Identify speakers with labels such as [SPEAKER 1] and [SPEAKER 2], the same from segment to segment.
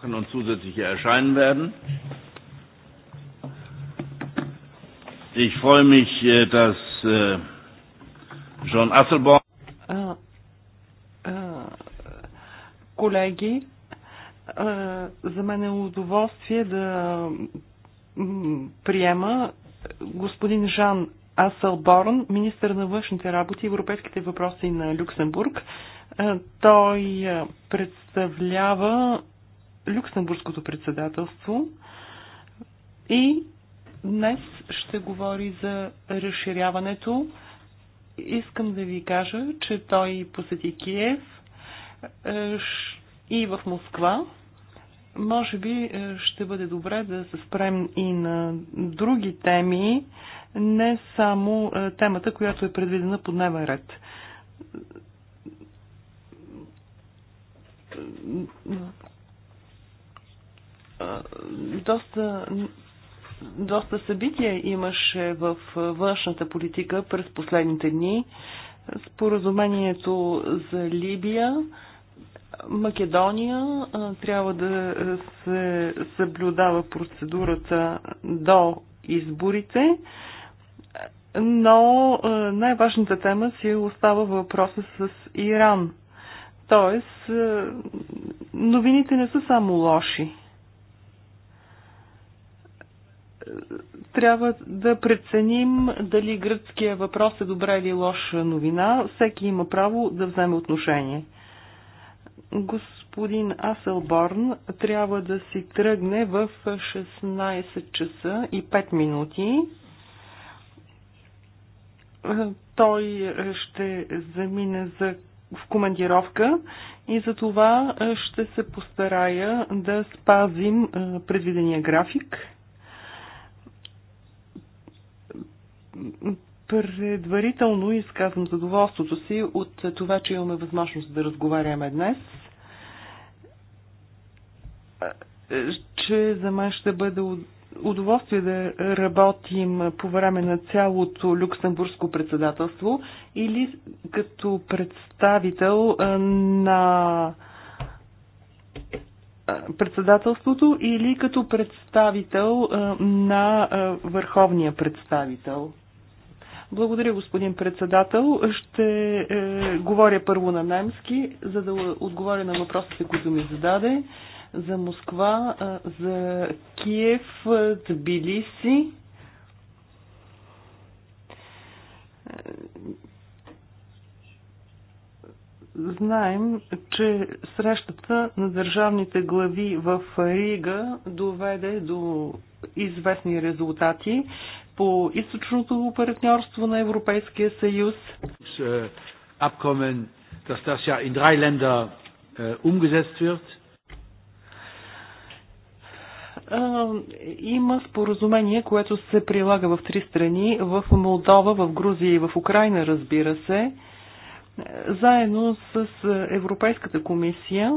[SPEAKER 1] machen und zusätzlich hier erscheinen werden. Ich freue mich, äh, dass äh, John Asselborn.
[SPEAKER 2] Е, е, колеги, е, за мен е удоволствие да приема господин Жан Аселборн, министър на външните работи и европейските въпроси на Люксембург. Той представлява Люксембургското председателство и днес ще говори за разширяването. Искам да ви кажа, че той посети Киев е, и в Москва. Може би е, ще бъде добре да се спрем и на други теми, не само е, темата, която е предвидена под дневен ред доста, доста събития имаше в външната политика през последните дни. Споразумението за Либия, Македония трябва да се съблюдава процедурата до изборите, но най-важната тема си остава въпроса с Иран. Тоест, новините не са само лоши. трябва да преценим дали гръцкия въпрос е добра или лоша новина. Всеки има право да вземе отношение. Господин Аселборн трябва да си тръгне в 16 часа и 5 минути. Той ще замине за в командировка и за това ще се постарая да спазим предвидения график. предварително изказвам задоволството си от това, че имаме възможност да разговаряме днес. Че за мен ще бъде удоволствие да работим по време на цялото люксембургско председателство или като представител на председателството или като представител на върховния представител. Благодаря, господин председател. Ще е, говоря първо на немски, за да отговоря на въпросите, които ми зададе за Москва, е, за Киев, е, Тбилиси. Е, знаем, че срещата на държавните глави в Рига доведе до известни резултати по източното партньорство на Европейския съюз. Е, Abkommen, dass das ja in drei Länder äh, umgesetzt wird има споразумение, което се прилага в три страни, в Молдова, в Грузия и в Украина, разбира се, заедно с е, Европейската комисия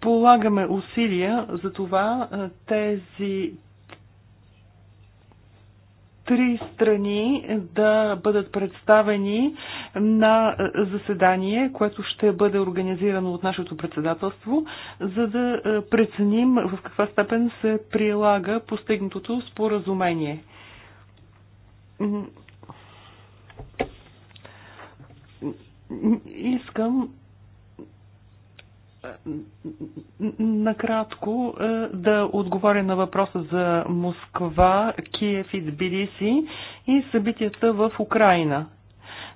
[SPEAKER 2] полагаме усилия за това тези три страни да бъдат представени на заседание, което ще бъде организирано от нашето председателство, за да преценим в каква степен се прилага постигнатото споразумение. Искам накратко е, да отговоря на въпроса за Москва, Киев и Тбилиси и събитията в Украина.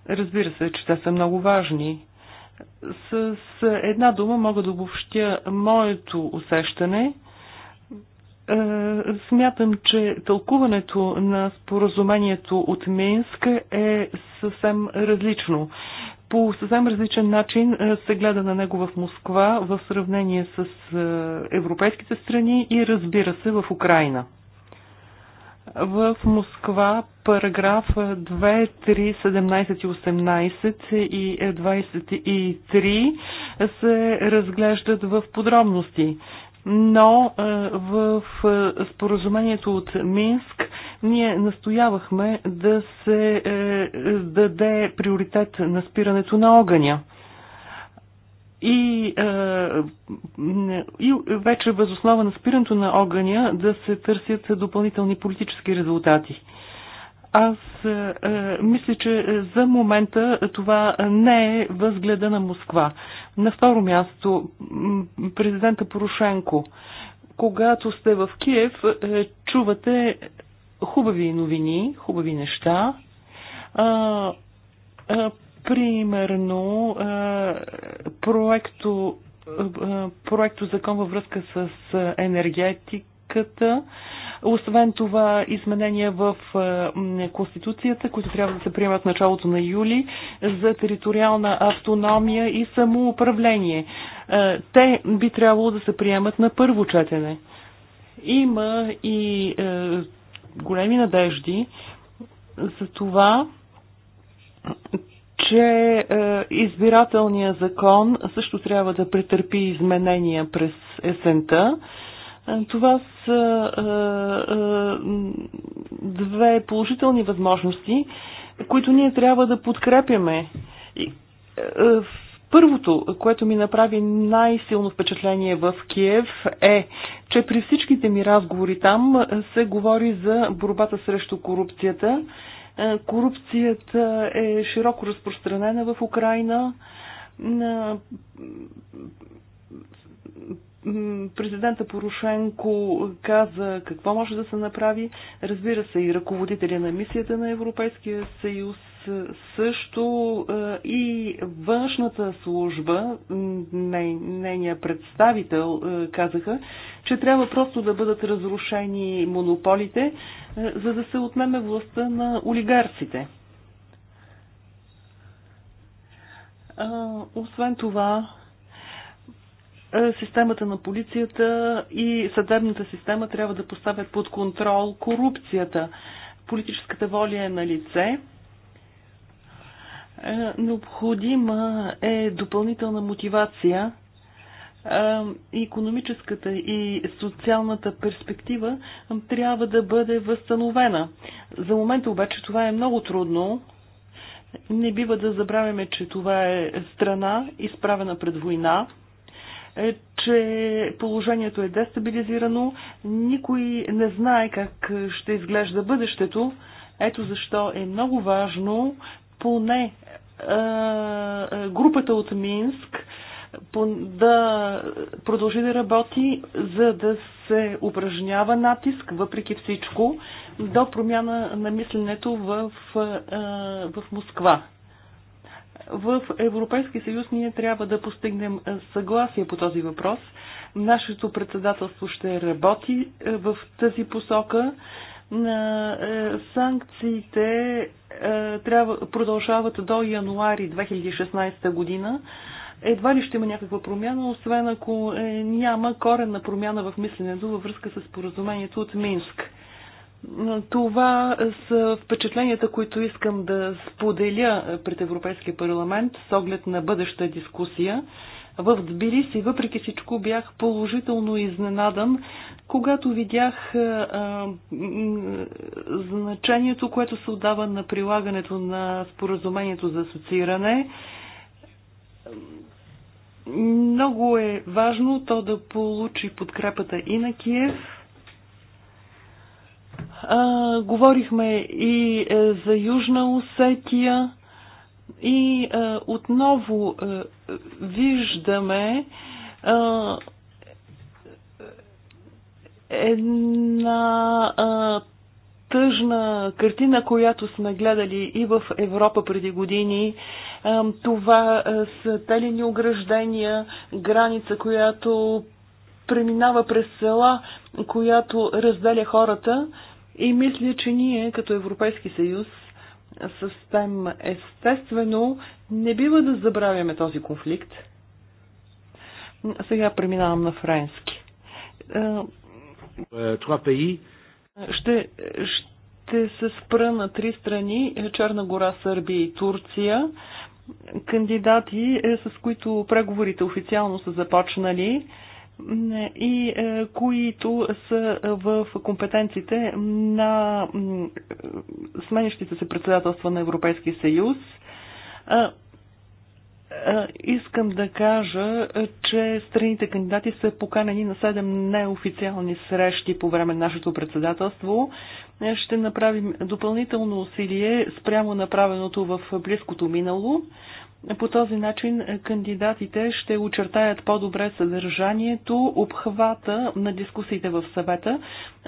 [SPEAKER 2] Разбира се, че те са много важни. С една дума мога да обобщя моето усещане. Е, смятам, че тълкуването на споразумението от Минск е съвсем различно по съвсем различен начин е, се гледа на него в Москва в сравнение с е, европейските страни и разбира се в Украина. В Москва параграф 2, 3, 17 и 18 и 23 се разглеждат в подробности но е, в споразумението от Минск ние настоявахме да се е, даде приоритет на спирането на огъня. И, е, и вече възоснова на спирането на огъня да се търсят допълнителни политически резултати. Аз е, е, мисля, че за момента това не е възгледа на Москва. На второ място, президента Порошенко. Когато сте в Киев, е, чувате хубави новини, хубави неща. А, а, примерно, а, проекто, а, проекто закон във връзка с енергетиката. Освен това, изменения в Конституцията, които трябва да се приемат в началото на юли, за териториална автономия и самоуправление. Те би трябвало да се приемат на първо четене. Има и големи надежди за това, че е, избирателният закон също трябва да претърпи изменения през есента. Е, това са е, две положителни възможности, които ние трябва да подкрепяме. Първото, което ми направи най-силно впечатление в Киев е, че при всичките ми разговори там се говори за борбата срещу корупцията. Е, корупцията е широко разпространена в Украина. Президента Порошенко каза какво може да се направи. Разбира се, и ръководителя на мисията на Европейския съюз също е, и външната служба, нейния представител е, казаха, че трябва просто да бъдат разрушени монополите, е, за да се отнеме властта на олигарсите. Освен това, системата на полицията и съдебната система трябва да поставят под контрол корупцията. Политическата воля е на лице. Е, необходима е допълнителна мотивация. Економическата и социалната перспектива трябва да бъде възстановена. За момента обаче това е много трудно. Не бива да забравяме, че това е страна, изправена пред война, е, че положението е дестабилизирано, никой не знае как ще изглежда бъдещето. Ето защо е много важно поне е, е, групата от Минск да продължи да работи, за да се упражнява натиск, въпреки всичко, до промяна на мисленето в, е, в Москва. В Европейския съюз ние трябва да постигнем съгласие по този въпрос. Нашето председателство ще работи в тази посока на е, санкциите е, трябва, продължават до януари 2016 година. Едва ли ще има някаква промяна, освен ако е, няма коренна промяна в мисленето във връзка с поразумението от Минск. Това са впечатленията, които искам да споделя пред Европейския парламент с оглед на бъдеща дискусия. В Тбилиси, въпреки всичко, бях положително изненадан, когато видях а, а, значението, което се отдава на прилагането на споразумението за асоцииране. Много е важно то да получи подкрепата и на Киев, а, говорихме и е, за Южна Осетия. И а, е, отново а, е, виждаме а, е, една а, тъжна картина, която сме гледали и в Европа преди години. Това са телени ограждения, граница, която преминава през села, която разделя хората. И мисля, че ние като Европейски съюз съвсем естествено не бива да забравяме този конфликт. Сега преминавам на френски. Е, е, това Ще, ще се спра на три страни Черна гора, Сърбия и Турция. Кандидати, е, с които преговорите официално са започнали и е, които са в компетенциите на е, сменящите се председателства на Европейския съюз. Е, искам да кажа, че страните кандидати са поканени на 7 неофициални срещи по време на нашето председателство. Ще направим допълнително усилие спрямо направеното в близкото минало. По този начин е, кандидатите ще очертаят по-добре съдържанието, обхвата на дискусиите в съвета.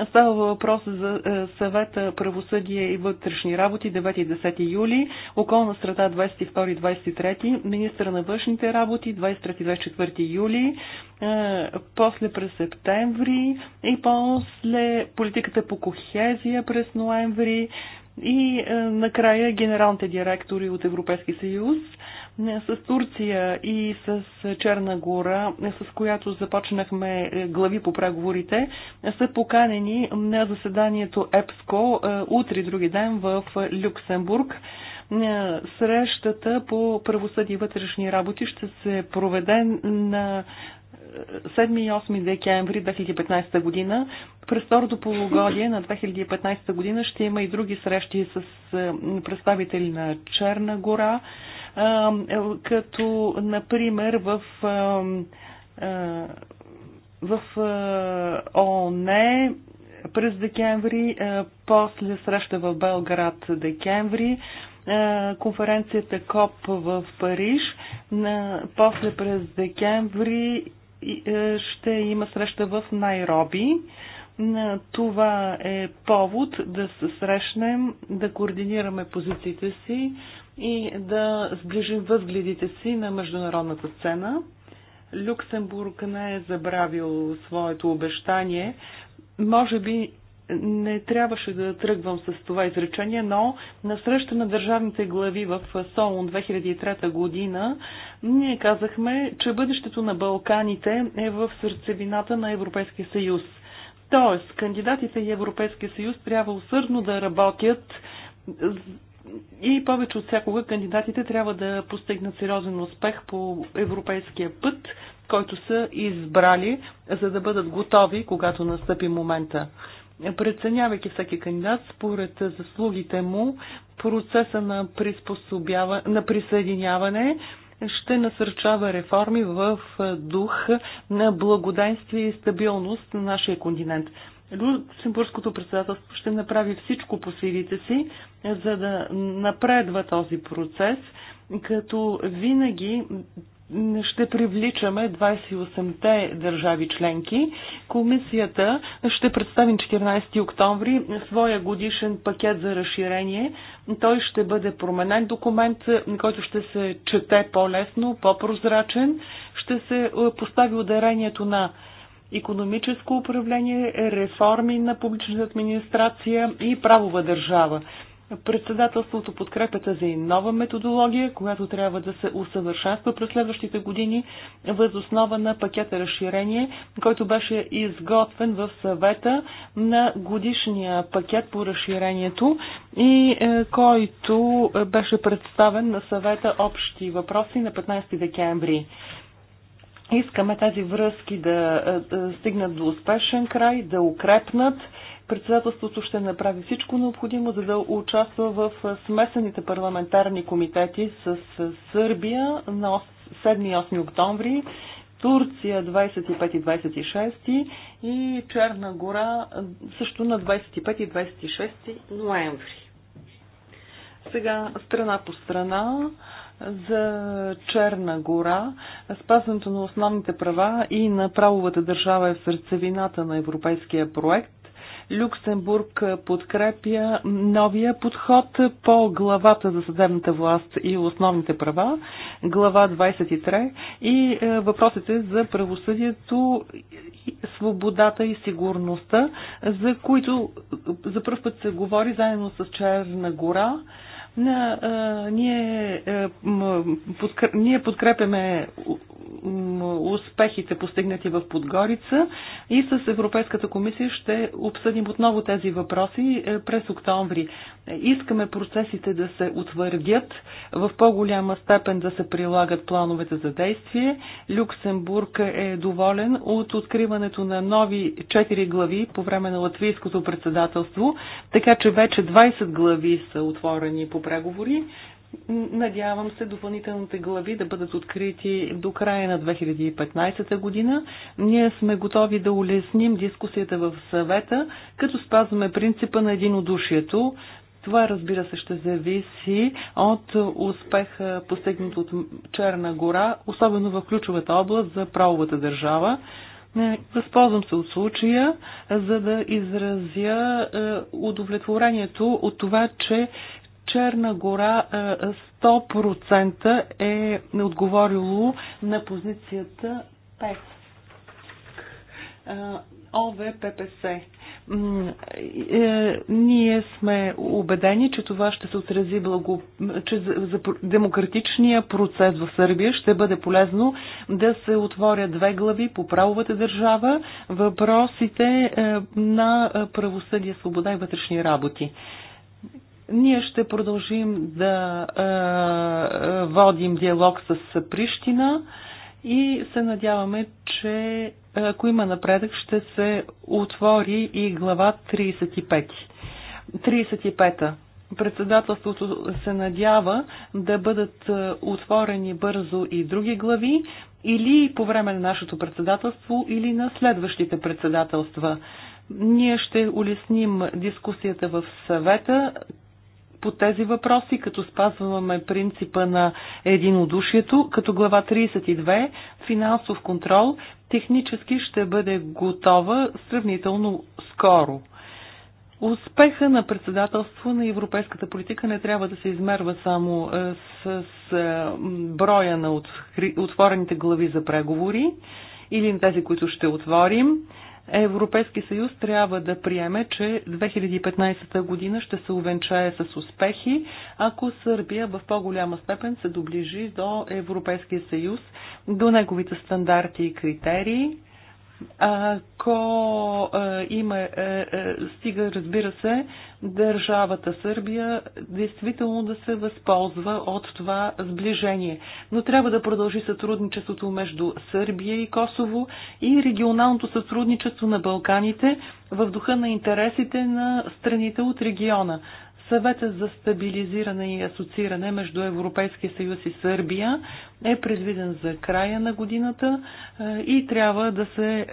[SPEAKER 2] Става въпрос за е, съвета правосъдие и вътрешни работи 9 10 юли, околна среда 22-23, министра на външните работи 23-24 юли, е, после през септември и после политиката по кохезия през ноември и накрая генералните директори от Европейски съюз с Турция и с Черна гора, с която започнахме глави по преговорите, са поканени на заседанието ЕПСКО е, утре други ден в Люксембург. Е, срещата по правосъди и вътрешни работи ще се проведе на 7 е, и 8 декември 2015 година. През второто полугодие на 2015 година ще има и други срещи с представители на Черна гора, е, като, например, в в ООН през декември, после среща в Белград декември, конференцията КОП в Париж, после през декември ще има среща в Найроби. Това е повод да се срещнем, да координираме позициите си, и да сближим възгледите си на международната сцена. Люксембург не е забравил своето обещание. Може би не трябваше да тръгвам с това изречение, но на среща на държавните глави в Солун 2003 година ние казахме, че бъдещето на Балканите е в сърцевината на Европейския съюз. Тоест, кандидатите и Европейския съюз трябва усърдно да работят и повече от всякога кандидатите трябва да постигнат сериозен успех по европейския път, който са избрали, за да бъдат готови, когато настъпи момента. Преценявайки всеки кандидат според заслугите му, процеса на, приспособява... на присъединяване ще насърчава реформи в дух на благоденствие и стабилност на нашия континент. Люксембургското председателство ще направи всичко по силите си, за да напредва този процес, като винаги ще привличаме 28-те държави членки. Комисията ще представи 14 октомври своя годишен пакет за разширение. Той ще бъде променен документ, който ще се чете по-лесно, по-прозрачен. Ще се постави ударението на економическо управление, реформи на публичната администрация и правова държава. Председателството подкрепя тази нова методология, която трябва да се усъвършенства през следващите години въз основа на пакета разширение, който беше изготвен в съвета на годишния пакет по разширението и е, който е, беше представен на съвета общи въпроси на 15 декември. Искаме тези връзки е, да, стигнат до успешен край, да укрепнат. Председателството ще направи всичко необходимо, за да участва в е, смесените парламентарни комитети с е, Сърбия на 7 8 октомври, Турция 25 и 26 и Черна гора също на 25 и 26 ноември. Сега страна по страна за Черна гора. Спазването на основните права и на правовата държава е в сърцевината на европейския проект. Люксембург подкрепя новия подход по главата за съдебната власт и основните права, глава 23 и е, въпросите за правосъдието, свободата и сигурността, за които за първ път се говори заедно с Черна гора на, а, ние, а, е, подкр... ние подкрепяме успехите постигнати в Подгорица и с Европейската комисия ще обсъдим отново тези въпроси е, през октомври. Искаме процесите да се утвърдят, в по-голяма степен да се прилагат плановете за действие. Люксембург е доволен от откриването на нови 4 глави по време на латвийското председателство, така че вече 20 глави са отворени по преговори. Надявам се допълнителните глави да бъдат открити до края на 2015 година. Ние сме готови да улесним дискусията в съвета, като спазваме принципа на единодушието. Това, разбира се, ще зависи от успеха, постигнат от Черна гора, особено в ключовата област за правовата държава. Е, възползвам се от случая, за да изразя е, удовлетворението от това, че Черна гора 100% е, е отговорило на позицията 5. Е, ОВППС. Е, ние сме убедени, че това ще се отрази благо, че за демократичния процес в Сърбия ще бъде полезно да се отворят две глави по правовата държава, въпросите на правосъдие, свобода и вътрешни работи. Ние ще продължим да е, е, водим диалог с Прищина и се надяваме, че е, ако има напредък, ще се отвори и глава 35. 35-та. Председателството се надява да бъдат е, отворени бързо и други глави или по време на нашето председателство, или на следващите председателства. Ние ще улесним дискусията в съвета, по тези въпроси, като спазваме принципа на единодушието, като глава 32 финансов контрол технически ще бъде готова сравнително скоро. Успеха на председателство на европейската политика не трябва да се измерва само е, с, с е, броя на отворените глави за преговори или на тези, които ще отворим Европейски съюз трябва да приеме, че 2015 година ще се увенчае с успехи, ако Сърбия в по-голяма степен се доближи до Европейския съюз, до неговите стандарти и критерии ако е, има, е, е, стига, разбира се, държавата Сърбия действително да се възползва от това сближение. Но трябва да продължи сътрудничеството между Сърбия и Косово и регионалното сътрудничество на Балканите в духа на интересите на страните от региона. Съвета за стабилизиране и асоцииране между Европейския съюз и Сърбия е предвиден за края на годината е, и трябва да се е,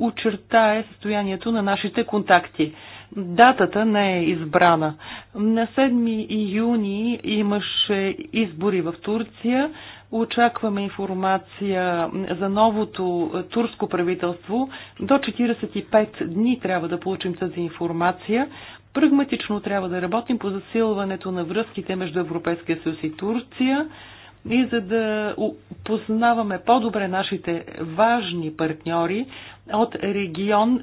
[SPEAKER 2] очертае състоянието на нашите контакти. Датата не е избрана. На 7 юни имаше избори в Турция. Очакваме информация за новото турско правителство. До 45 дни трябва да получим тази информация. Прагматично трябва да работим по засилването на връзките между Европейския съюз и Турция и за да познаваме по-добре нашите важни партньори от регион,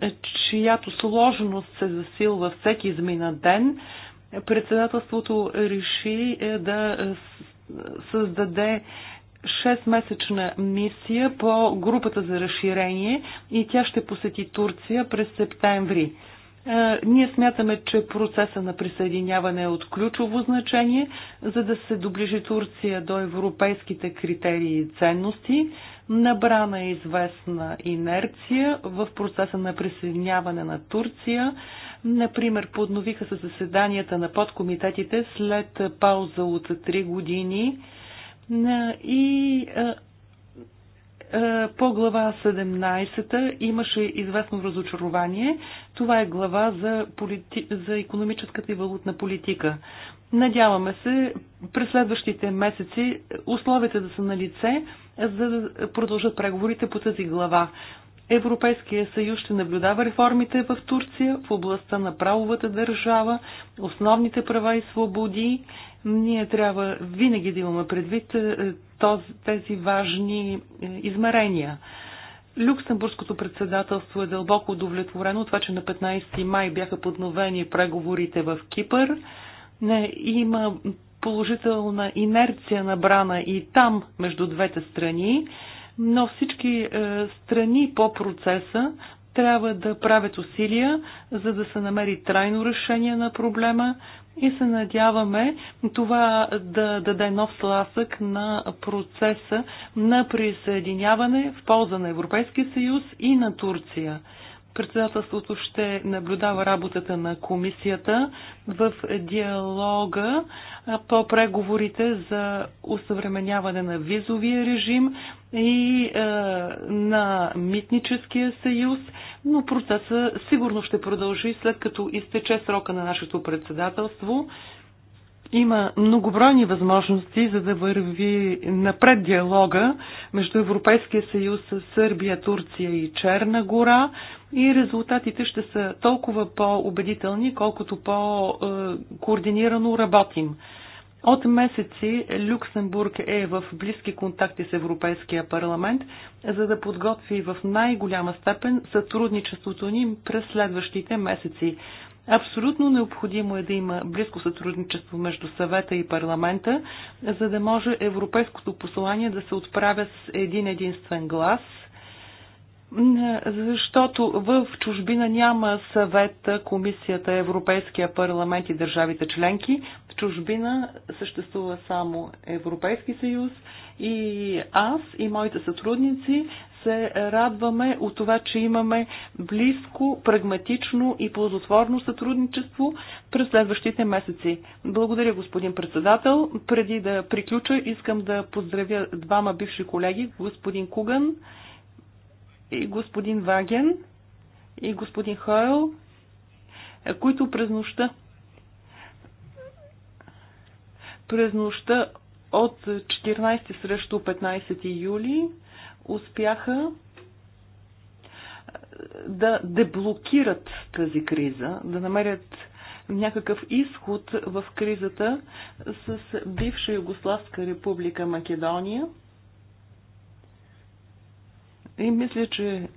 [SPEAKER 2] чиято сложност се засилва всеки измина ден, председателството реши е, да създаде 6-месечна мисия по групата за разширение и тя ще посети Турция през септември. Е, ние смятаме, че процеса на присъединяване е от ключово значение, за да се доближи Турция до европейските критерии и ценности. Набрана е известна инерция в процеса на присъединяване на Турция. Например, подновиха се заседанията на подкомитетите след пауза от 3 години е, и е, е, по глава 17 имаше известно разочарование. Това е глава за, полити... за економическата и валутна политика. Надяваме се през следващите месеци условията да са на лице, за да продължат преговорите по тази глава. Европейския съюз ще наблюдава реформите в Турция в областта на правовата държава, основните права и свободи ние трябва винаги да имаме предвид е, тези важни е, измерения. Люксембургското председателство е дълбоко удовлетворено от това, че на 15 май бяха подновени преговорите в Кипър. Не, има положителна инерция набрана и там между двете страни, но всички е, страни по процеса трябва да правят усилия, за да се намери трайно решение на проблема, и се надяваме това да даде нов сласък на процеса на присъединяване в полза на Европейския съюз и на Турция. Председателството ще наблюдава работата на комисията в диалога по преговорите за усъвременяване на визовия режим и е, на митническия съюз, но процеса сигурно ще продължи след като изтече срока на нашето председателство има многобройни възможности за да върви напред диалога между Европейския съюз, Сърбия, Турция и Черна гора и резултатите ще са толкова по-убедителни, колкото по-координирано работим. От месеци Люксембург е в близки контакти с Европейския парламент, за да подготви в най-голяма степен сътрудничеството ни през следващите месеци. Абсолютно необходимо е да има близко сътрудничество между съвета и парламента, за да може европейското послание да се отправя с един единствен глас – защото в чужбина няма съвет, комисията, Европейския парламент и държавите членки. В чужбина съществува само Европейски съюз и аз и моите сътрудници се радваме от това, че имаме близко, прагматично и плодотворно сътрудничество през следващите месеци. Благодаря, господин председател. Преди да приключа, искам да поздравя двама бивши колеги, господин Куган и господин Ваген и господин Хойл, които през нощта през нощта от 14 срещу 15 юли успяха да деблокират тази криза, да намерят някакъв изход в кризата с бивша Югославска република Македония. И мисля, че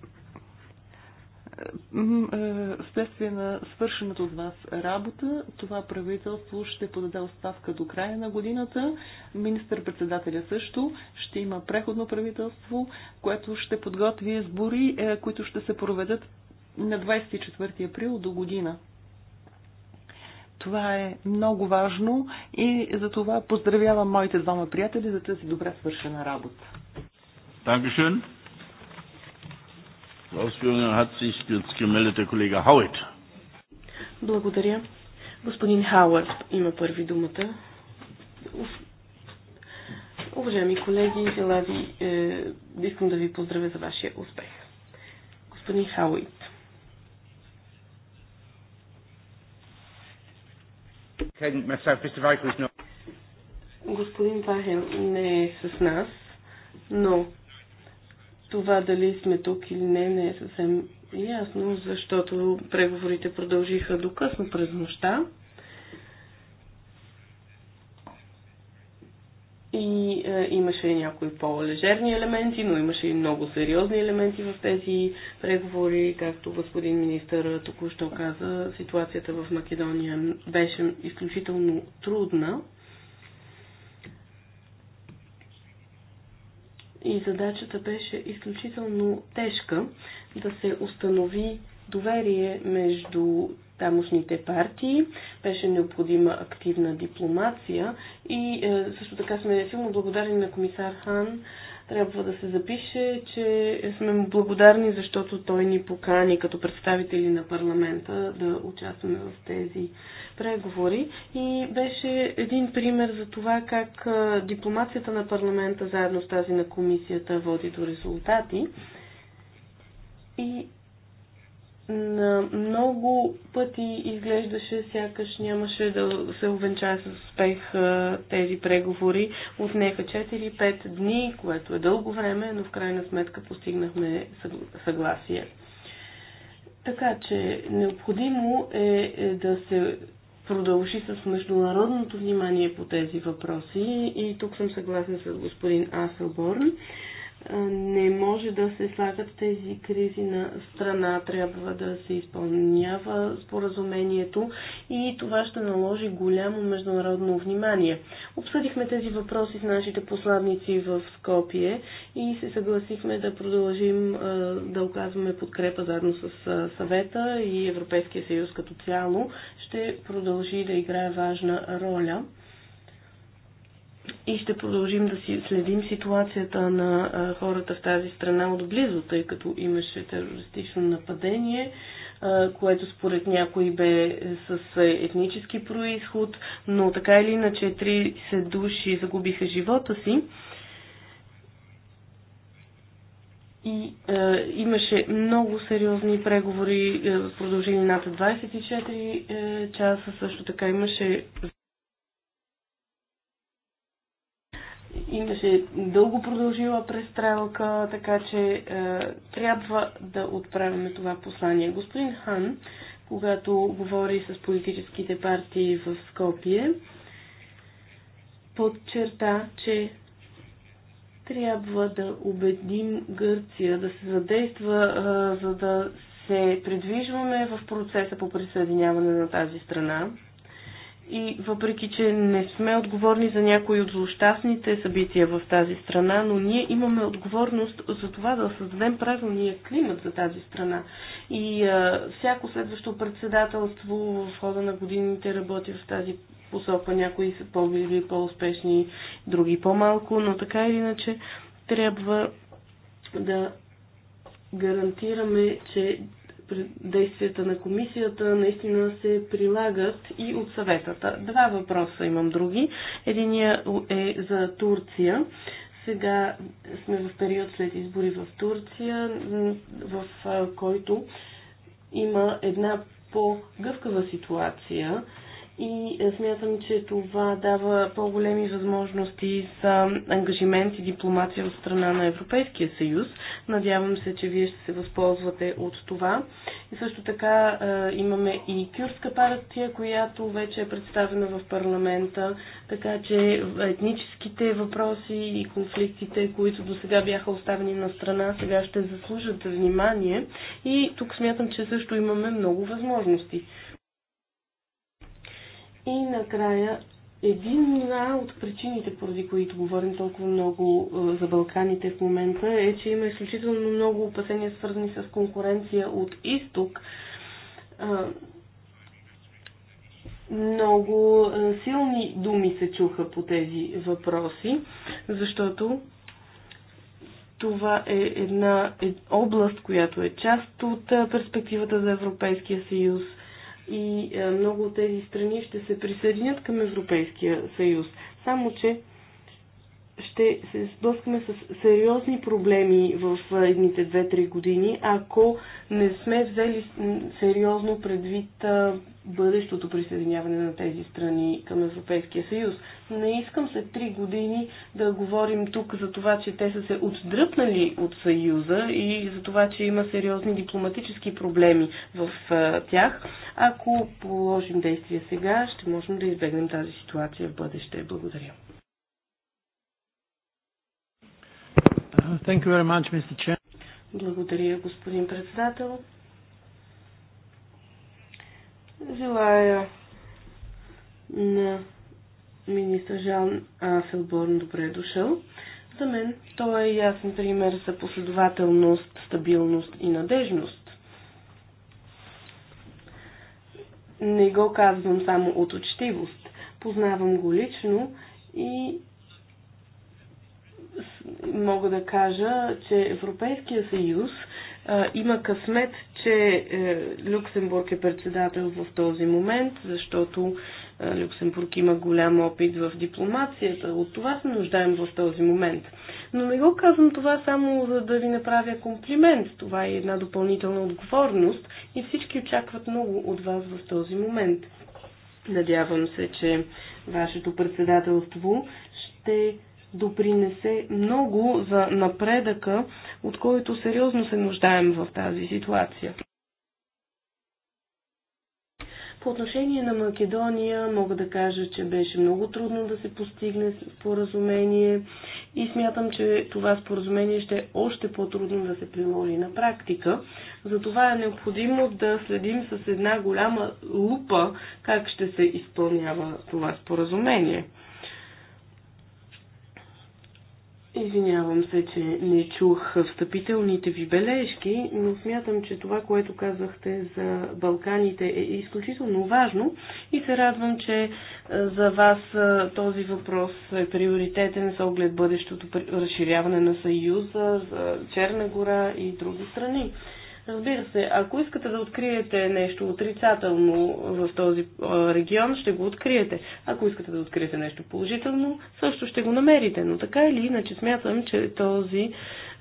[SPEAKER 2] е, вследствие на свършената от вас работа, това правителство ще подаде оставка до края на годината. Министър-председателя също ще има преходно правителство, което ще подготви избори, е, които ще се проведат на 24 април до година. Това е много важно и за това поздравявам моите двама приятели за тази добре свършена работа.
[SPEAKER 1] Dankeschön. Ausführungen hat sich jetzt gemeldet der Kollege Howitt.
[SPEAKER 3] Благодаря. Господин Хауърд има първи думата. Уважаеми колеги, желади ви, е, искам да ви поздравя за вашия успех.
[SPEAKER 1] Господин Хауит.
[SPEAKER 3] Господин Вахен не е с нас, но това дали сме тук или не, не е съвсем ясно, защото преговорите продължиха до късно през нощта. И е, имаше някои по-лежерни елементи, но имаше и много сериозни елементи в тези преговори. Както господин министър току-що каза, ситуацията в Македония беше изключително трудна. и задачата беше изключително тежка да се установи доверие между тамошните партии, беше необходима активна дипломация и е, също така сме силно благодарни на комисар Хан трябва да се запише, че сме му благодарни, защото той ни покани като представители на парламента да участваме в тези преговори. И беше един пример за това как дипломацията на парламента заедно с тази на комисията води до резултати. И на много пъти изглеждаше сякаш нямаше да се увенча с успех тези преговори. Отнеха 4-5 дни, което е дълго време, но в крайна сметка постигнахме съгласие. Така че необходимо е, е да се продължи с международното внимание по тези въпроси и тук съм съгласна с господин Аселборн не може да се слагат тези кризи на страна. Трябва да се изпълнява споразумението и това ще наложи голямо международно внимание. Обсъдихме тези въпроси с нашите посланици в Скопие и се съгласихме да продължим да оказваме подкрепа заедно с съвета и Европейския съюз като цяло ще продължи да играе важна роля и ще продължим да си следим ситуацията на хората в тази страна отблизо, тъй като имаше терористично нападение, което според някои бе с етнически происход, но така или иначе 30 души загубиха живота си. И е, имаше много сериозни преговори, е, продължени над 24 е, часа. Също така имаше имаше дълго продължила престрелка, така че е, трябва да отправяме това послание. Господин Хан, когато говори с политическите партии в Скопие, подчерта, че трябва да убедим Гърция да се задейства, е, за да се придвижваме в процеса по присъединяване на тази страна. И въпреки, че не сме отговорни за някои от злощастните събития в тази страна, но ние имаме отговорност за това да създадем правилния климат за тази страна. И а, всяко следващо председателство в хода на годините работи в тази посока. Някои са по-били по-успешни, други по-малко, но така или иначе трябва да гарантираме, че действията на комисията наистина се прилагат и от съветата. Два въпроса имам други. Единия е за Турция. Сега сме в период след избори в Турция, в който има една по-гъвкава ситуация и е, смятам, че това дава по-големи възможности за ангажимент и дипломация от страна на Европейския съюз. Надявам се, че вие ще се възползвате от това. И също така е, имаме и кюрска партия, която вече е представена в парламента, така че етническите въпроси и конфликтите, които до сега бяха оставени на страна, сега ще заслужат внимание. И тук смятам, че също имаме много възможности. И накрая, една от причините, поради които говорим толкова много е, за Балканите в момента, е, че има изключително много опасения, свързани с конкуренция от изток е, много е, силни думи се чуха по тези въпроси, защото това е една област, която е част от перспективата за Европейския съюз и е, много от тези страни ще се присъединят към Европейския съюз. Само, че ще се сблъскаме с сериозни проблеми в едните 2-3 години, ако не сме взели сериозно предвид бъдещото присъединяване на тези страни към Европейския съюз. Не искам след 3 години да говорим тук за това, че те са се отдръпнали от Съюза и за това, че има сериозни дипломатически проблеми в тях. Ако положим действия сега, ще можем да избегнем тази ситуация в бъдеще. Благодаря.
[SPEAKER 1] Thank you very much, Mr. Chair.
[SPEAKER 3] Благодаря, господин председател. Желая на министър Жан Аселборн добре е дошъл. За мен той е ясен пример за последователност, стабилност и надежност. Не го казвам само от учтивост. Познавам го лично и мога да кажа, че Европейския съюз а, има късмет, че е, Люксембург е председател в този момент, защото е, Люксембург има голям опит в дипломацията. От това се нуждаем в този момент. Но не го казвам това само за да ви направя комплимент. Това е една допълнителна отговорност и всички очакват много от вас в този момент. Надявам се, че вашето председателство ще допринесе много за напредъка, от който сериозно се нуждаем в тази ситуация. По отношение на Македония мога да кажа, че беше много трудно да се постигне споразумение и смятам, че това споразумение ще е още по-трудно да се приложи на практика. Затова е необходимо да следим с една голяма лупа как ще се изпълнява това споразумение. Извинявам се, че не чух встъпителните ви бележки, но смятам, че това, което казахте за Балканите е изключително важно и се радвам, че е, за вас е, този въпрос е приоритетен с оглед бъдещото разширяване на Съюза, за Черна гора и други страни. Разбира се, ако искате да откриете нещо отрицателно в този регион, ще го откриете. Ако искате да откриете нещо положително, също ще го намерите. Но така или иначе смятам, че този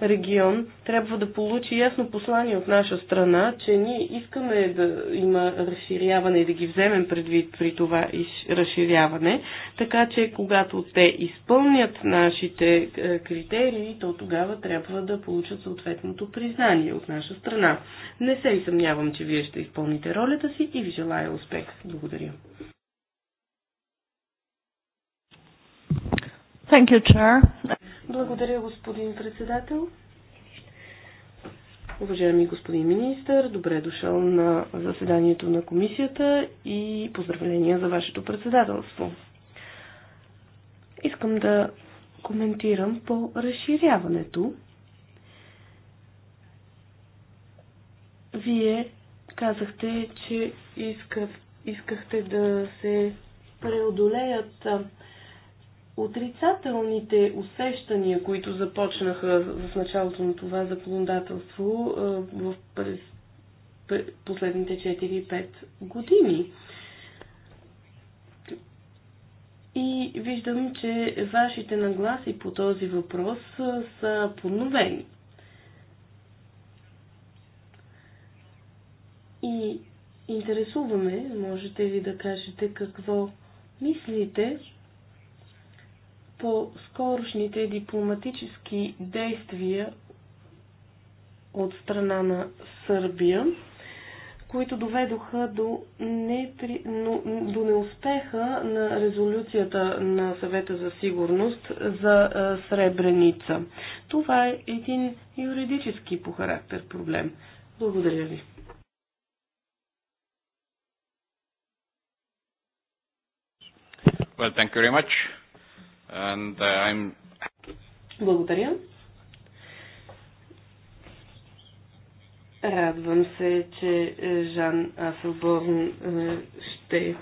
[SPEAKER 3] регион трябва да получи ясно послание от наша страна, че ние искаме да има разширяване и да ги вземем предвид при това разширяване, така че когато те изпълнят нашите е, критерии, то тогава трябва да получат съответното признание от наша страна. Не се и съмнявам, че вие ще изпълните ролята си и ви желая успех. Благодаря.
[SPEAKER 4] Thank you, Chair.
[SPEAKER 3] Благодаря, господин председател. Уважаеми господин министр, добре е дошъл на заседанието на комисията и поздравления за вашето председателство. Искам да коментирам по разширяването. Вие казахте, че искахте да се преодолеят Отрицателните усещания, които започнаха в началото на това законодателство в през последните 4-5 години. И виждам, че вашите нагласи по този въпрос са подновени. И интересуваме, можете ли да кажете какво мислите по скорошните дипломатически действия от страна на Сърбия, които доведоха до, непри... но, до неуспеха на резолюцията на съвета за сигурност за а, Сребреница. Това е един юридически по характер проблем. Благодаря ви.
[SPEAKER 1] Well, thank you very much. And uh, I'm...
[SPEAKER 3] Благодаря. Радвам се, че е, Жан Аселборн е, ще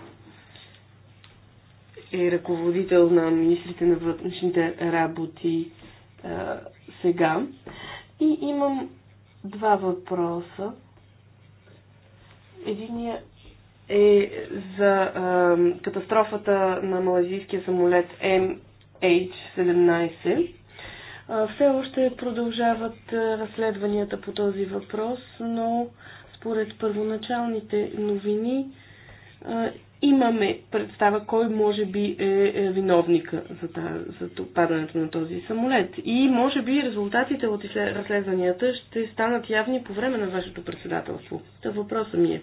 [SPEAKER 3] е ръководител на министрите на вътрешните работи а, е, сега. И имам два въпроса. Единия е за а, катастрофата на малазийския самолет М H17. Все още продължават разследванията по този въпрос, но според първоначалните новини имаме представа кой може би е, е виновника за, та, за падането на този самолет. И може би резултатите от разследванията ще станат явни по време на вашето председателство. Та въпросът ми е,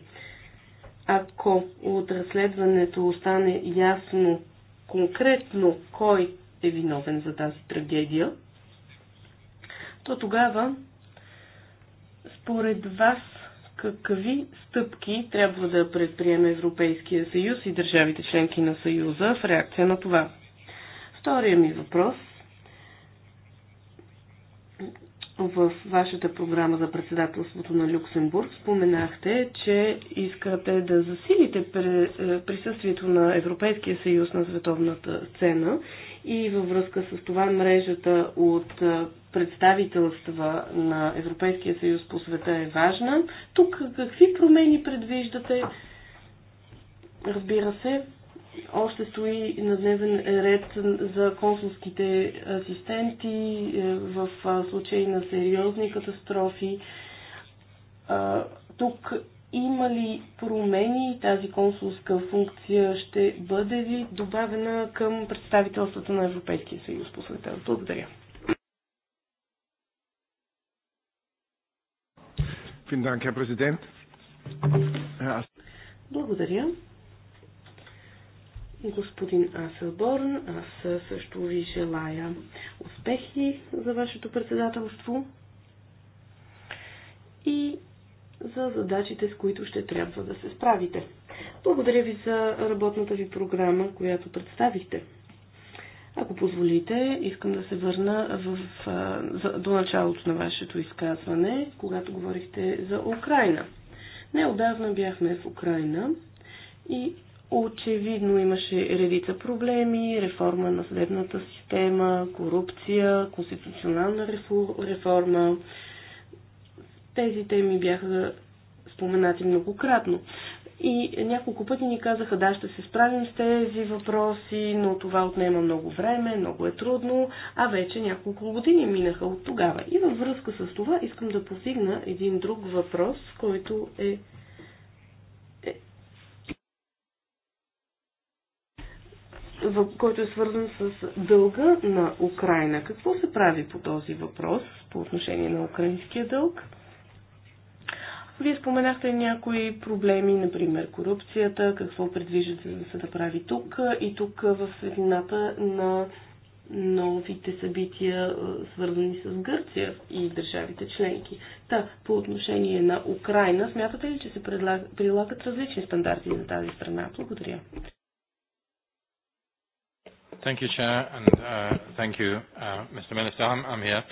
[SPEAKER 3] ако от разследването остане ясно конкретно кой е виновен за тази трагедия, то тогава, според вас, какви стъпки трябва да предприеме Европейския съюз и държавите членки на съюза в реакция на това? Втория ми въпрос в вашата програма за председателството на Люксембург споменахте, че искате да засилите присъствието на Европейския съюз на световната сцена и във връзка с това мрежата от представителства на Европейския съюз по света е важна. Тук какви промени предвиждате? Разбира се, още стои на дневен ред за консулските асистенти е, в случай на сериозни катастрофи. Тук има ли промени тази консулска функция ще бъде ли добавена към представителството на Европейския съюз по света?
[SPEAKER 4] Благодаря.
[SPEAKER 2] Благодаря.
[SPEAKER 3] Господин Аселборн, аз също ви желая успехи за вашето председателство и за задачите, с които ще трябва да се справите. Благодаря ви за работната ви програма, която представихте. Ако позволите, искам да се върна в, за, до началото на вашето изказване, когато говорихте за Украина. Неодавна бяхме в Украина и очевидно имаше редица проблеми, реформа на съдебната система, корупция, конституционална реформа, тези теми бяха споменати многократно. И няколко пъти ни казаха, да, ще се справим с тези въпроси, но това отнема много време, много е трудно, а вече няколко години минаха от тогава. И във връзка с това искам да повдигна един друг въпрос, който е, е който е свързан с дълга на Украина. Какво се прави по този въпрос по отношение на украинския дълг? Вие споменахте някои проблеми, например корупцията, какво предвиждате да се направи тук и тук в светлината на новите събития, свързани с Гърция и държавите членки. Та, по отношение на Украина, смятате ли, че се прилагат различни стандарти за тази страна? Благодаря.
[SPEAKER 1] Thank you, Chair, and uh, thank you, uh, Mr. Minister. I'm, I'm here.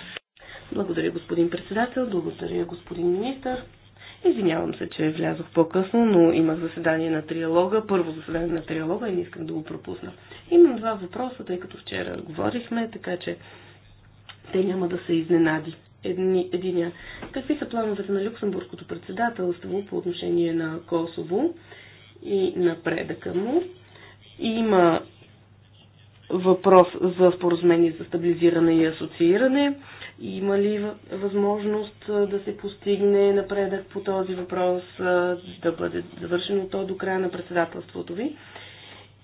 [SPEAKER 3] Благодаря, господин председател. Благодаря, господин министър. Извинявам се, че влязох по-късно, но имах заседание на триалога, първо заседание на триалога и не искам да го пропусна. Имам два въпроса, тъй като вчера говорихме, така че те няма да се изненади. Едни, единия. Какви са плановете на Люксембургското председателство по отношение на Косово и напредъка му? Има въпрос за споразумение за стабилизиране и асоцииране има ли възможност да се постигне напредък по този въпрос, да бъде завършено то до края на председателството ви?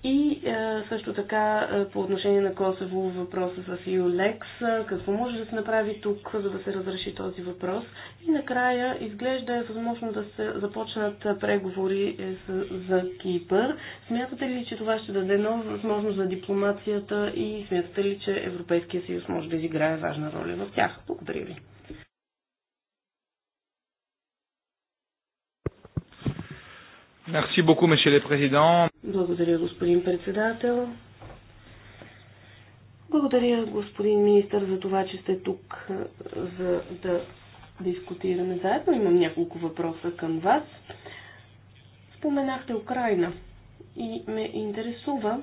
[SPEAKER 3] И е, също така е, по отношение на Косово въпроса с ЮЛЕКС, е, какво може да се направи тук, за да се разреши този въпрос. И накрая изглежда е възможно да се започнат преговори за Кипър. Смятате ли, че това ще даде нова възможност за дипломацията и смятате ли, че Европейския съюз може да изиграе важна роля в тях? Благодаря ви.
[SPEAKER 5] Merci beaucoup, monsieur le président.
[SPEAKER 3] Благодаря, господин председател. Благодаря, господин министр, за това, че сте тук, е, за да дискутираме заедно. Имам няколко въпроса към вас. Споменахте Украина и ме интересува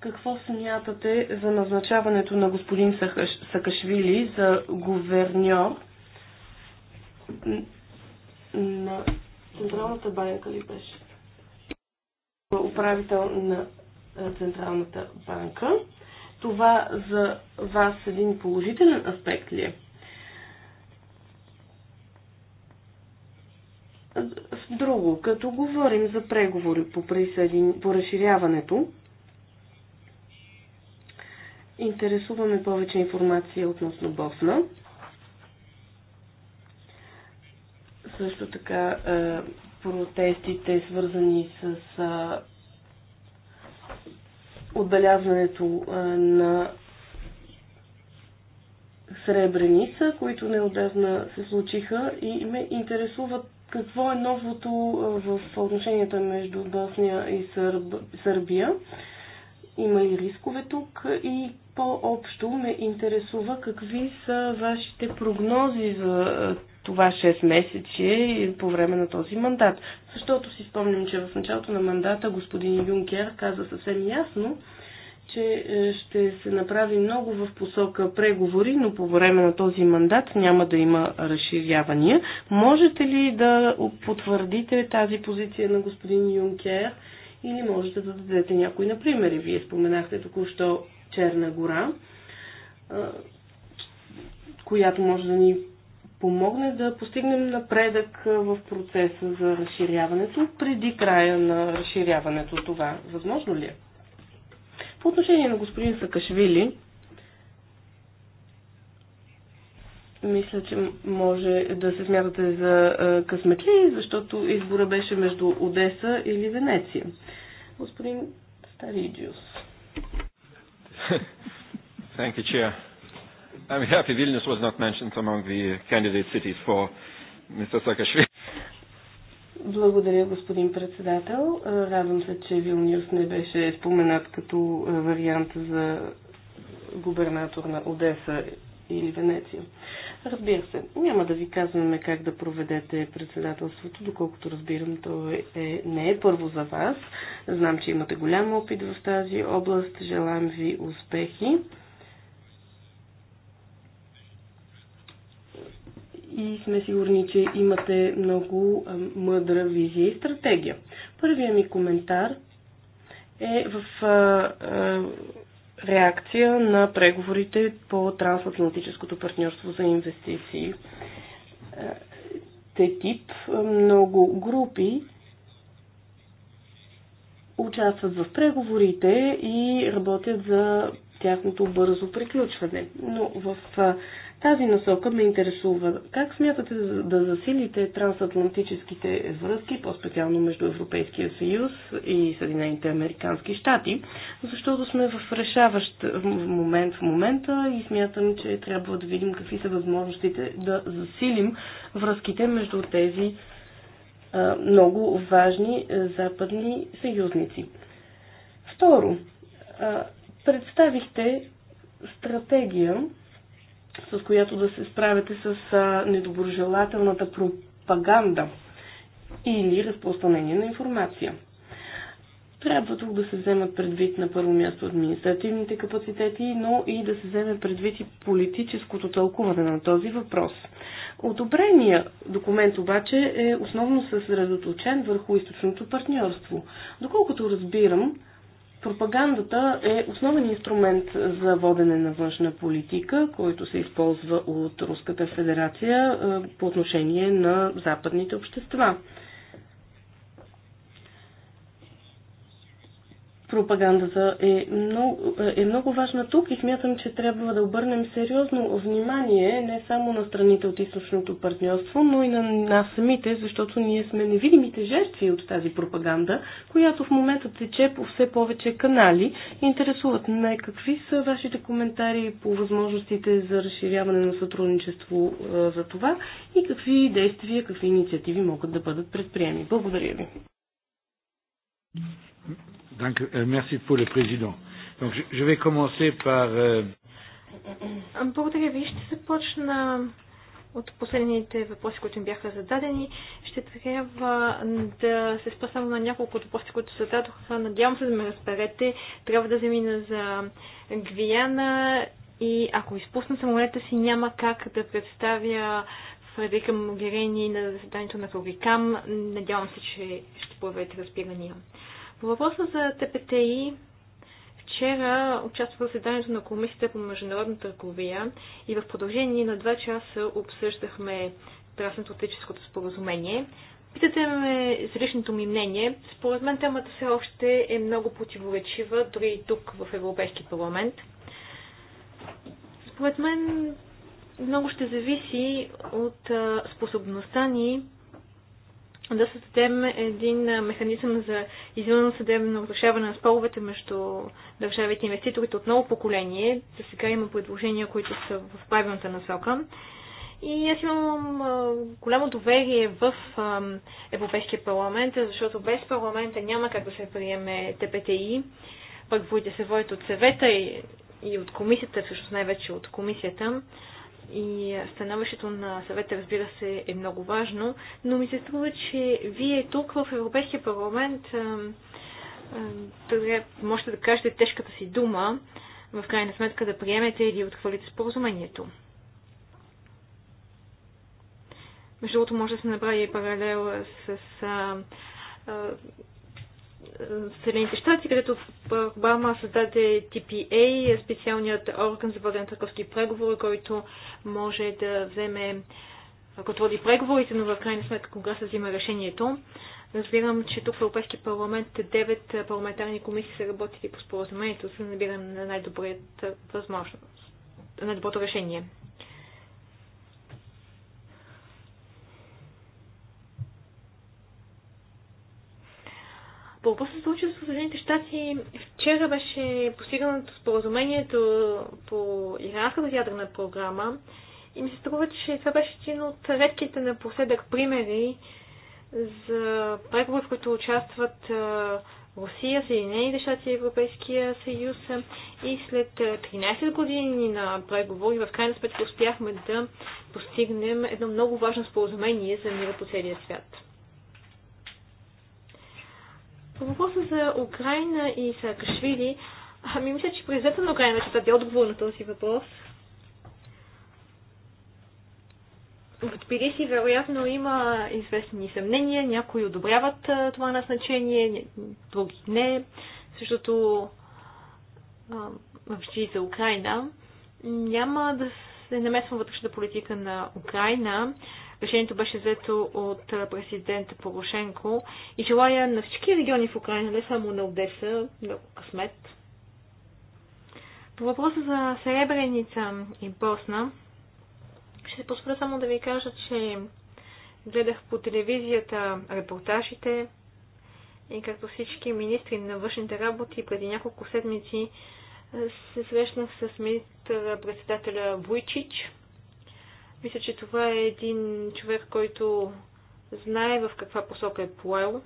[SPEAKER 3] какво смятате за назначаването на господин Сакашвили за гуверньор на Централната банка ли беше? Управител на е, Централната банка. Това за вас един положителен аспект ли е? Друго, като говорим за преговори по, присъедин... по разширяването, интересуваме повече информация относно Босна. също така е, протестите, свързани с е, отбелязването е, на Сребреница, които неодавна се случиха и ме интересуват какво е новото в отношенията между Босния и Сърб... Сърбия. Има и рискове тук и по-общо ме интересува какви са вашите прогнози за това 6 месеци по време на този мандат. Защото си спомням, че в началото на мандата господин Юнкер каза съвсем ясно, че е, ще се направи много в посока преговори, но по време на този мандат няма да има разширявания. Можете ли да потвърдите тази позиция на господин Юнкер или можете да дадете някои на примери? Вие споменахте току-що Черна гора, е, която може да ни помогне да постигнем напредък в процеса за разширяването преди края на разширяването. Това възможно ли е? По отношение на господин Сакашвили, мисля, че може да се смятате за късметли, защото избора беше между Одеса или Венеция. Господин Стариджиус.
[SPEAKER 1] Thank you, Chair. I'm happy Vilnius was not mentioned among the candidate cities for Mr. Saakashvili.
[SPEAKER 3] Благодаря, господин председател. Радвам се, че Вилнюс не беше споменат като е, вариант за губернатор на Одеса или Венеция. Разбира се, няма да ви казваме как да проведете председателството, доколкото разбирам, то е, не е първо за вас. Знам, че имате голям опит в тази област. Желаем ви успехи. и сме сигурни, че имате много мъдра визия и стратегия. Първият ми коментар е в а, а, реакция на преговорите по трансатлантическото партньорство за инвестиции. Те тип много групи участват в преговорите и работят за тяхното бързо приключване. Но в тази насока ме интересува. Как смятате да засилите трансатлантическите връзки, по-специално между Европейския съюз и Съединените Американски щати, защото сме в решаващ момент в момента и смятам, че трябва да видим какви са възможностите да засилим връзките между тези много важни западни съюзници. Второ, представихте стратегия с която да се справяте с недоброжелателната пропаганда или разпространение на информация. Трябва тук да се вземат предвид на първо място административните капацитети, но и да се вземе предвид и политическото тълкуване на този въпрос. Одобрения документ обаче е основно съсредоточен върху източното партньорство. Доколкото разбирам, Пропагандата е основен инструмент за водене на външна политика, който се използва от Руската федерация е, по отношение на западните общества. пропагандата е много, е много важна тук и смятам, че трябва да обърнем сериозно внимание не само на страните от източното партньорство, но и на нас самите, защото ние сме невидимите жертви от тази пропаганда, която в момента тече по все повече канали. Интересуват ме какви са вашите коментари по възможностите за разширяване на сътрудничество е, за това и какви действия, какви инициативи могат да бъдат предприеми. Благодаря ви.
[SPEAKER 1] Donc, euh, merci pour le président. Donc, je, je vais commencer par. Euh,
[SPEAKER 5] Благодаря ви. Ще започна от последните въпроси, които им бяха зададени. Ще трябва да се спасам само на няколко от въпроси, които се дадоха. Надявам се да ме разберете. Трябва да замина за Гвиана и ако изпусна самолета си, няма как да представя Фредерика Могерени на заседанието на фабрикам. Надявам се, че ще появете разбирания. По въпроса за ТПТИ, вчера участвах в заседанието на Комисията по международна търговия и в продължение на два часа обсъждахме трансатлантическото споразумение. Питате ме за личното ми мнение. Според мен темата все още е много противоречива, дори и тук в Европейски парламент. Според мен много ще зависи от способността ни да създадем един механизъм за извънно съдебно разрешаване на споровете между държавите и инвеститорите от ново поколение. За сега има предложения, които са в правилната насока. И аз имам голямо доверие в Европейския парламент, защото без парламента няма как да се приеме ТПТИ. Пък боите се водят от съвета и, и от комисията, всъщност най-вече от комисията. И становището на съвета, разбира се, е много важно, но ми се струва, че вие тук в Европейския парламент можете да кажете тежката си дума, в крайна сметка да приемете или отхвърлите споразумението. Между другото, може да се направи паралел с а, а, Съединените щати, където Обама създаде TPA, специалният орган за водене на търговски преговори, който може да вземе, който води преговорите, но в крайна сметка Конгреса взима решението. Разбирам, че тук в Европейския парламент 9 парламентарни комисии са работили по споразумението за набиране на най-добрият възможност, най-доброто решение. По въпроса се случи с Съединените щати, вчера беше постигнато споразумението по иранската ядрена програма и ми се струва, че това беше един от редките напоследък примери за преговори, в които участват Русия, Съединените щати и Европейския съюз и след 13 години на преговори в крайна сметка успяхме да постигнем едно много важно споразумение за мира по целия свят. По въпроса за Украина и Саакашвили, ами мисля, че президента на Украина ще даде отговор на този въпрос. В Тбилиси вероятно има известни съмнения, някои одобряват това назначение, други не. Същото въобще за Украина. Няма да се намесвам вътрешната политика на Украина. Решението беше взето от президента Порошенко и желая на всички региони в Украина, не само на Одеса, на късмет. По въпроса за Сребреница и Босна, ще се позволя само да ви кажа, че гледах по телевизията репортажите и както всички министри на външните работи преди няколко седмици се срещнах с министър-председателя Вуйчич мисля, че това е един човек, който знае в каква посока е поел.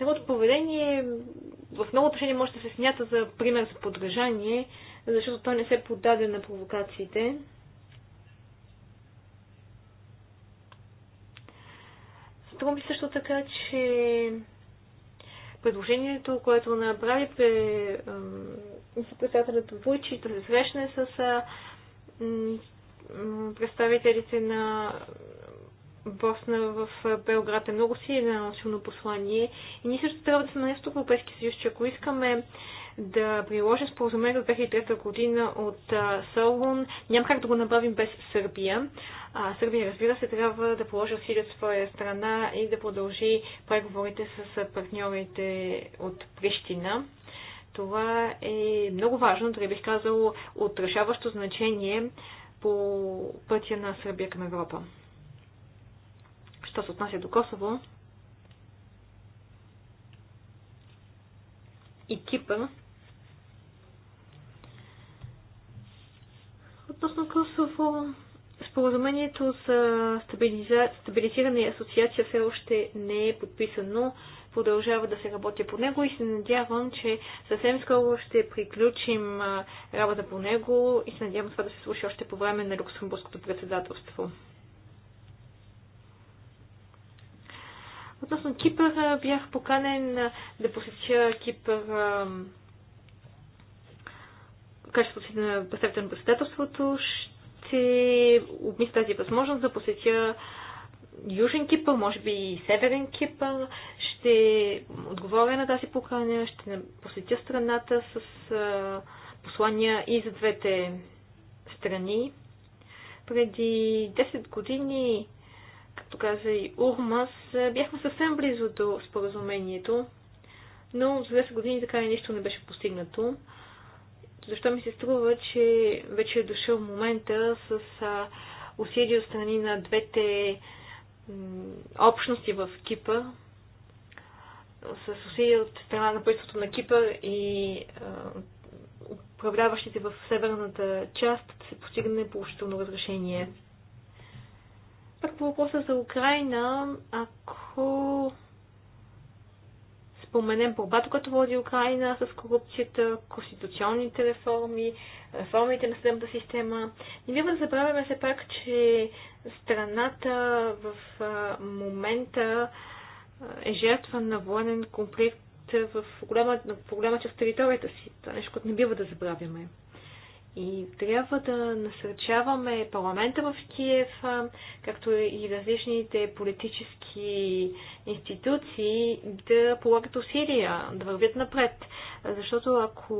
[SPEAKER 5] Неговото поведение в много отношения може да се смята за пример за подражание, защото той не се подаде на провокациите. Струва ми също така, че предложението, което направи пре, председателят Вучи да се срещне с представителите на Босна в Белград е много силно, силно послание. И ние също трябва да сме наясно в Европейския съюз, че ако искаме да приложим споразумението от 2003 година от Солун. Няма как да го направим без Сърбия. А, Сърбия, разбира се, трябва да положи усилия от своя страна и да продължи преговорите с партньорите от Прищина. Това е много важно, дори бих казал, отрешаващо значение по пътя на Сърбия към Европа. Що се отнася до Косово и Кипър, Относно Косово, споразумението за стабилиза... стабилизиране и асоциация все още не е подписано. Продължава да се работи по него и се надявам, че съвсем скоро ще приключим работа по него и се надявам това да се случи още по време на Люксембургското председателство. Относно Кипър бях поканен да посетя Кипър качеството си на представител на председателството ще обмисля тази възможност да посетя Южен Кипър, може би и Северен Кипър. Ще отговоря на тази покана, ще посетя страната с послания и за двете страни. Преди 10 години, както каза и Урмас, бяхме съвсем близо до споразумението, но за 10 години така и нищо не беше постигнато защо ми се струва, че вече е дошъл момента с усилия от страни на двете общности в Кипа. с усилия от страна на правителството на Кипър и управляващите в северната част да се постигне положително разрешение. Пак по въпроса за Украина, ако споменем борбата, която води Украина с корупцията, конституционните реформи, реформите на съдебната система. Не бива да забравяме все пак, че страната в момента е жертва на военен конфликт в голяма, в голяма част територията си. Това е нещо, което не бива да забравяме. И трябва да насърчаваме парламента в Киев, както и различните политически институции да полагат усилия, да вървят напред. Защото ако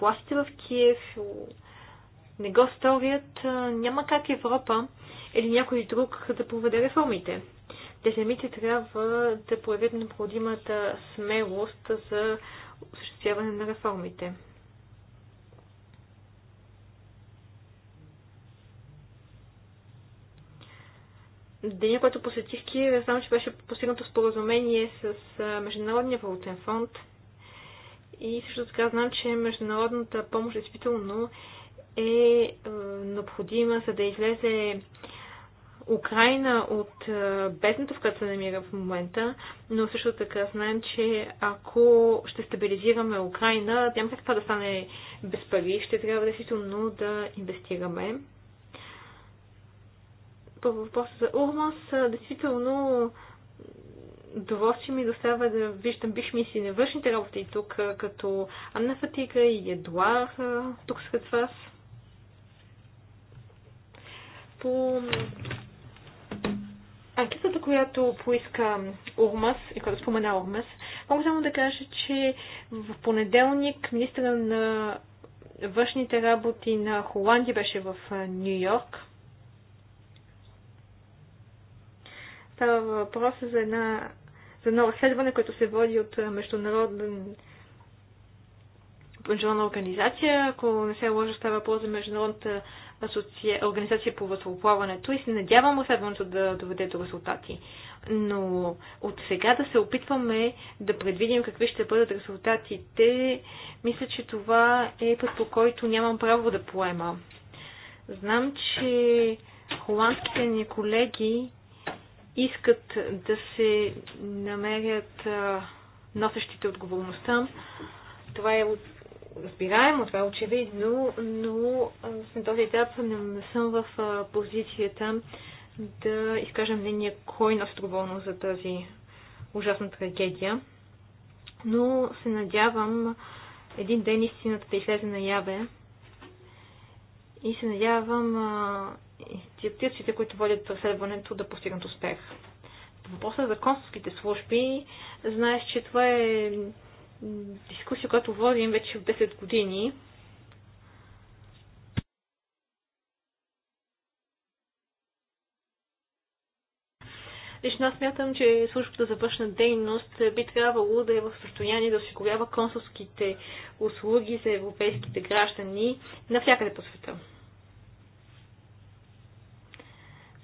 [SPEAKER 5] властите в Киев не го сторят, няма как Европа или някой друг да проведе реформите. Те самите трябва да проявят необходимата смелост за осъществяване на реформите. деня, който посетих Киев, знам, че беше постигнато споразумение с Международния валутен фонд. И също така знам, че международната помощ действително е, е необходима, за да излезе Украина от бедната, в която се намира в момента, но също така знаем, че ако ще стабилизираме Украина, няма как това да стане без пари, ще трябва действително да инвестираме по въпроса за Урмас, действително удоволствие ми достава да виждам бих ми си навършните работи тук, като Анна Фатика и Едуар тук сред вас. По анкетата, която поиска Урмас, и която спомена Урмас, мога само да кажа, че в понеделник министра на външните работи на Холандия беше в Нью Йорк Става въпрос за, една, за едно разследване, което се води от международен международна организация, ако не се лъжа, става въпрос за Международната асоция... организация по възхоплаването и се надявам разследването да доведе до резултати. Но от сега да се опитваме да предвидим какви ще бъдат резултатите, мисля, че това е път по който нямам право да поема. Знам, че холандските ни колеги искат да се намерят носещите отговорността. Това е разбираемо, това е очевидно, но на този етап не съм в позицията да изкажа мнение кой носи отговорност за тази ужасна трагедия. Но се надявам един ден истината да излезе наяве и се надявам институциите, които водят преследването, да постигнат успех. Въпросът за консулските служби, знаеш, че това е дискусия, която водим вече от 10 години. Лично аз смятам, че службата за външна дейност би трябвало да е в състояние да осигурява консулските услуги за европейските граждани навсякъде по света.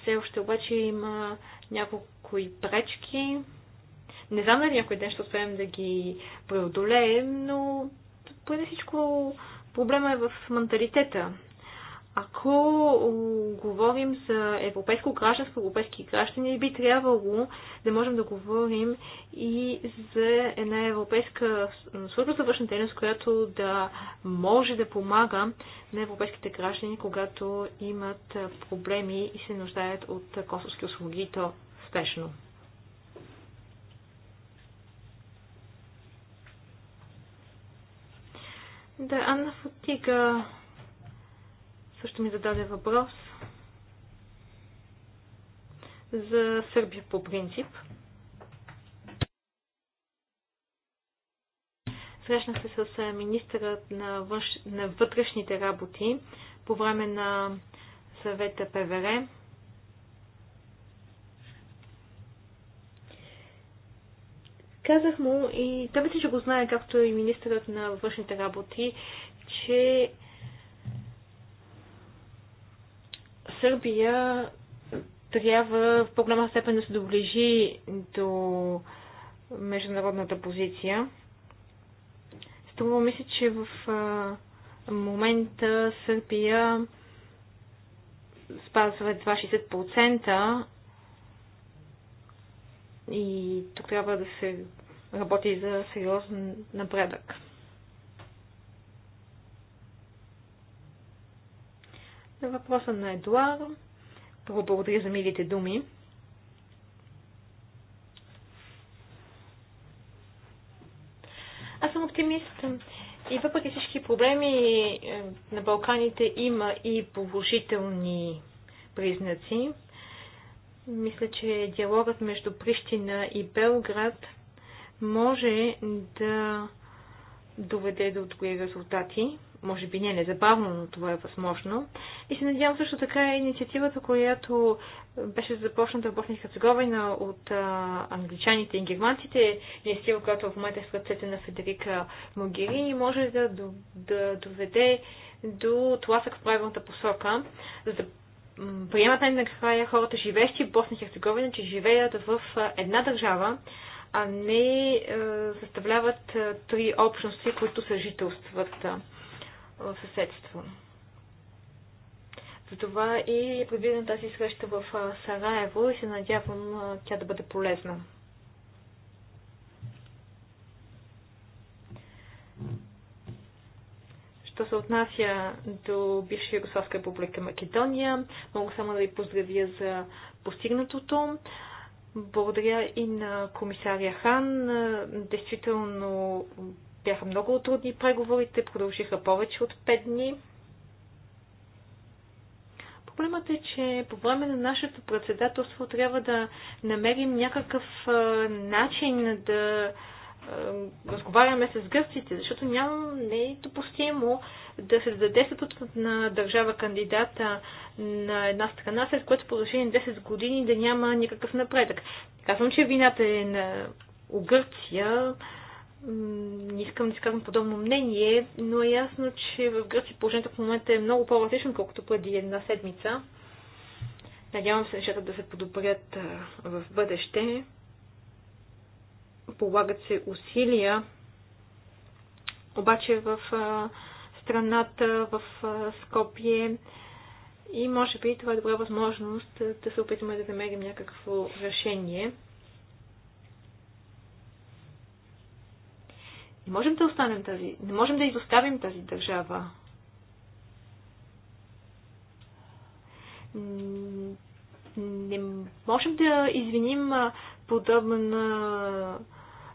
[SPEAKER 5] Все още обаче има няколко пречки. Не знам дали някой ден ще успеем да ги преодолеем, но преди всичко проблема е в менталитета ако говорим за европейско гражданство, европейски граждани, би трябвало да можем да говорим и за една европейска служба за външна дейност, която да може да помага на европейските граждани, когато имат проблеми и се нуждаят от консулски услуги, то спешно. Да, Анна Фотига също ми зададе въпрос за Сърбия по принцип. Срещна се с е, министъра на, външ... на вътрешните работи по време на съвета ПВР. Казах му и той мисля, че го знае, както и министърът на външните работи, че Сърбия трябва в по-голяма степен да се доближи до международната позиция. Струва мисля, че в момента Сърбия спазва 260% и тук трябва да се работи за сериозен напредък. на въпроса на Едуар. Първо благодаря за милите думи. Аз съм оптимист. И въпреки всички проблеми е, на Балканите има и положителни признаци. Мисля, че диалогът между Прищина и Белград може да доведе до добри резултати може би не е незабавно, но това е възможно. И се надявам също така е инициативата, която беше започната в Босния Херцеговина от а, англичаните и германците, е инициатива, която в момента е в ръцете на Федерика Могерини, може да, да, да доведе до тласък в правилната посока, за да приемат най-накрая хората, живещи в Босния Херцеговина, че живеят в една държава, а не е, съставляват е, три общности, които съжителстват съседство. Затова и е предвидена тази среща в Сараево и се надявам тя да бъде полезна. Що се отнася до бивша Ярославска република Македония, мога само да ви поздравя за постигнатото. Благодаря и на комисаря Хан. Действително бяха много трудни преговорите, продължиха повече от 5 дни. Проблемът е, че по време на нашето председателство трябва да намерим някакъв начин да разговаряме с гърците, защото няма, не е допустимо да се даде статутът на държава кандидата на една страна, след което продължение 10 години да няма никакъв напредък. Казвам, че вината е на Угърция не искам да изказвам подобно мнение, но е ясно, че в Гърция положението в момента е много по-различно, колкото преди една седмица. Надявам се нещата да се подобрят в бъдеще. Полагат се усилия, обаче в страната, в Скопие и може би това е добра възможност да се опитаме да намерим някакво решение. Не можем да останем тази, не можем да изоставим тази държава. Не можем да извиним подобна,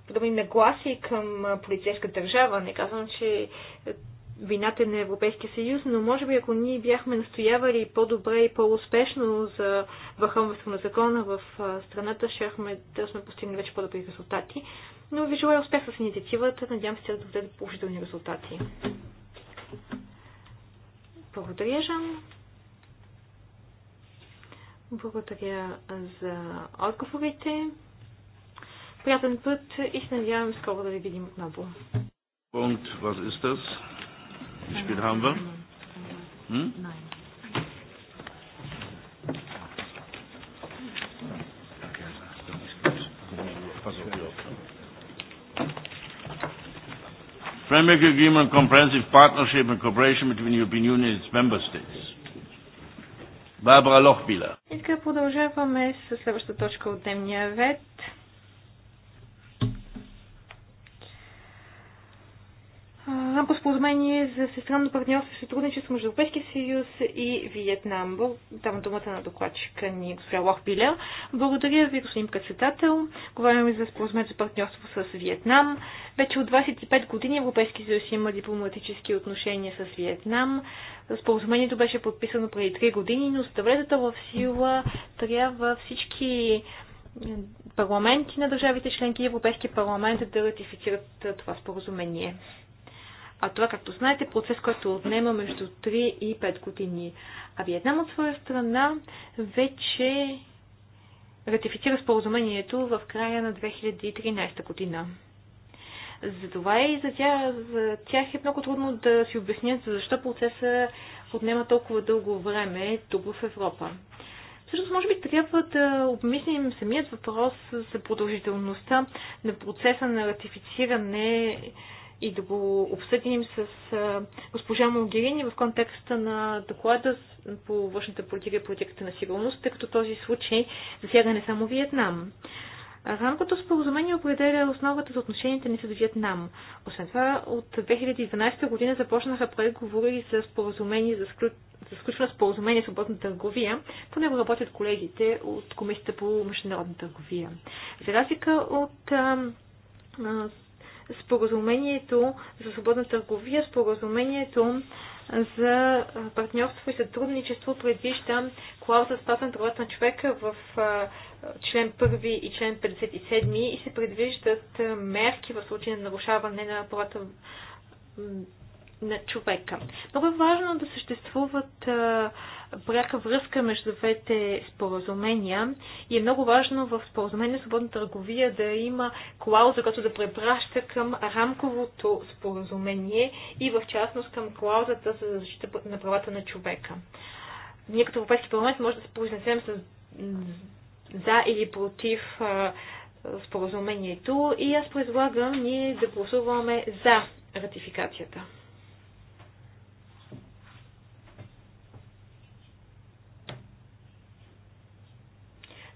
[SPEAKER 5] подобни нагласи към полицейска държава. Не казвам, че вината е на Европейския съюз, но може би ако ние бяхме настоявали по-добре и по-успешно за върховенство на закона в страната, щяхме да сме постигнали вече по-добри резултати но ви желая успех с инициативата. Надявам се да доведе положителни резултати. Благодаря, Жан. Благодаря за отговорите. Приятен път и се надявам скоро да ви видим отново.
[SPEAKER 1] Und was ist das? Wie spät haben wir? Hm? Nein. Okay, Also, Framework Agreement Comprehensive Partnership and Cooperation between European Union and its Member States. Барбара Лохбила.
[SPEAKER 5] И така продължаваме с следващата точка от дневния ред. рамко споразумение за сестранно партньорство и сътрудничество между Европейския съюз и Виетнам. Там думата на докладчика ни госпожа Билер. Благодаря ви, господин председател. Говорим за споразумение за партньорство с Виетнам. Вече от 25 години Европейския съюз има дипломатически отношения с Виетнам. Споразумението беше подписано преди 3 години, но с в сила трябва всички парламенти на държавите членки и Европейския парламент да ратифицират това споразумение. А това, както знаете, е процес, който отнема между 3 и 5 години. А Виетнам от своя страна вече ратифицира споразумението в края на 2013 година. Затова и за тях, за тях е много трудно да си обяснят защо процеса отнема толкова дълго време тук в Европа. Всъщност, може би трябва да обмислим самият въпрос за продължителността на процеса на ратифициране и да го обсъдим с госпожа Могерини в контекста на доклада по външната политика и политиката на сигурност, тъй като този случай засяга не само Виетнам. Рамкото споразумение определя основата за отношенията ни с Виетнам. Освен това, от 2012 година започнаха преговори за споразумение за, склю... за сключване споразумение свободна търговия. По него работят колегите от Комисията по международна търговия. За разлика от споразумението за свободна търговия, споразумението за партньорство и сътрудничество предвижда клауза спазване правата на човека в член 1 и член 57 и се предвиждат мерки в случай на нарушаване на правата на човека. Много е важно да съществуват пряка връзка между двете споразумения и е много важно в споразумение свободна търговия да има клауза, която да препраща към рамковото споразумение и в частност към клаузата за защита на правата на човека. Ние като Европейски парламент може да се произнесем с за или против споразумението и аз предлагам ние да гласуваме за ратификацията.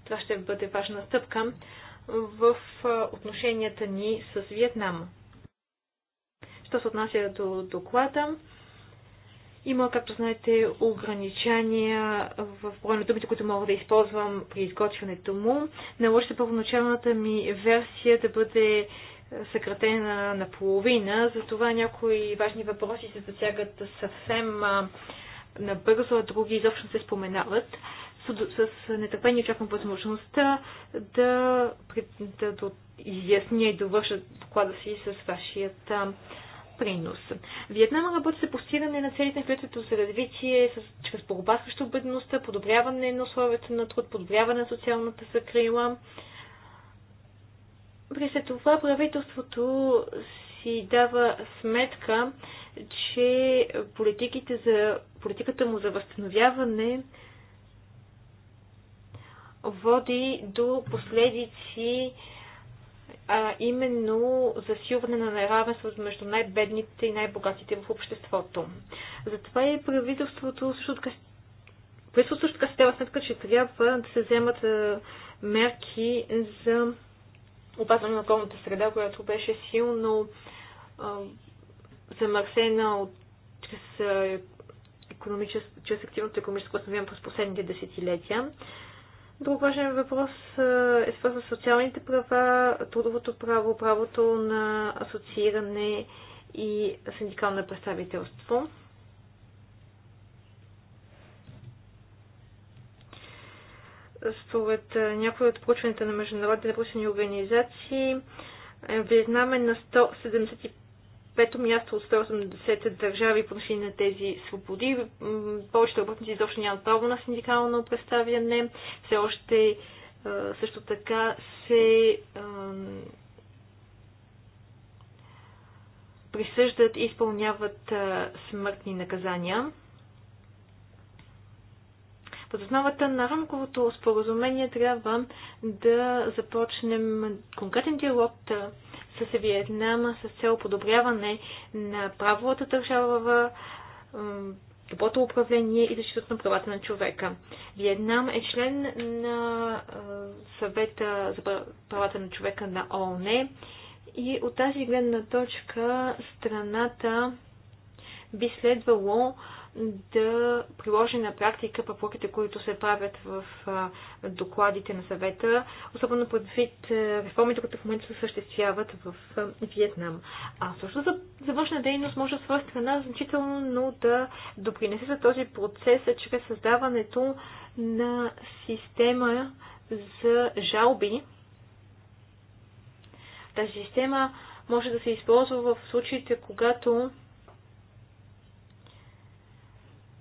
[SPEAKER 5] Това ще бъде важна стъпка в отношенията ни с Виетнам. Що се отнася до доклада, има, както знаете, ограничения в броя на думите, които мога да използвам при изготвянето му. Наложи се първоначалната ми версия да бъде е, съкратена на половина, затова някои важни въпроси се засягат съвсем набързо, а други изобщо се споменават с нетърпение очаквам възможността да, да, да изясня и довърша доклада си с вашият принос. Виетнама работи за постигане на целите на политиката за развитие с, чрез борба срещу бедността, подобряване на условията на труд, подобряване на социалната закрила. При след това правителството си дава сметка, че политиките за, политиката му за възстановяване води до последици, а именно засилване на неравенството между най-бедните и най-богатите в обществото. Затова и правителството също така също така се дава сметка, че трябва да се вземат мерки за опазване на околната среда, която беше силно а, замърсена от, чрез, чрез активното економическо възстановяване през последните десетилетия. Друг важен въпрос е свързан с социалните права, трудовото право, правото на асоцииране и синдикално представителство. Според някои от проучванията на международните непросени организации, Виетнам е на 175 пето място от 180 държави по отношение на тези свободи. Повечето работници изобщо нямат право на синдикално представяне. Все още е, също така се присъждат и изпълняват смъртни наказания. Под основата на рамковото споразумение трябва да започнем конкретен диалог, да с Виетнам с цел подобряване на правовата държава, доброто управление и защитата на правата на човека. Виетнам е член на съвета за правата на човека на ООН и от тази гледна точка страната би следвало да приложи на практика препоръките, които се правят в докладите на съвета, особено предвид реформите, които в момента се съществяват в Виетнам. А също за, за външна дейност може от своя страна значително да допринесе за този процес чрез създаването на система за жалби. Тази система може да се използва в случаите, когато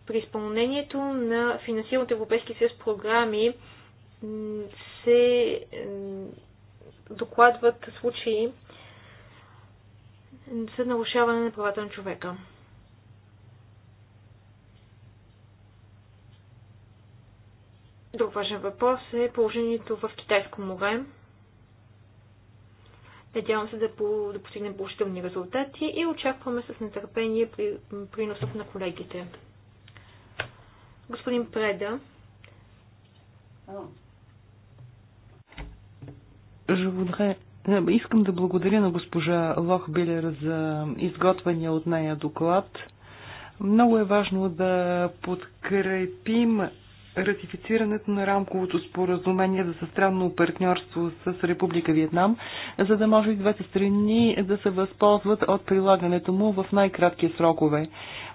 [SPEAKER 5] при изпълнението на финансираните Европейски съюз програми се докладват случаи за нарушаване на правата на човека. Друг важен въпрос е положението в Китайско море. Надявам се да, по, да постигнем положителни резултати и очакваме с нетърпение при, приносът на колегите. Господин Преда.
[SPEAKER 2] Живодре, euh, искам да благодаря на госпожа Лохбилер за изготвения от нея доклад. Много е важно да подкрепим ратифицирането на рамковото споразумение за състранно партньорство с Република Виетнам, за да може и двете страни да се възползват от прилагането му в най-кратки срокове.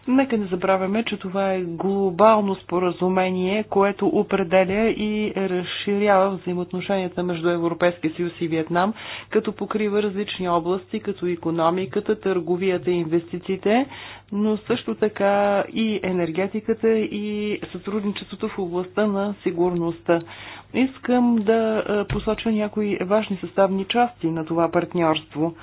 [SPEAKER 2] Нека не забравяме, че това е глобално споразумение, което определя и разширява взаимоотношенията между Европейския съюз и Виетнам, като покрива различни области, като економиката, търговията и инвестициите, но също така и енергетиката и сътрудничеството в областта на сигурността. Искам да посоча някои важни съставни части на това партньорство.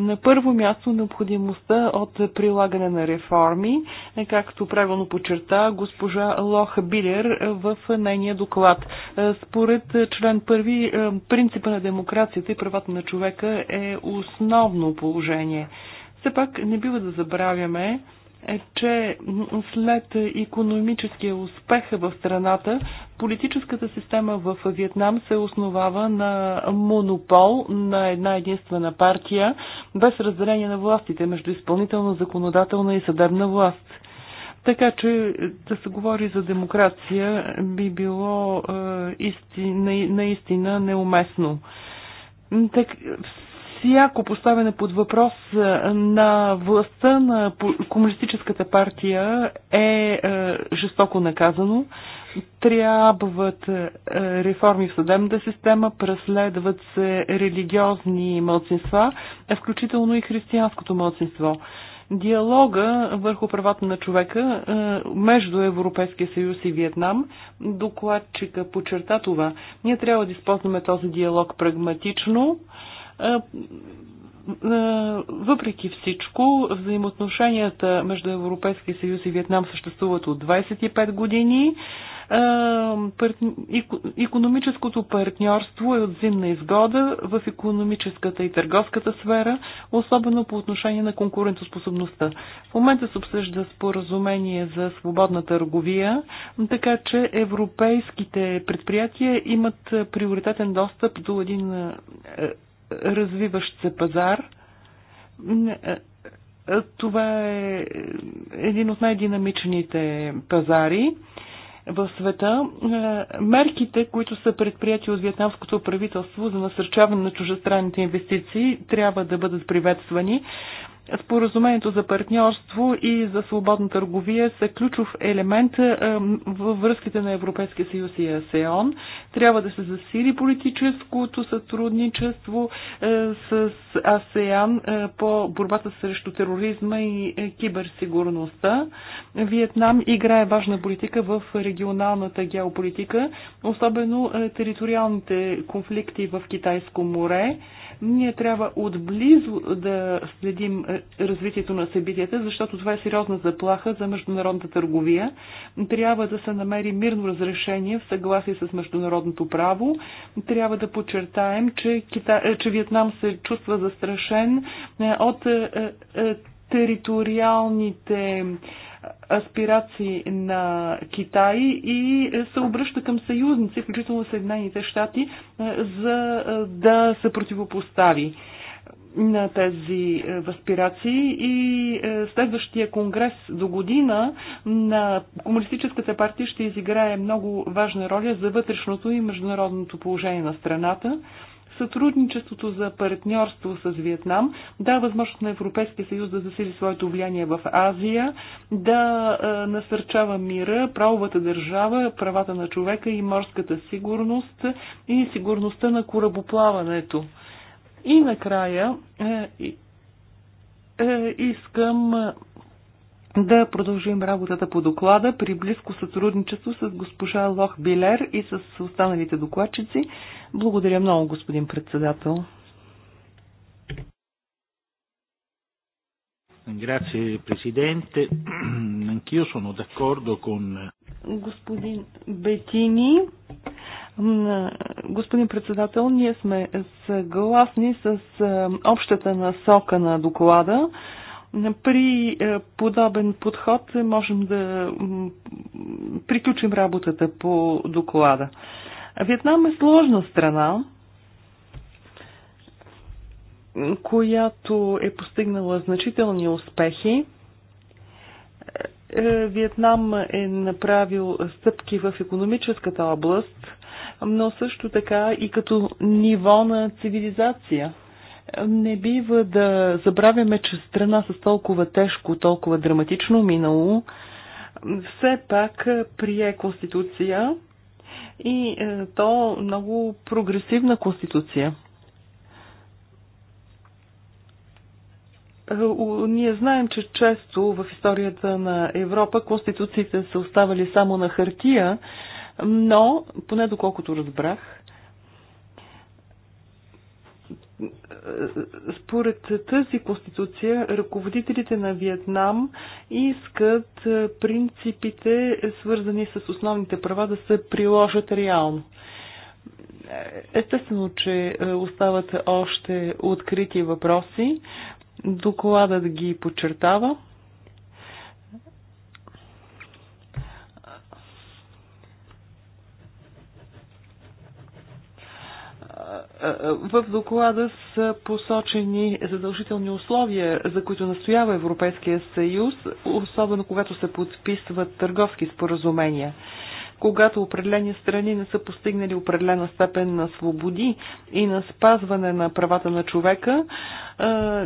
[SPEAKER 2] На първо място необходимостта от прилагане на реформи, е, както правилно почерта госпожа Лох Билер в нейния доклад. Е, според член първи, е, принципа на демокрацията и правата на човека е основно положение. Все пак не бива да забравяме, е, че след економическия успех в страната, политическата система в Виетнам се основава на монопол на една единствена партия, без разделение на властите между изпълнителна, законодателна и съдебна власт. Така че е, да се говори за демокрация би било е, истина, наистина неуместно. Так, всяко поставяне под въпрос е, на властта на Комунистическата партия е, е жестоко наказано. Трябват е, реформи в съдебната система, преследват се религиозни мълцинства, включително и християнското мълцинство диалога върху правата на човека между Европейския съюз и Виетнам. Докладчика подчерта това. Ние трябва да използваме този диалог прагматично, въпреки всичко, взаимоотношенията между Европейския съюз и Виетнам съществуват от 25 години. Економическото партньорство е от зимна изгода в економическата и търговската сфера, особено по отношение на конкурентоспособността. В момента се обсъжда споразумение за свободна търговия, така че европейските предприятия имат приоритетен достъп до един развиващ се пазар. Е, е, това е един от най-динамичните пазари в света. Е, мерките, които са предприяти от вьетнамското правителство за насърчаване на чужестранните инвестиции, трябва да бъдат приветствани. Споразумението за партньорство и за свободна търговия са ключов елемент във връзките на Европейския съюз и АСЕОН. Трябва да се засили политическото сътрудничество е, с АСЕАН е, по борбата срещу тероризма и е, киберсигурността. Виетнам играе важна политика в регионалната геополитика, особено териториалните конфликти в Китайско море ние трябва отблизо да следим развитието на събитията, защото това е сериозна заплаха за международната търговия. Трябва да се намери мирно разрешение в съгласие с международната международното право. Трябва да подчертаем, че, Кита... Е, че Виетнам се чувства застрашен е, от е, териториалните аспирации на Китай и се обръща към съюзници, включително Съединените щати, за да се противопостави на тези е, възпирации и е, следващия конгрес до година на Комунистическата партия ще изиграе много важна роля за вътрешното и международното положение на страната. Сътрудничеството за партньорство с Виетнам дава възможност на Европейския съюз да засили своето влияние в Азия, да е, насърчава мира, правовата държава, правата на човека и морската сигурност и сигурността на корабоплаването. И накрая е, е, искам е, да продължим работата по доклада при близко сътрудничество с госпожа Лох Билер и с останалите докладчици. Благодаря много, господин председател. Grazie Presidente,
[SPEAKER 1] anch'io sono d'accordo con...
[SPEAKER 2] Господин Бетини, Господин председател, ние сме съгласни с общата насока на доклада. При подобен подход можем да приключим работата по доклада. Виетнам е сложна страна, която е постигнала значителни успехи е, Виетнам е направил стъпки в економическата област, но също така и като ниво на цивилизация. Не бива да забравяме, че страна с толкова тежко, толкова драматично минало, все пак прие конституция и е, то много прогресивна конституция. Е, ние знаем, че често в историята на Европа конституциите са оставали само на хартия, но, поне доколкото разбрах, е, според тази конституция, ръководителите на Виетнам искат е, принципите, свързани с основните права, да се приложат реално. Естествено, че остават още открити въпроси, Докладът ги подчертава. В доклада са посочени задължителни условия, за които настоява Европейския съюз, особено когато се подписват търговски споразумения когато определени страни не са постигнали определена степен на свободи и на спазване на правата на човека,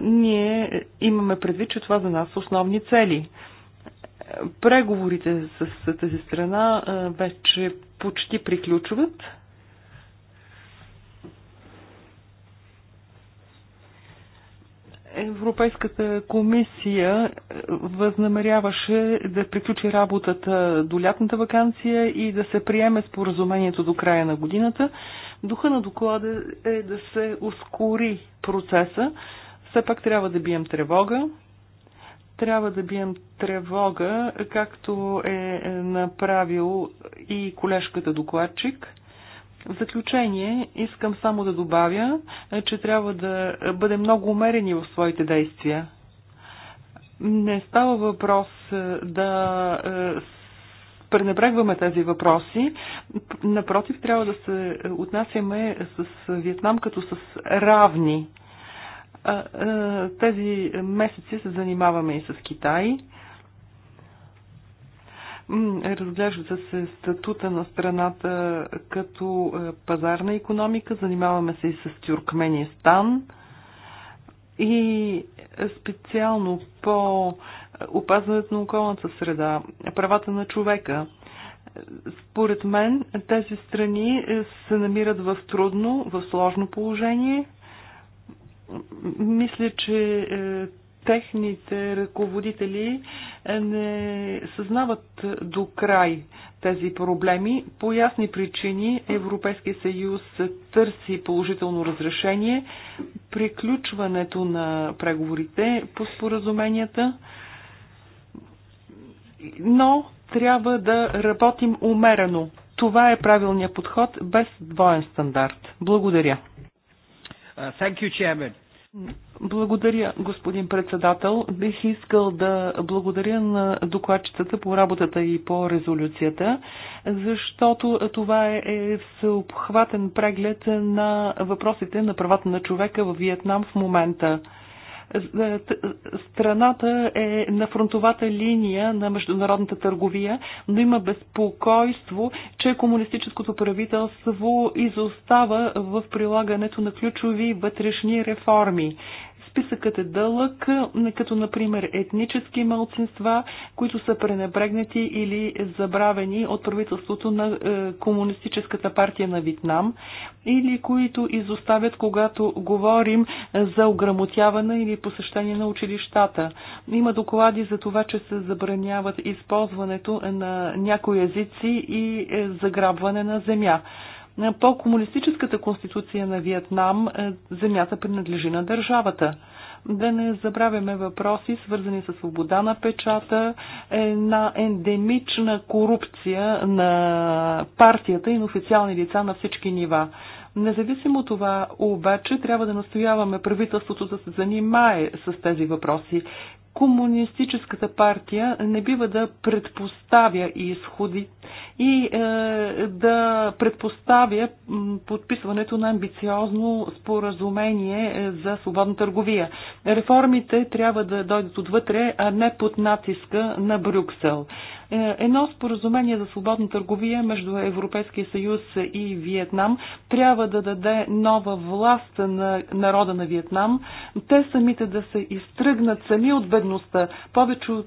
[SPEAKER 2] ние имаме предвид, че това за нас са основни цели. Преговорите с тази страна вече почти приключват. Европейската комисия е, възнамеряваше да приключи работата до лятната вакансия и да се приеме споразумението до края на годината. Духа на доклада е да се ускори процеса. Все пак трябва да бием тревога. Трябва да бием тревога, както е направил и колежката докладчик – в заключение искам само да добавя, е, че трябва да бъдем много умерени в своите действия. Не става въпрос е, да е, пренебрегваме тези въпроси. Напротив, трябва да се отнасяме с Виетнам като с равни. Тези месеци се занимаваме и с Китай. Разглежда се статута на страната като е, пазарна економика. Занимаваме се и с Тюркменистан. И специално по опазването на околната среда, правата на човека. Според мен тези страни е, се намират в трудно, в сложно положение. Мисля, че е, техните ръководители е, не съзнават до край тези проблеми. По ясни причини Европейския съюз търси положително разрешение, приключването на преговорите по споразуменията, но трябва да работим умерено. Това е правилният подход без двоен стандарт. Благодаря. Uh, thank you, Chairman. Благодаря, господин председател. Бих искал да благодаря на докладчицата по работата и по резолюцията, защото това е, е всеобхватен преглед на въпросите на правата на човека в Виетнам в момента. Страната е на фронтовата линия на международната търговия, но има безпокойство, че комунистическото правителство изостава в прилагането на ключови вътрешни реформи. Списъкът е дълъг, като например етнически малцинства, които са пренебрегнати или забравени от правителството на е, Комунистическата партия на Витнам или които изоставят, когато говорим за ограмотяване или посещение на училищата. Има доклади за това, че се забраняват използването на някои езици и е, заграбване на земя. По комунистическата конституция на Виетнам е, земята принадлежи на държавата. Да не забравяме въпроси, свързани с свобода на печата, на ендемична корупция на партията и на официални лица на всички нива. Независимо от това, обаче, трябва да настояваме правителството да се занимае с тези въпроси комунистическата партия не бива да предпоставя изходи и е, да предпоставя подписването на амбициозно споразумение е, за свободна търговия. Реформите трябва да дойдат отвътре, а не под натиска на Брюксел. Е, едно споразумение за свободна търговия между Европейския съюз и Виетнам трябва да даде нова власт на народа на Виетнам. Те самите да се изтръгнат сами от бедността, повече от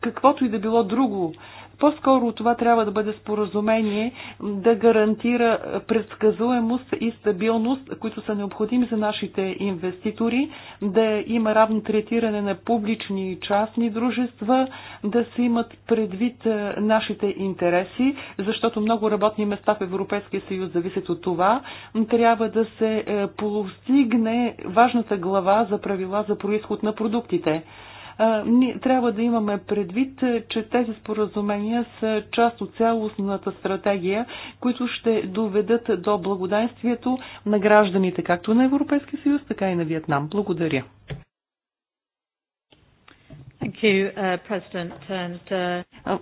[SPEAKER 2] каквото и да било друго. По-скоро това трябва да бъде споразумение да гарантира предсказуемост и стабилност, които са необходими за нашите инвеститори, да има равно третиране на публични и частни дружества, да се имат предвид е, нашите интереси, защото много работни места в Европейския съюз зависят от това. Трябва да се е, постигне важната глава за правила за происход на продуктите трябва да имаме предвид, е, че тези споразумения са част от цялостната стратегия, които ще доведат до благоденствието на гражданите, както на Европейския съюз, така и на Виетнам. Благодаря. Uh, uh,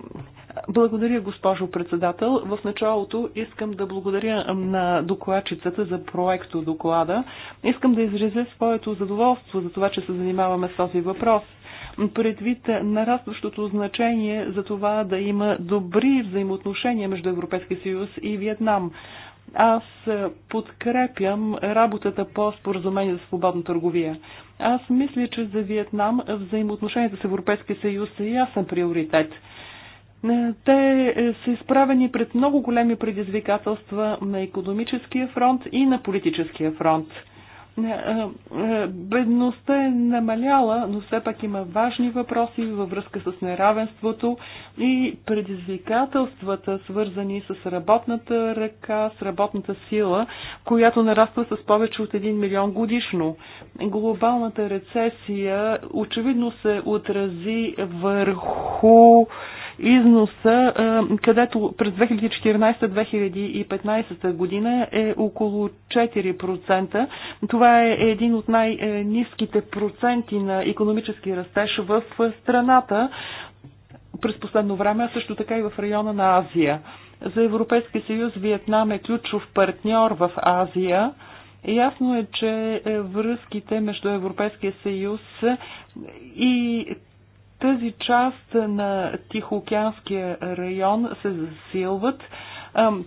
[SPEAKER 2] благодаря, госпожо председател. В началото искам да благодаря на докладчицата за проекто доклада. Искам да изразя своето задоволство за това, че се занимаваме с този въпрос предвид нарастващото значение за това да има добри взаимоотношения между Европейския съюз и Виетнам. Аз е, подкрепям работата по споразумение за свободна търговия. Аз мисля, че за Виетнам взаимоотношенията с Европейския съюз е ясен приоритет. Е, те е, са изправени пред много големи предизвикателства на економическия фронт и на политическия фронт. Е, е, е, бедността е намаляла, но все пак има важни въпроси във връзка с неравенството и предизвикателствата, свързани с работната ръка, с работната сила, която нараства с повече от 1 милион годишно. Глобалната рецесия очевидно се отрази върху Износа, където през 2014-2015 година е около 4%. Това е един от най-низките проценти на економически растеж в страната през последно време, а също така и в района на Азия. За Европейския съюз Виетнам е ключов партньор в Азия. Ясно е, че е, връзките между Европейския съюз и тази част на Тихоокеанския район се засилват.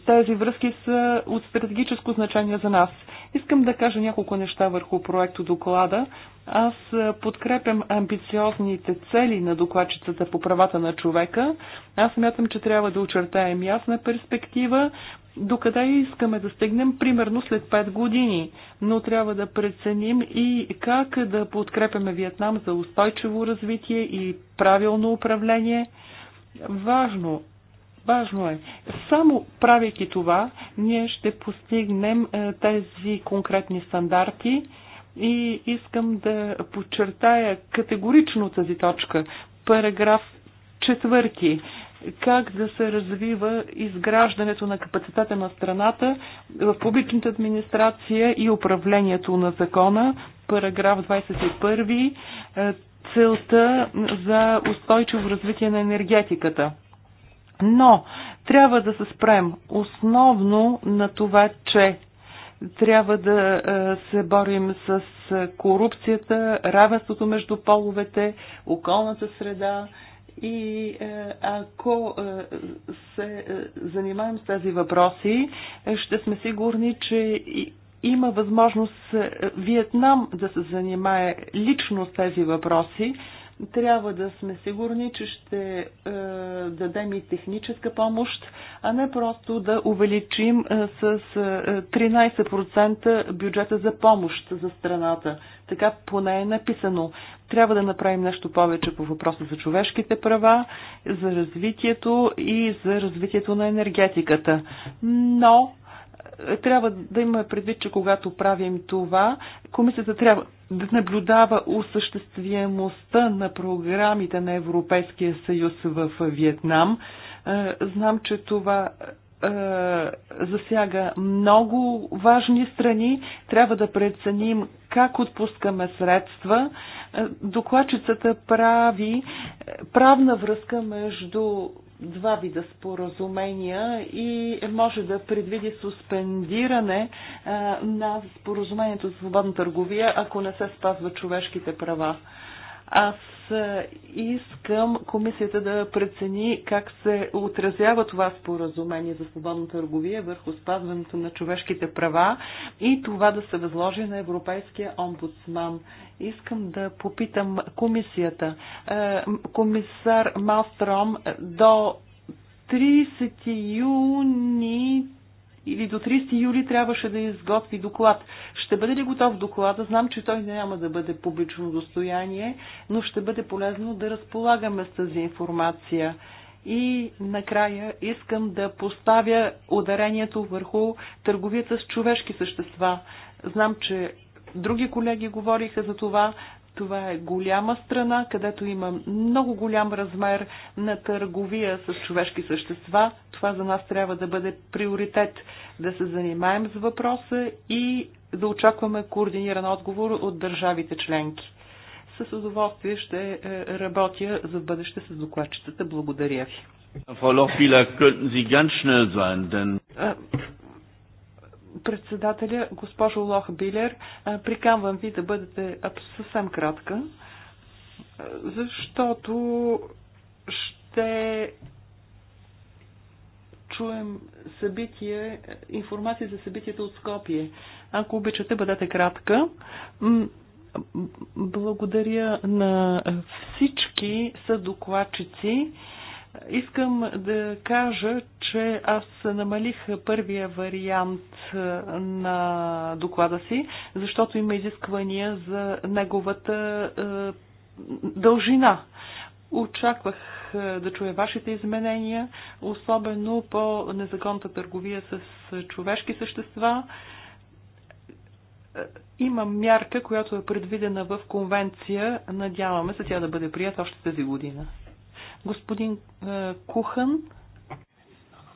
[SPEAKER 2] Тези връзки са от стратегическо значение за нас. Искам да кажа няколко неща върху проекто доклада. Аз подкрепям амбициозните цели на докладчицата по правата на човека. Аз смятам, че трябва да очертаем ясна перспектива, докъде искаме да стигнем, примерно след 5 години. Но трябва да преценим и как да подкрепяме Виетнам за устойчиво развитие и правилно управление. Важно, важно е. Само правейки това, ние ще постигнем е, тези конкретни стандарти и искам да подчертая категорично тази точка. Параграф четвърти как да се развива изграждането на капацитета на страната в публичната администрация и управлението на закона, параграф 21, е, целта за устойчиво развитие на енергетиката. Но трябва да се спрем основно на това, че трябва да е, се борим с е, корупцията, равенството между половете, околната среда, и е, ако е, се е, занимаем с тези въпроси, ще сме сигурни, че има възможност Виетнам да се занимае лично с тези въпроси, трябва да сме сигурни, че ще е, дадем и техническа помощ, а не просто да увеличим е, с е, 13% бюджета за помощ за страната. Така поне е написано. Трябва да направим нещо повече по въпроса за човешките права, за развитието и за развитието на енергетиката. Но трябва да има предвид, че когато правим това, комисията трябва да наблюдава осъществяемостта на програмите на Европейския съюз в Виетнам. Е, знам, че това е, засяга много важни страни. Трябва да преценим как отпускаме средства. Е, докладчицата прави правна връзка между два вида споразумения и може да предвиди суспендиране на споразумението за свободна търговия, ако не се спазва човешките права. Аз искам комисията да прецени как се отразява това споразумение за свободна търговия върху спазването на човешките права и това да се възложи на Европейския омбудсман. Искам да попитам комисията. Е, комисар Малстром до 30 юни или до 30 юли трябваше да изготви доклад. Ще бъде ли готов доклада? Знам, че той няма да бъде публично достояние, но ще бъде полезно да разполагаме с тази информация. И накрая искам да поставя ударението върху търговията с човешки същества. Знам, че други колеги говориха за това, това е голяма страна, където има много голям размер на търговия с човешки същества. Това за нас трябва да бъде приоритет. Да се занимаем с въпроса и да очакваме координиран отговор от държавите членки. С удоволствие ще е, работя за бъдеще с докладчетата. Благодаря ви. Председателя, госпожо Лох Билер, приканвам ви да бъдете съвсем кратка, защото ще чуем събитие, информация за събитията от Скопие. Ако обичате, бъдете кратка. Благодаря на всички съдокладчици. Искам да кажа, че аз намалих първия вариант на доклада си, защото има изисквания за неговата дължина. Очаквах да чуя вашите изменения, особено по незаконната търговия с човешки същества. Има мярка, която е предвидена в конвенция. Надяваме се тя да бъде прията още тази година. Господин uh, е, Кухан.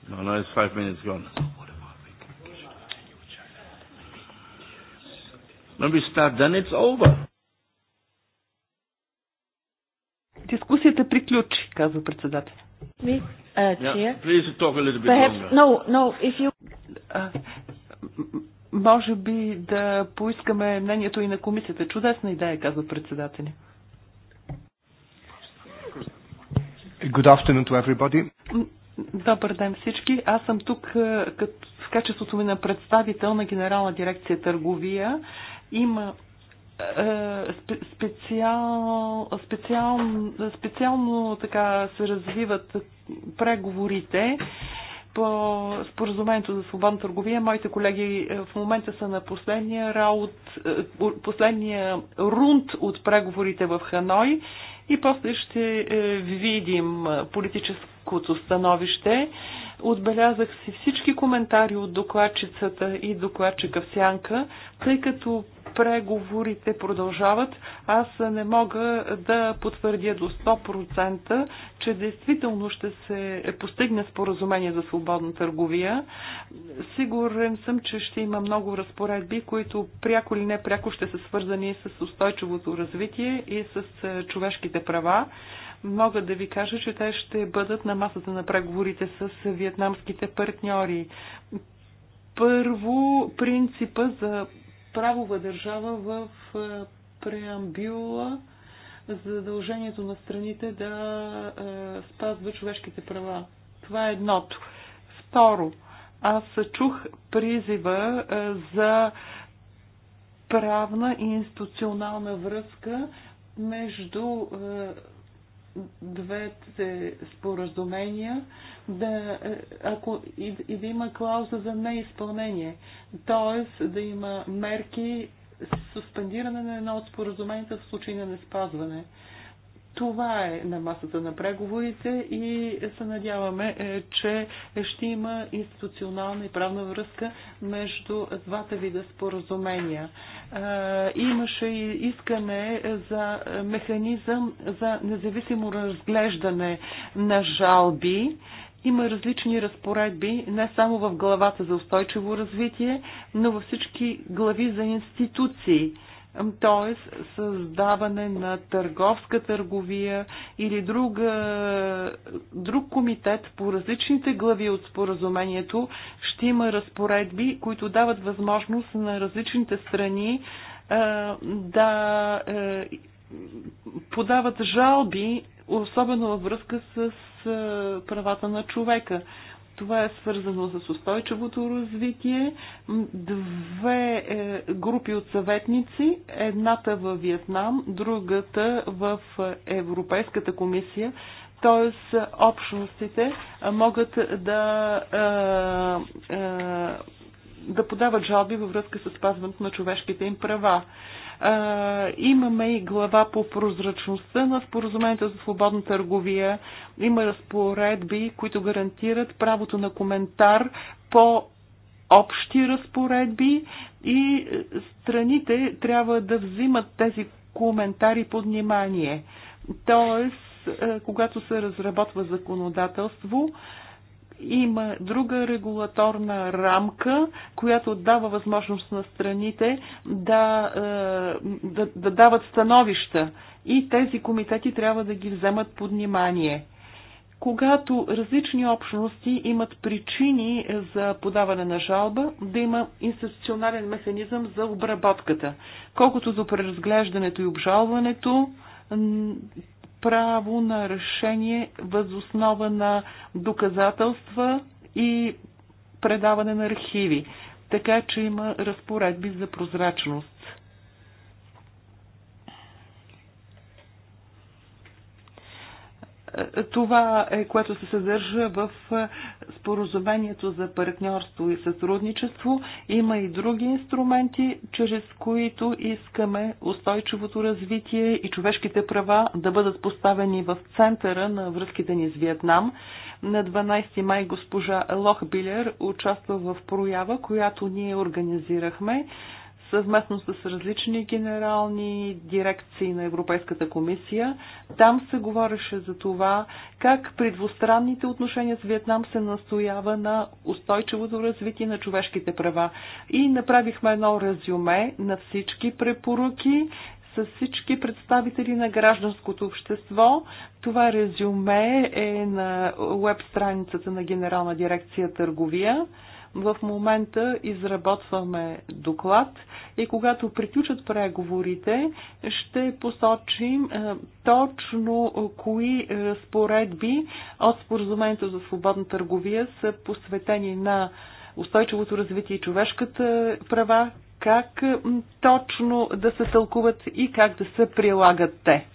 [SPEAKER 1] No, no, it's five minutes gone. When we start, then it's over.
[SPEAKER 2] Дискусията приключи, казва председател. Uh, yeah, please talk a little bit Perhaps, longer. No,
[SPEAKER 5] no, if you...
[SPEAKER 2] може би да поискаме мнението и на комисията. Чудесна идея, казва председателя.
[SPEAKER 4] Good afternoon to everybody.
[SPEAKER 2] Добър ден всички. Аз съм тук е, като, в качеството ми на представител на Генерална дирекция търговия. Има е, специал, специал, специално така се развиват преговорите по споразумението за свободна търговия. Моите колеги е, в момента са на последния, раут, последния рунд от преговорите в Ханой и после ще е, видим е, политическото становище. Отбелязах си всички коментари от докладчицата и докладчика в сянка, тъй като преговорите продължават. Аз не мога да потвърдя до 100%, че действително ще се постигне споразумение за свободна търговия. Сигурен съм, че ще има много разпоредби, които пряко или непряко ще са свързани с устойчивото развитие и с е, човешките права мога да ви кажа, че те ще бъдат на масата на преговорите с вьетнамските партньори. Първо, принципа за правова държава в преамбюла задължението на страните да спазва човешките права. Това е едното. Второ, аз чух призива за правна и институционална връзка между двете споразумения, да, е, ако и, и да има клауза за неизпълнение, т.е. да има мерки суспендиране на едно от споразуменията в случай на неспазване. спазване. Това е на масата на преговорите и се надяваме, е, че ще има институционална и правна връзка между двата вида споразумения. Е, имаше и искане за механизъм за независимо разглеждане на жалби има различни разпоредби, не само в главата за устойчиво развитие, но във всички глави за институции т.е. създаване на търговска търговия или друга, друг комитет по различните глави от споразумението, ще има разпоредби, които дават възможност на различните страни е, да е, подават жалби, особено във връзка с е, правата на човека. Това е свързано с устойчивото развитие. Две е, групи от съветници, едната във Виетнам, другата в Европейската комисия, т.е. общностите могат да, е, е, да подават жалби във връзка с спазването на човешките им права. Имаме и глава по прозрачността на споразумението за свободна търговия. Има разпоредби, които гарантират правото на коментар по общи разпоредби и страните трябва да взимат тези коментари под внимание. Тоест, когато се разработва законодателство, има друга регулаторна рамка, която дава възможност на страните да, е, да, да дават становища и тези комитети трябва да ги вземат под внимание. Когато различни общности имат причини за подаване на жалба, да има институционален механизъм за обработката. Колкото за преразглеждането и обжалването, право на решение възоснова на доказателства и предаване на архиви. Така че има разпоредби за прозрачност. Това е което се съдържа в е, споразумението за партньорство и сътрудничество. Има и други инструменти, чрез които искаме устойчивото развитие и човешките права да бъдат поставени в центъра на връзките ни с Виетнам. На 12 май госпожа Лох Билер участва в проява, която ние организирахме съвместно с различни генерални дирекции на Европейската комисия. Там се говореше за това как при двустранните отношения с Виетнам се настоява на устойчивото развитие на човешките права. И направихме едно резюме на всички препоръки с всички представители на гражданското общество. Това резюме е на веб страницата на Генерална дирекция търговия. В момента изработваме доклад и когато приключат преговорите, ще посочим е, точно е, кои споредби от споразумението за свободна търговия са посветени на устойчивото развитие и човешката права, как точно да се тълкуват и как да се прилагат те.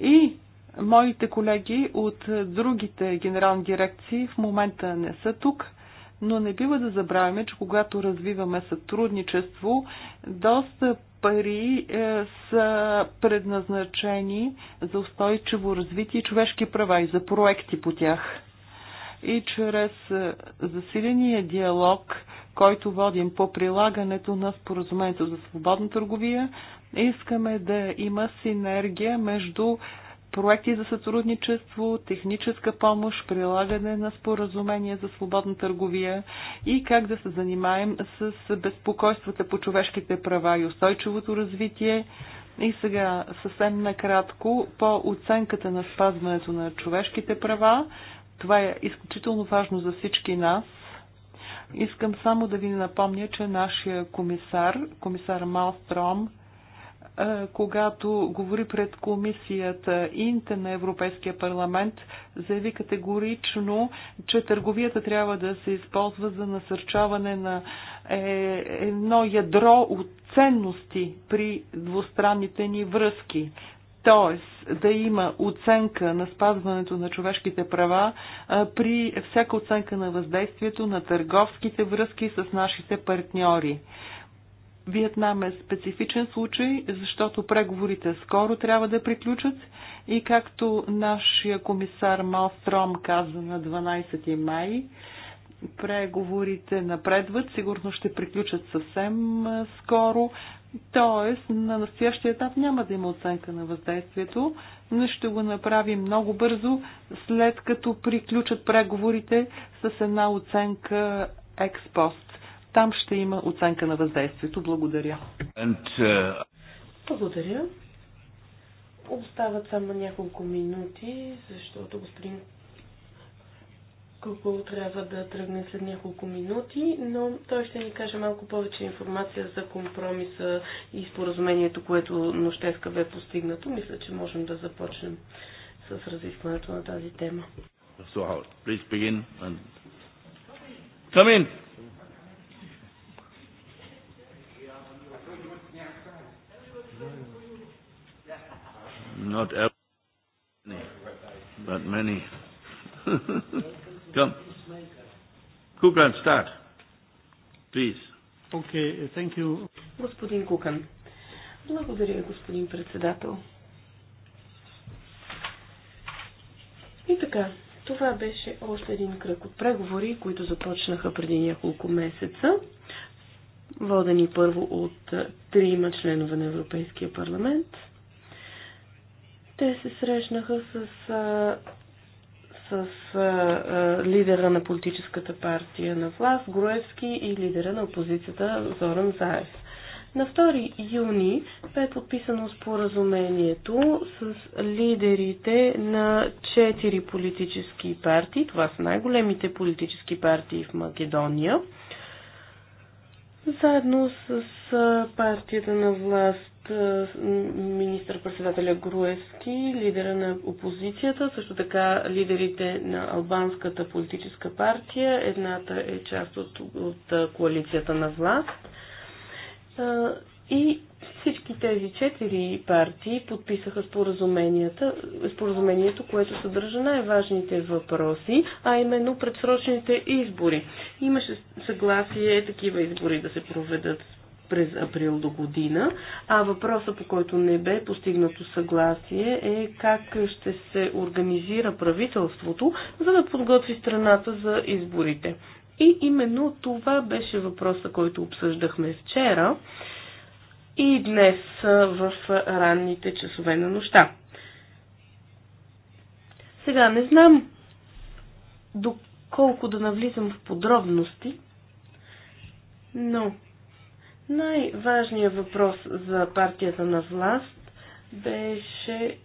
[SPEAKER 2] И моите колеги от другите генерални дирекции в момента не са тук – но не бива да забравяме, че когато развиваме сътрудничество, доста пари е, са предназначени за устойчиво развитие и човешки права и за проекти по тях. И чрез е, засиления диалог, който водим по прилагането на споразумението за свободна търговия, искаме да има синергия между проекти за сътрудничество, техническа помощ, прилагане на споразумения за свободна търговия и как да се занимаем с безпокойствата по човешките права и устойчивото развитие. И сега съвсем накратко по оценката на спазването на човешките права. Това е изключително важно за всички нас. Искам само да ви напомня, че нашия комисар, комисар Малстром, е, когато говори пред комисията Инте на Европейския парламент, заяви категорично, че търговията трябва да се използва за насърчаване на е, едно ядро от ценности при двустранните ни връзки т.е. да има оценка на спазването на човешките права е, при всяка оценка на въздействието на търговските връзки с нашите партньори. Виетнам е специфичен случай, защото преговорите скоро трябва да приключат и както нашия комисар Малстром каза на 12 май, преговорите напредват, сигурно ще приключат съвсем скоро. Тоест, на настоящия етап няма да има оценка на въздействието, но ще го направим много бързо, след като приключат преговорите с една оценка експост. Там ще има оценка на въздействието. Благодаря.
[SPEAKER 1] And, uh...
[SPEAKER 2] Благодаря.
[SPEAKER 3] Остават само няколко минути, защото господин Куко трябва да тръгне след няколко минути, но той ще ни каже малко повече информация за компромиса и споразумението, което нощеска бе постигнато. Мисля, че можем да започнем с разискването на тази тема.
[SPEAKER 1] So, please begin and... Come in. Not every, but many. Come. Kukan, start. Please.
[SPEAKER 3] Okay, thank you. Господин Кукан. Благодаря, господин председател. И така, това беше още един кръг от преговори, които започнаха преди няколко месеца, водени първо от трима членове на Европейския парламент – те се срещнаха с, а, с а, лидера на политическата партия на власт, Груевски и лидера на опозицията Зоран Заев. На 2 юни бе подписано споразумението с лидерите на четири политически партии. Това са най-големите политически партии в Македония. Заедно с партията на власт министър-председателя Груевски, лидера на опозицията, също така лидерите на албанската политическа партия. Едната е част от, от коалицията на власт. И всички тези четири партии подписаха споразумението, което съдържа най-важните въпроси, а именно предсрочните избори. Имаше съгласие такива избори да се проведат през април до година. А въпроса, по който не бе постигнато съгласие е как ще се организира правителството, за да подготви страната за изборите. И именно това беше въпроса, който обсъждахме вчера и днес в ранните часове на нощта. Сега не знам доколко да навлизам в подробности, но най-важният въпрос за партията на власт беше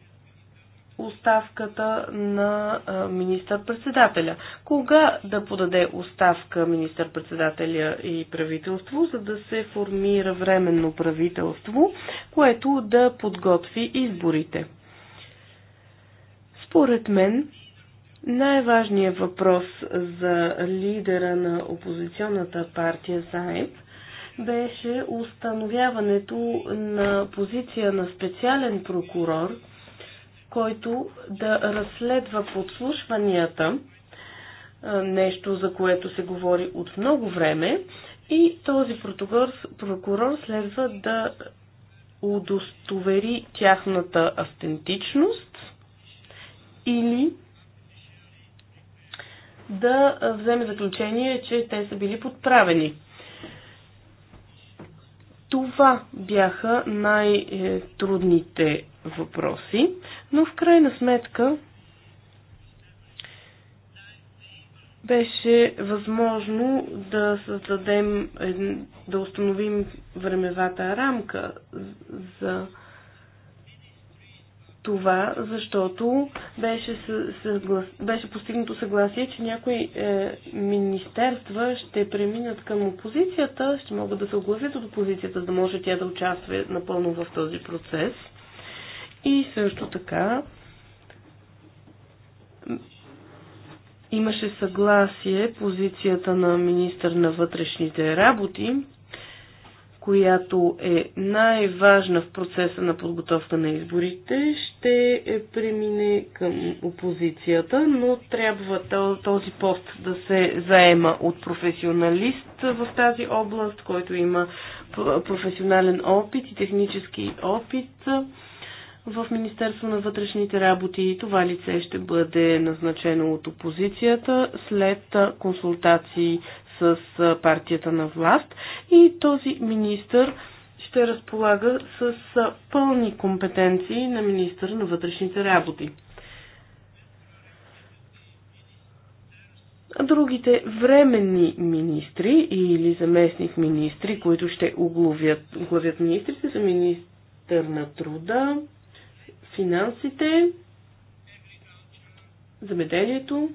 [SPEAKER 3] оставката на министър-председателя. Кога да подаде оставка министър-председателя и правителство, за да се формира временно правителство, което да подготви изборите? Според мен, най-важният въпрос за лидера на опозиционната партия Заев – беше установяването на позиция на специален прокурор, който да разследва подслушванията, нещо за което се говори от много време, и този прокурор, прокурор следва да удостовери тяхната автентичност или да вземе заключение, че те са били подправени. Това бяха най-трудните въпроси, но в крайна сметка беше възможно да създадем, да установим времевата рамка за това, защото беше, съглас... беше постигнато съгласие, че някои е, министерства ще преминат към опозицията, ще могат да се оглавят от опозицията, за да може тя да участва напълно в този процес. И също така имаше съгласие позицията на министър на вътрешните работи която е най-важна в процеса на подготовка на изборите, ще е, премине към опозицията, но трябва този пост да се заема от професионалист в тази област, който има професионален опит и технически опит в Министерство на вътрешните работи. Това лице ще бъде назначено от опозицията след консултации с партията на власт и този министр ще разполага с пълни компетенции на министър на вътрешните работи. другите временни министри или заместник министри, които ще оглавят, оглавят министрите, са министър на труда, финансите, замеделието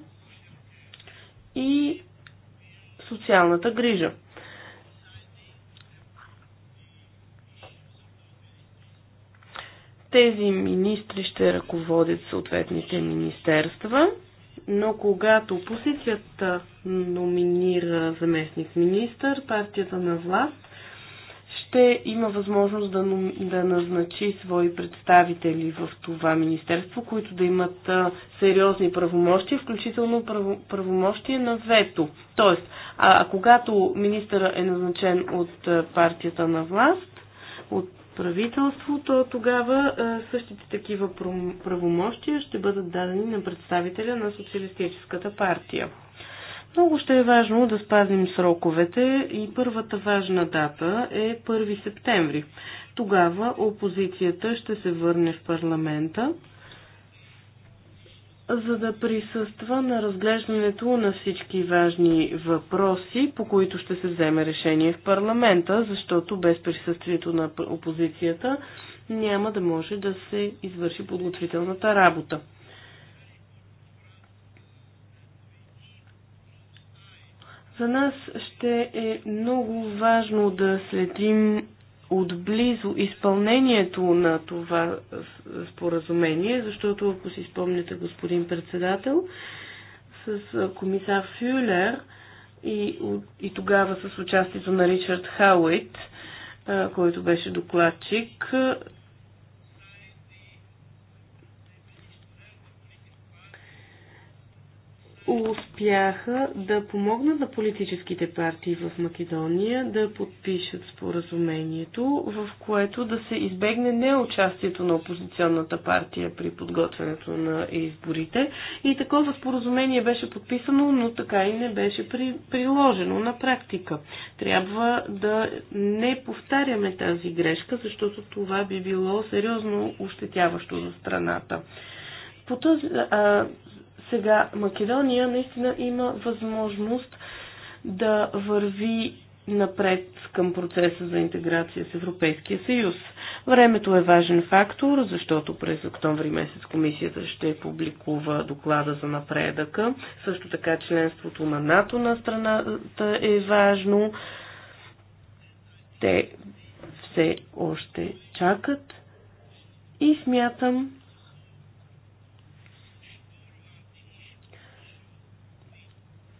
[SPEAKER 3] и социалната грижа. Тези министри ще ръководят съответните министерства, но когато опозицията номинира заместник министър, партията на власт ще има възможност да, да назначи свои представители в това министерство, които да имат а, сериозни правомощия, включително право, правомощия на вето. Тоест, а, а когато министъра е назначен от а, партията на власт, от правителството, тогава а, същите такива правомощия ще бъдат дадени на представителя на Социалистическата партия. Много ще е важно да спазим сроковете и първата важна дата е 1 септември. Тогава опозицията ще се върне в парламента, за да присъства на разглеждането на всички важни въпроси, по които ще се вземе решение в парламента, защото без присъствието на опозицията няма да може да се извърши подготвителната работа. За нас ще е много важно да следим отблизо изпълнението на това споразумение, защото ако си спомняте, господин председател, с комисар Фюлер и, и тогава с участието на Ричард Хауит, който беше докладчик, успяха да помогнат на политическите партии в Македония да подпишат споразумението, в което да се избегне неучастието на опозиционната партия при подготвянето на изборите. И такова споразумение беше подписано, но така и не беше при, приложено на практика. Трябва да не повтаряме тази грешка, защото това би било сериозно ощетяващо за страната. По този, а, сега Македония наистина има възможност да върви напред към процеса за интеграция с Европейския съюз. Времето е важен фактор, защото през октомври месец комисията ще публикува доклада за напредъка. Също така членството на НАТО на страната е важно. Те все още чакат и смятам,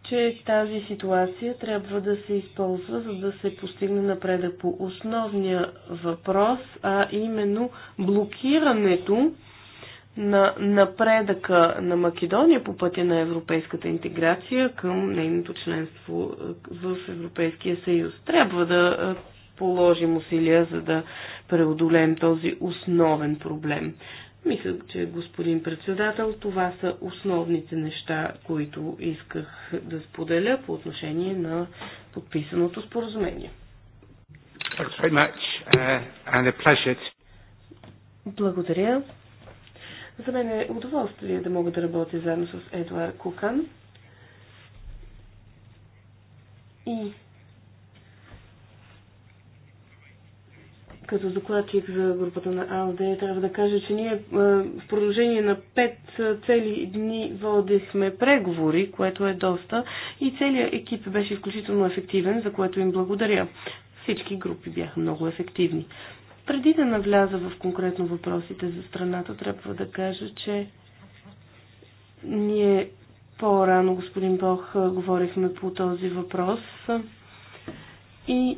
[SPEAKER 3] че тази ситуация трябва да се използва, за да се постигне напредък по основния въпрос, а именно блокирането на напредъка на Македония по пътя на европейската интеграция към нейното членство в Европейския съюз. Трябва да положим усилия, за да преодолеем този основен проблем. Мисля, че господин председател, това са основните неща, които исках да споделя по отношение на подписаното споразумение.
[SPEAKER 4] Uh,
[SPEAKER 3] Благодаря. За мен е удоволствие да мога да работя заедно с Едуард Кукан. И като докладчик за групата на АЛД, трябва да кажа, че ние е, в продължение на 5 е, цели дни водихме преговори, което е доста, и целият екип беше изключително ефективен, за което им благодаря. Всички групи бяха много ефективни. Преди да навляза в конкретно въпросите за страната, трябва да кажа, че ние по-рано, господин Бог, е, говорихме по този въпрос и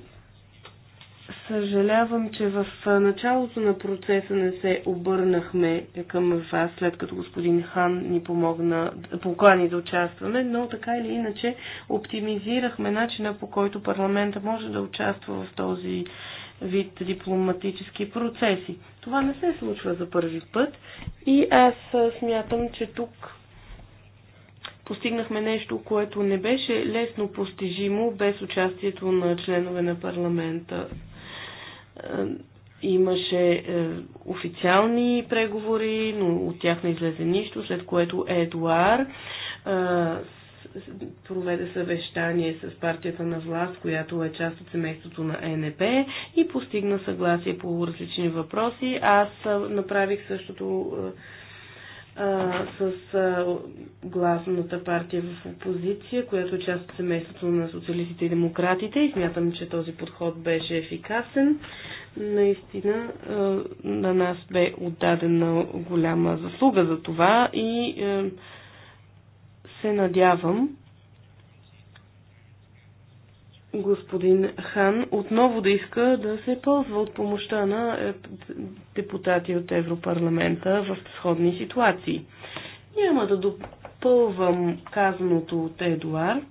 [SPEAKER 3] Съжалявам, че в началото на процеса не се обърнахме към вас, след като господин Хан ни помогна, поклани да участваме, но така или иначе оптимизирахме начина по който парламента може да участва в този вид дипломатически процеси. Това не се случва за първи път и аз смятам, че тук постигнахме нещо, което не беше лесно постижимо без участието на членове на парламента е, имаше е, официални преговори, но от тях не излезе нищо, след което Едуар е, проведе съвещание с партията на власт, която е част от семейството на НП и постигна съгласие по различни въпроси. Аз направих същото с гласната партия в опозиция, която е част от семейството на социалистите и демократите и смятам, че този подход беше ефикасен. Наистина на нас бе отдадена голяма заслуга за това и се надявам, господин Хан отново да иска да се ползва от помощта на е, депутати от Европарламента в сходни ситуации. Няма да допълвам казаното от Едуар.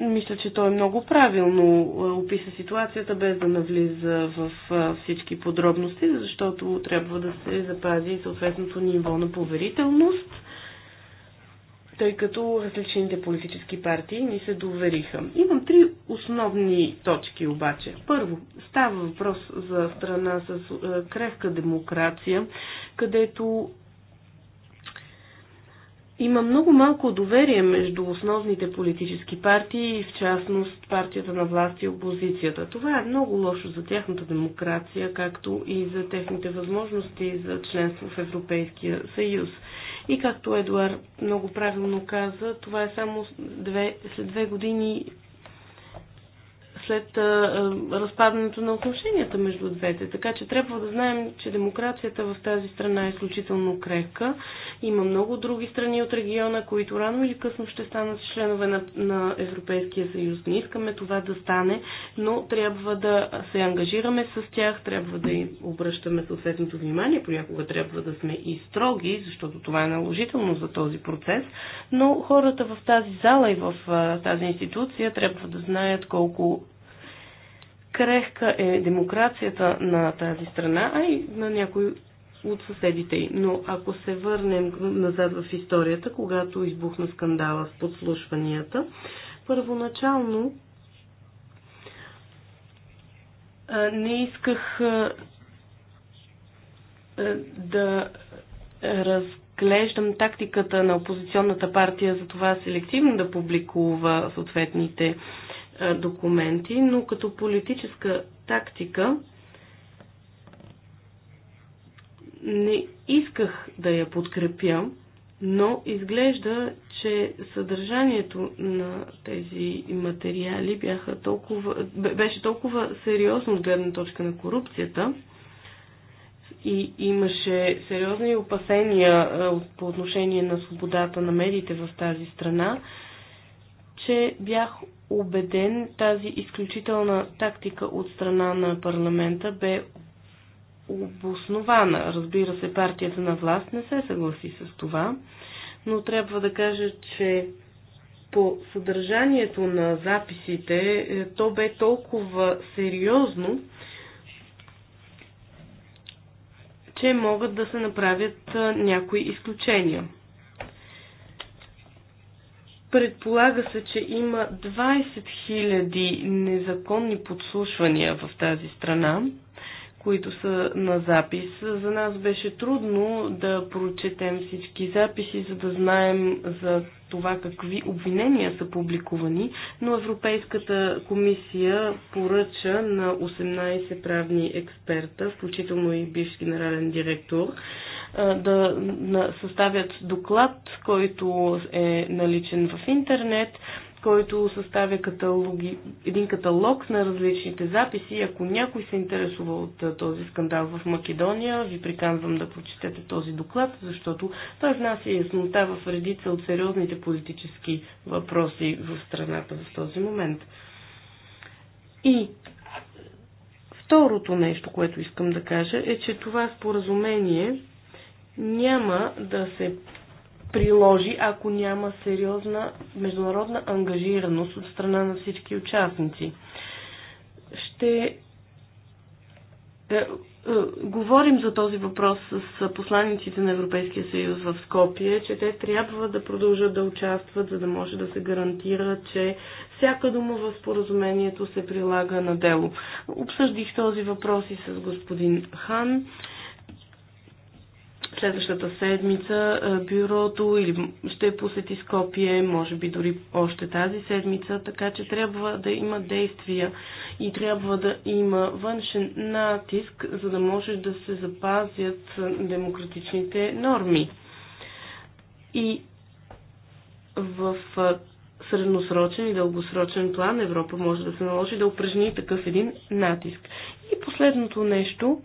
[SPEAKER 3] Мисля, че той е много правилно е, описа ситуацията, без да навлиза в всички подробности, защото трябва да се запази съответното ниво на поверителност – тъй като различните политически партии ни се довериха. Имам три основни точки обаче. Първо, става въпрос за страна с е, крехка демокрация, където има много малко доверие между основните политически партии и в частност партията на власт и опозицията. Това е много лошо за тяхната демокрация, както и за техните възможности за членство в Европейския съюз. И както Едуард много правилно каза, това е само две, след две години след разпадането на отношенията между двете. Така че трябва да знаем, че демокрацията в тази страна е изключително крехка. Има много други страни от региона, които рано или късно ще станат членове на, на Европейския съюз. Не искаме това да стане, но трябва да се ангажираме с тях, трябва да им обръщаме съответното внимание. Понякога трябва да сме и строги, защото това е наложително за този процес. Но хората в тази зала и в тази институция трябва да знаят колко крехка е демокрацията на тази страна, а и на някои от съседите й. Но ако се върнем назад в историята, когато избухна скандала с подслушванията, първоначално не исках да разглеждам тактиката на опозиционната партия за това селективно да публикува съответните документи, но като политическа тактика не исках да я подкрепя, но изглежда, че съдържанието на тези материали бяха толкова, беше толкова сериозно от гледна точка на корупцията и имаше сериозни опасения по отношение на свободата на медиите в тази страна, че бях убеден, тази изключителна тактика от страна на парламента бе обоснована. Разбира се, партията на власт не се съгласи с това, но трябва да кажа, че по съдържанието на записите е, то бе толкова сериозно, че могат да се направят е, някои изключения. Предполага се, че има 20 000 незаконни подслушвания в тази страна, които са на запис. За нас беше трудно да прочетем всички записи, за да знаем за това какви обвинения са публикувани, но Европейската комисия поръча на 18 правни експерта, включително и бивш генерален директор, да съставят доклад, който е наличен в интернет, който съставя каталоги, един каталог на различните записи. Ако някой се интересува от този скандал в Македония, ви приканвам да прочетете този доклад, защото той внася яснота в редица от сериозните политически въпроси в страната в този момент. И второто нещо, което искам да кажа, е, че това споразумение няма да се приложи, ако няма сериозна международна ангажираност от страна на всички участници. Ще е, е, говорим за този въпрос с посланиците на Европейския съюз в Скопие, че те трябва да продължат да участват, за да може да се гарантира, че всяка дума в споразумението се прилага на дело. Обсъждих този въпрос и с господин Хан. Следващата седмица бюрото или ще посети Скопие, може би дори още тази седмица, така че трябва да има действия и трябва да има външен натиск, за да може да се запазят демократичните норми. И в средносрочен и дългосрочен план Европа може да се наложи да упражни такъв един натиск. И последното нещо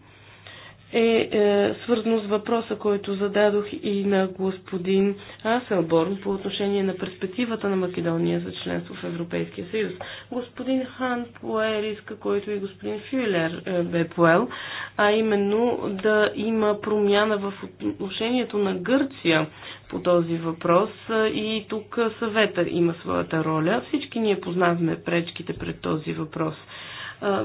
[SPEAKER 3] е, е свързано с въпроса, който зададох и на господин Аселборн по отношение на перспективата на Македония за членство в Европейския съюз. Господин Хан пое риска, който и господин Фюлер е, бе поел, а именно да има промяна в отношението на Гърция по този въпрос и тук съвета има своята роля. Всички ние познаваме пречките пред този въпрос –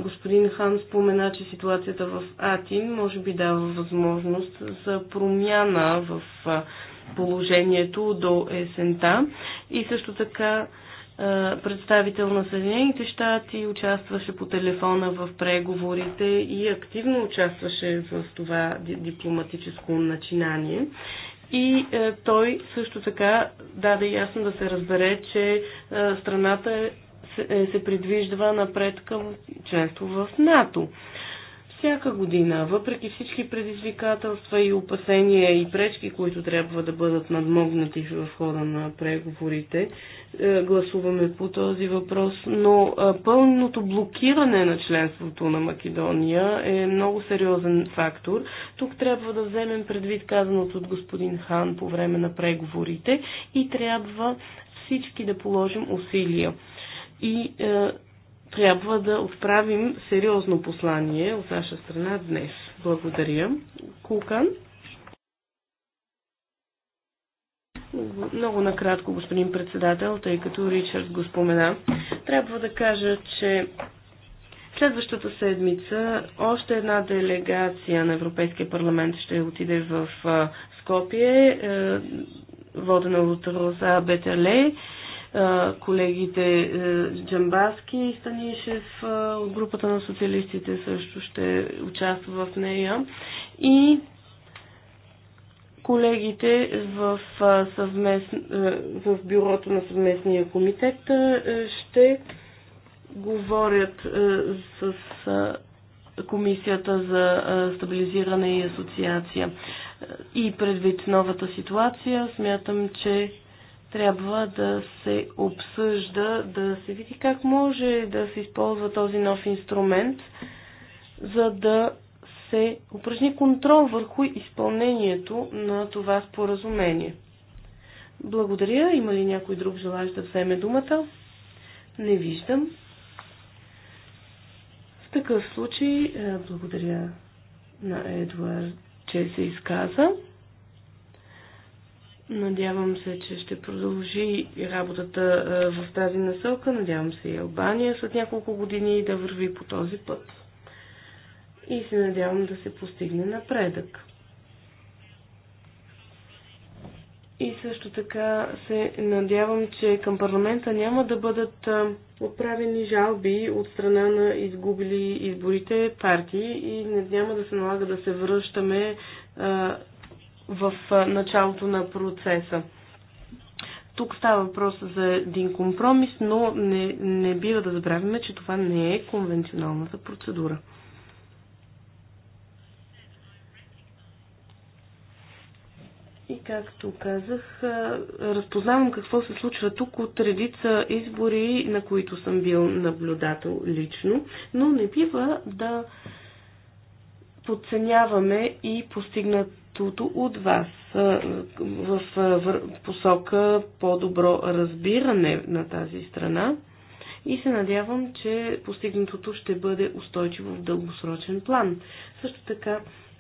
[SPEAKER 3] господин Хан спомена, че ситуацията в Атин може би дава възможност за промяна в положението до есента и също така представител на Съединените щати участваше по телефона в преговорите и активно участваше в това дипломатическо начинание. И е, той също така даде ясно да се разбере, че е, страната се е, предвижда напред към членство в НАТО. Всяка година, въпреки всички предизвикателства и опасения и пречки, които трябва да бъдат надмогнати в хода на преговорите, е, гласуваме по този въпрос, но е, пълното блокиране на членството на Македония е много сериозен фактор. Тук трябва да вземем предвид казаното от господин Хан по време на преговорите и трябва всички да положим усилия и е, трябва да отправим сериозно послание от наша страна днес. Благодаря. Кукан. Много накратко, господин председател, тъй като Ричард го спомена. Трябва да кажа, че следващата седмица още една делегация на Европейския парламент ще отиде в е, Скопие, е, водена от Роза Бетелей колегите е, Джамбаски и Станишев е, от групата на социалистите също ще участва в нея. И колегите в, съвмест... Е, в бюрото на съвместния комитет ще говорят с Комисията за стабилизиране и асоциация. И предвид новата ситуация, смятам, че трябва да се обсъжда, да се види как може да се използва този нов инструмент, за да се упражни контрол върху изпълнението на това споразумение. Благодаря. Има ли някой друг желаящ да вземе думата? Не виждам. В такъв случай, е, благодаря на Едуард, че се изказа. Надявам се, че ще продължи работата в тази насока. Надявам се и Албания след няколко години да върви по този път. И се надявам да се постигне напредък. И също така се надявам, че към парламента няма да бъдат отправени жалби от страна на изгубили изборите партии и няма да се налага да се връщаме в началото на процеса. Тук става въпрос за един компромис, но не, не бива да забравяме, че това не е конвенционалната процедура. И както казах, разпознавам какво се случва тук от редица избори, на които съм бил наблюдател лично, но не бива да подценяваме и постигнат тото от вас в посока по-добро разбиране на тази страна и се надявам, че постигнатото ще бъде устойчиво в дългосрочен план. Също така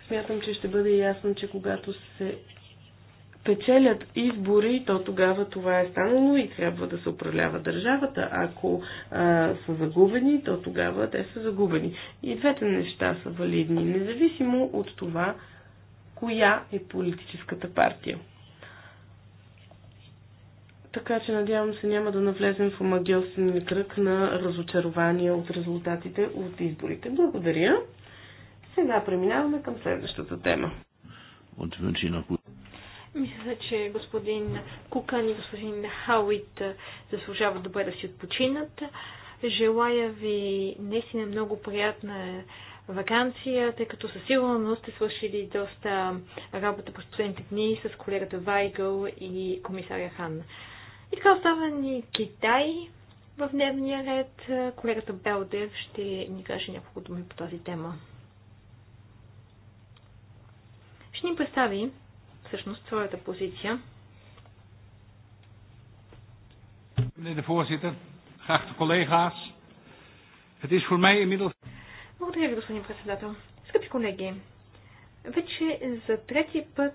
[SPEAKER 3] смятам, че ще бъде ясно, че когато се печелят избори, то тогава това е станало и трябва да се управлява държавата. Ако а, са загубени, то тогава те са загубени. И двете неща са валидни, независимо от това коя е политическата партия. Така че надявам се няма да навлезем в омагиосен кръг на разочарование от резултатите от изборите. Благодаря. Сега преминаваме към
[SPEAKER 1] следващата тема. От
[SPEAKER 5] Мисля, че господин Кукан и господин Хауит заслужават добре да си отпочинат. Желая ви наистина много приятна вакансия, тъй като със сигурност сте свършили доста работа през последните дни с колегата Вайгъл и комисаря Хан. И така остава ни Китай в дневния ред. Колегата Белдев ще ни каже няколко думи по тази тема. Ще ни представи всъщност своята позиция.
[SPEAKER 1] Meneer de voorzitter, geachte collega's, het is voor mij inmiddels...
[SPEAKER 5] Благодаря ви, господин председател. Скъпи колеги, вече за трети път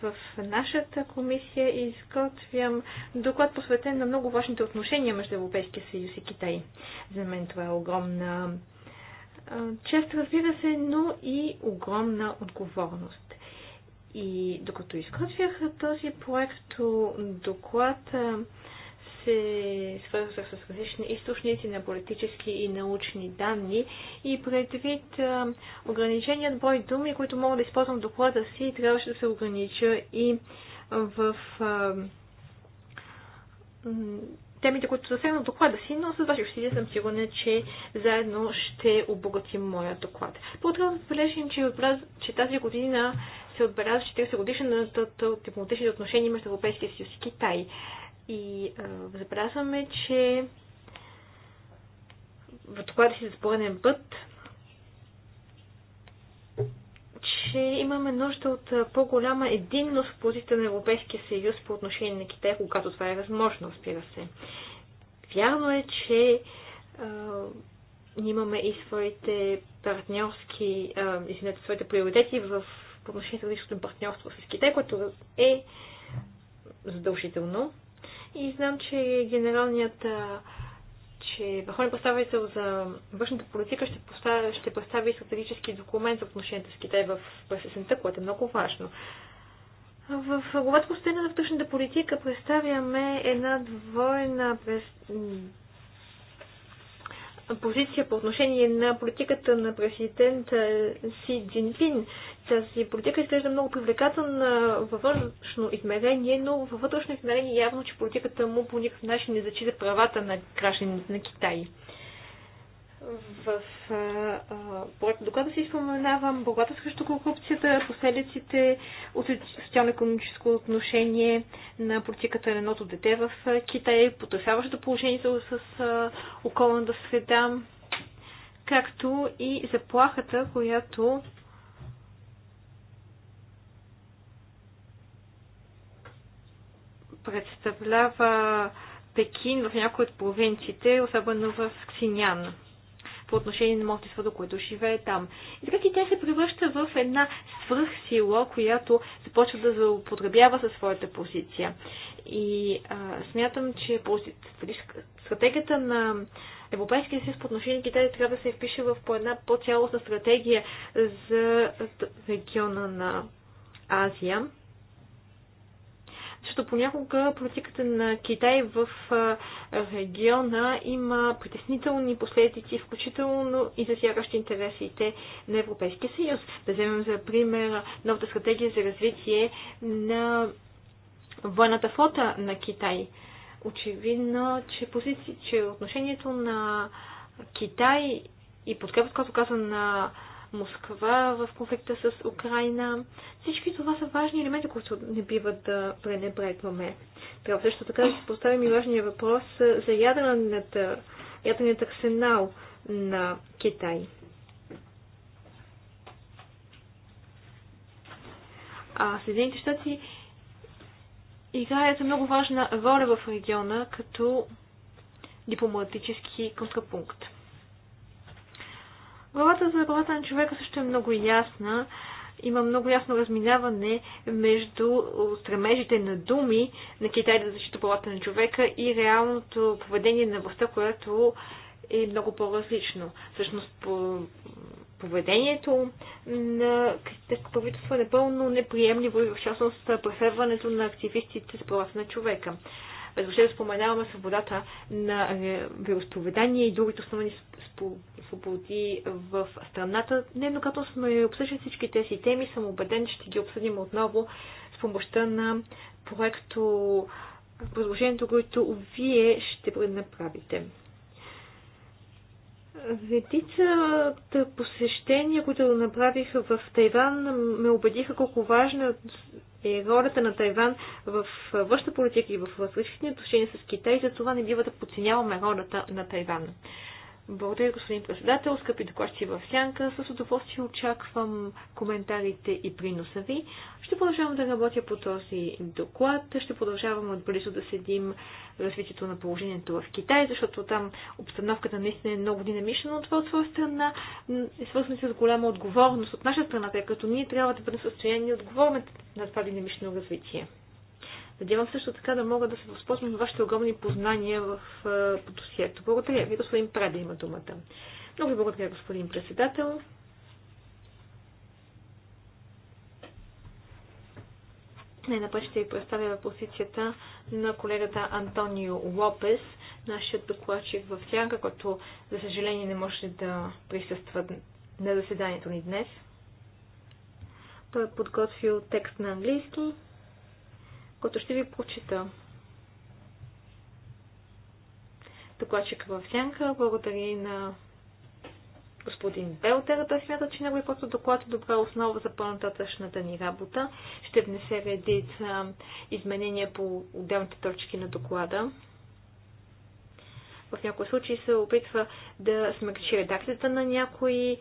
[SPEAKER 5] в нашата комисия изготвям доклад посветен на много важните отношения между Европейския съюз и Китай. За мен това е огромна чест, разбира се, но и огромна отговорност. И докато изготвях този проект доклад, се свързва с различни източници на политически и научни данни и предвид ограниченият брой думи, които мога да използвам в доклада си, трябваше да се огранича и в темите, които засегна доклада си, но с ваши усилия съм сигурна, че заедно ще обогатим моя доклад. по трябва да отбележим, че, отбраз... че тази година се отбелязва 40 годишната от дипломатичните отношения между Европейския съюз и Китай. И а, забелязваме, че в доклада си за пореден път, че имаме нужда от по-голяма единност в позицията на Европейския съюз по отношение на Китай, когато това е възможно, разбира се. Вярно е, че а, имаме и своите партньорски, а, извинете, своите приоритети в по отношение на партньорство с Китай, което е задължително. И знам, че генералният, че върховен представител за външната политика ще, поставя, ще представи стратегически документ за отношенията с Китай в пресесента, което е много важно. В главата постоянно на вътрешната политика представяме една двойна през... позиция по отношение на политиката на президента Си Цзинпин. Тази политика изглежда много привлекателна във външно измерение, но във вътрешно измерение е явно, че политиката му по никакъв начин не зачита правата на гражданите на Китай. В проекта доклада си споменавам борбата срещу корупцията, последиците от социално-економическо отношение на политиката на едното дете в Китай, потрясаващото положение с а, околната среда, както и заплахата, която представлява Пекин в някои от провинциите, особено в Ксинян по отношение на мълчеството, което живее там. И така тя се превръща в една свръхсила, която започва да злоупотребява със своята позиция. И а, смятам, че стратегията на Европейския съюз по отношение на Китай трябва да се впише в по една по-цялостна стратегия за региона на Азия защото понякога политиката на Китай в региона има притеснителни последици, включително и засягащи интересите на Европейския съюз. Да вземем за пример новата стратегия за развитие на военната флота на Китай. Очевидно, че, позиции, че отношението на Китай и подкрепът, който каза на Москва в конфликта с Украина. Всички това са важни елементи, които не бива да пренебрегваме. Трябва също така да поставим и важния въпрос за ядрената, ядреният арсенал на Китай. А Съединените щати играят много важна роля в региона като дипломатически контрапункт. Главата за правата на човека също е много ясна. Има много ясно разминаване между стремежите на думи на Китай да защита правата на човека и реалното поведение на властта, което е много по-различно. Всъщност, по поведението на китайското правителство е напълно неприемливо и в частност преследването на активистите за правата на човека. Разрешете да споменаваме свободата на е, вероисповедание и другите основни свободи в страната. Не, като сме обсъждали всички тези теми. Съм убеден, че ще ги обсъдим отново с помощта на проекто предложението, което вие ще направите. Редицата посещения, които направих в Тайван, ме убедиха колко важна и е ролята на Тайван в външна политика и в различните отношения с Китай, за това не бива да подценяваме ролята на Тайван. Благодаря, господин председател, скъпи докладчи в сянка. С удоволствие очаквам коментарите и приноса ви. Ще продължавам да работя по този доклад. Ще продължавам отблизо да следим развитието на положението в Китай, защото там обстановката наистина е много динамична, но това от своя страна е свързано с голяма отговорност от наша страна, тъй като ние трябва да бъдем в и отговорни на това динамично развитие. Надявам също така да мога да се възползвам от вашите огромни познания в, е, по досието. Благодаря ви, господин да има думата. Много ви благодаря, господин председател. Най-напред ще ви представя позицията на колегата Антонио Лопес, нашият докладчик в Сянка, който за съжаление не може да присъства на заседанието ни днес. Той е подготвил текст на английски който ще ви прочита. Докладчик в сянка, благодаря на господин Белтер да смята, че някой просто доклад е добра основа за по-нататъчната ни работа. Ще внесе редица изменения по отделните точки на доклада. В някои случаи се опитва да смекчи редакцията на някои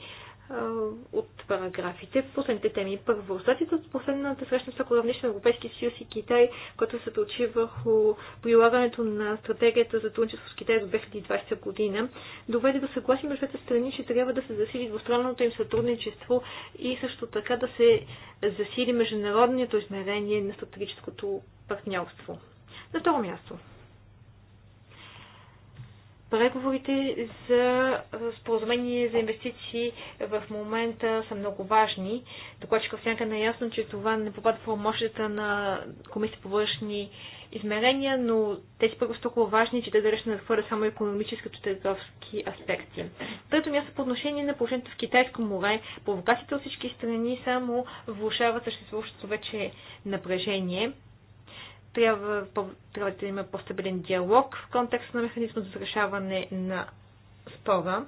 [SPEAKER 5] от параграфите в последните теми. Първо, статията от последната среща с равнище на Европейския съюз и Китай, който се точи върху прилагането на стратегията за трудничество с Китай до 2020 година, доведе до съгласие между двете страни, че трябва да се засили двустранното им сътрудничество и също така да се засили международното измерение на стратегическото партньорство. На второ място. Преговорите за споразумение за инвестиции в момента са много важни. Докладчика всяка наясно, е че това не попада в мощата на Комисия по външни измерения, но тези първо са толкова важни, че те да решат да само економическите търговски аспекти. Трето място по отношение на положението в Китайско море, провокациите от всички страни само влушават съществуващото вече напрежение. Трябва, по, трябва да има по-стабилен диалог в контекста на механизма за решаване на спора.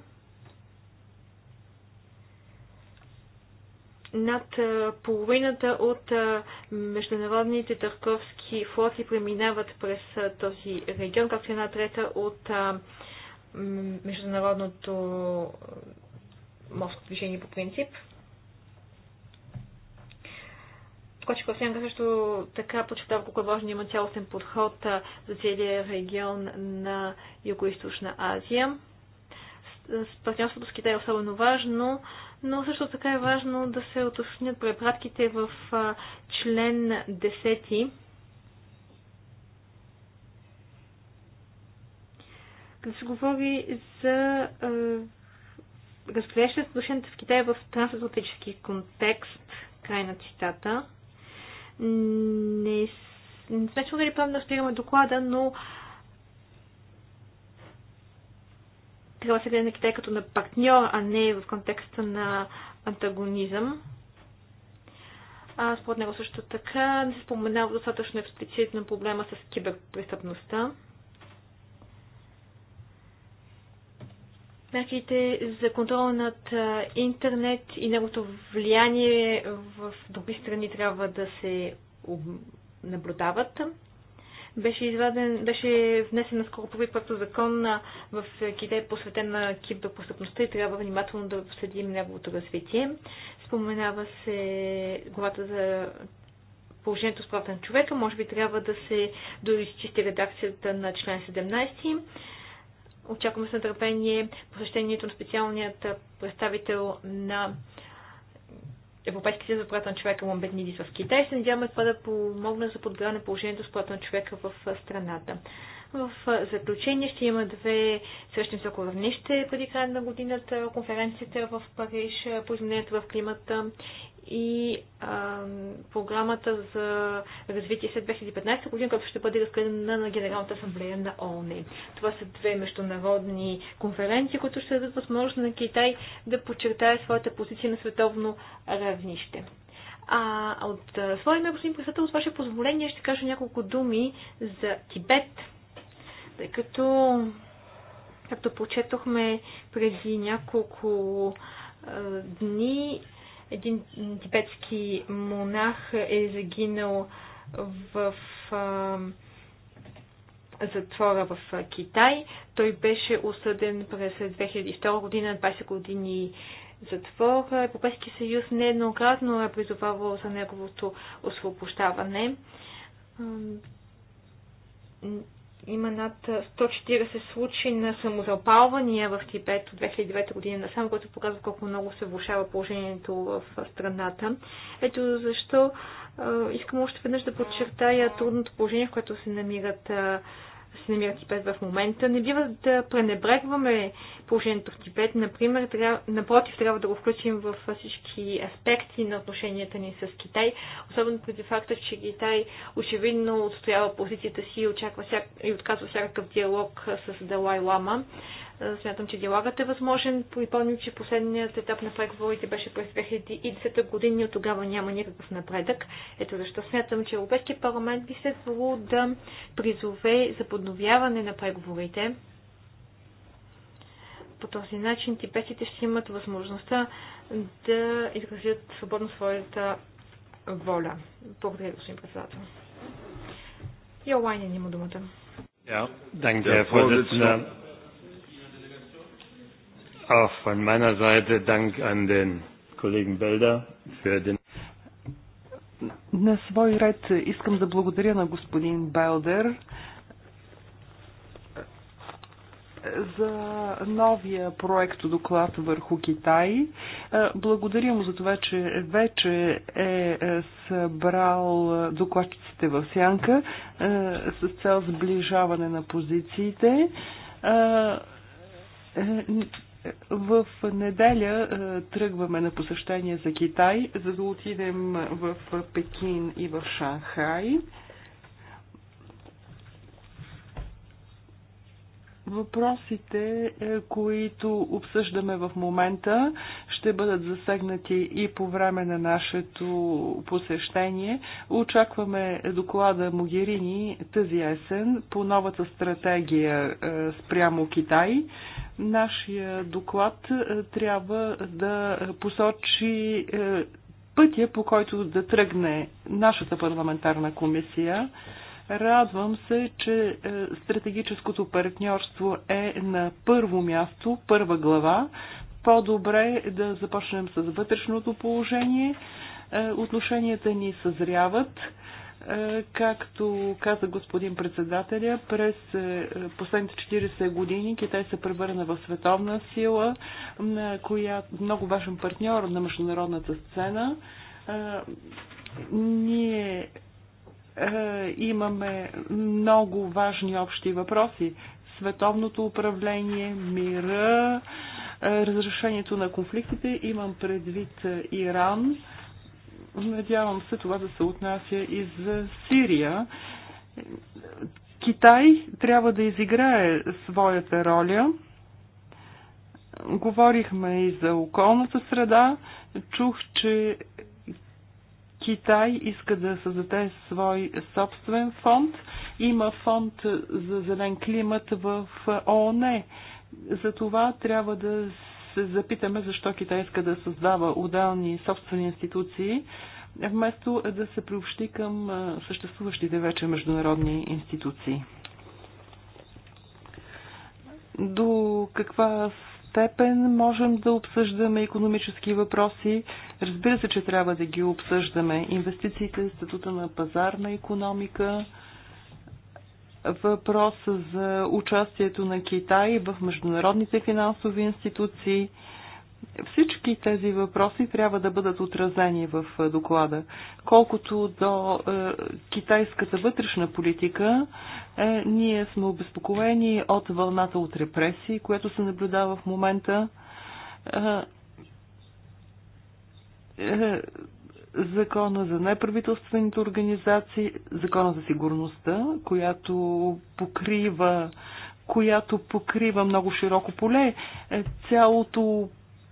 [SPEAKER 5] над половината от международните търговски флоти преминават през този регион, както една трета от международното морско движение по принцип. Кочи Осянка също така подчертава колко е важно да има цялостен подход за целия регион на Юго-Источна Азия. Партньорството с Китай е особено важно, но също така е важно да се уточнят препратките в член 10 да се говори за е, разглеждане на отношенията в Китай в трансатлантически контекст, край на цитата. Не, не сме чували да спираме доклада, но трябва да се гледа на Китай като на партньор, а не в контекста на антагонизъм. А според него също така не се споменава достатъчно експлицитно проблема с киберпрестъпността. мерките за контрол над интернет и неговото влияние в други страни трябва да се наблюдават. Беше, изваден, беше внесен скоро първи път закон в Китай, е посветен на киберпостъпността и трябва внимателно да обсъдим неговото развитие. Споменава се главата за положението с правата на човека. Може би трябва да се доизчисти редакцията на член 17 Очакваме с нетърпение посещението на специалният представител на Европейския съюз за правата на човека Ламбетнидис в Китай. Се надяваме това да помогне за подобряване на положението с правата на човека в страната. В заключение ще има две срещи високо равнище преди края на годината, конференцията в Париж по изменението в климата и а, програмата за развитие след 2015 година, която ще бъде разгледана на Генералната асамблея на ООН. Това са две международни конференции, които ще дадат възможност на Китай да подчертае своята позиция на световно равнище. А от своя име, господин председател, с ваше позволение ще кажа няколко думи за Тибет, тъй като, както прочетохме преди няколко а, дни, един тибетски монах е загинал в а, затвора в Китай. Той беше осъден през 2002 година 20 години затвор. Европейския съюз нееднократно е призовавал за неговото освобождаване има над 140 случаи на самозапалвания в Тибет от 2009 година само което показва колко много се влушава положението в страната. Ето защо искам още веднъж да подчертая трудното положение, в което се намират се намира Тибет в момента. Не бива да пренебрегваме положението в Тибет. Например, трябва, напротив, трябва да го включим в всички аспекти на отношенията ни с Китай, особено преди факта, че Китай очевидно отстоява позицията си и, очаква вся... и отказва всякакъв диалог с Далай Лама. Смятам, че диалогът е възможен. Припомням, че последният етап на преговорите беше през 2010 година и от тогава няма никакъв напредък. Ето защо смятам, че Европейския парламент би следвало да призове за подновяване на преговорите. По този начин тибетците ще имат възможността да изразят свободно своята воля. Благодаря, господин председател. Йолайнен има думата.
[SPEAKER 2] На свой ред искам да благодаря на господин Белдер за новия проект доклад върху Китай. Е, Благодаря му за това, че вече е, е събрал докладчиците в сянка е, с цел сближаване на позициите. В неделя тръгваме на посещение за Китай, за да отидем в Пекин и в Шанхай. Въпросите, е, които обсъждаме в момента, ще бъдат засегнати и по време на нашето посещение. Очакваме доклада Могерини тази есен по новата стратегия е, спрямо Китай. Нашия доклад е, трябва да посочи пътя, по който да тръгне нашата парламентарна комисия. Радвам се, че е, стратегическото партньорство е на първо място, първа глава. По-добре е да започнем с вътрешното положение. Е, отношенията ни съзряват. Е, както каза господин председателя, през последните 40 години Китай се превърна в световна сила, на която много важен партньор на международната сцена ние е, имаме много важни общи въпроси. Световното управление, мира, е, разрешението на конфликтите, имам предвид е, Иран. Надявам се това да се отнася и за Сирия. Китай трябва да изиграе своята роля. Говорихме и за околната среда. Чух, че Китай иска да създаде свой собствен фонд. Има фонд за зелен климат в ООН. За това трябва да се запитаме защо Китай иска да създава отделни собствени институции, вместо да се приобщи към съществуващите вече международни институции. До каква степен можем да обсъждаме економически въпроси. Разбира се, че трябва да ги обсъждаме. Инвестициите, статута на пазарна економика, въпроса за участието на Китай в международните финансови институции – всички тези въпроси трябва да бъдат отразени в е, доклада. Колкото до е, китайската вътрешна политика, е, ние сме обезпокоени от вълната от репресии, която се наблюдава в момента. Е, е закона за неправителствените организации, закона за сигурността, която покрива която покрива много широко поле. Е, цялото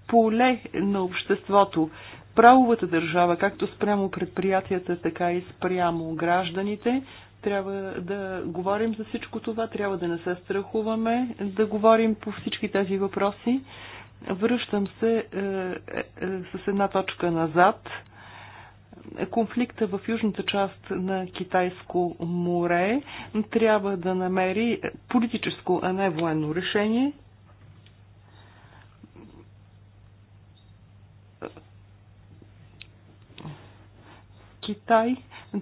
[SPEAKER 2] поле на обществото. Правовата държава, както спрямо предприятията, така и спрямо гражданите, трябва да говорим за всичко това, трябва да не се страхуваме да говорим по всички тези въпроси. Връщам се е, е, е с една точка назад. Конфликта в южната част на Китайско море трябва да намери политическо, а не военно решение Китай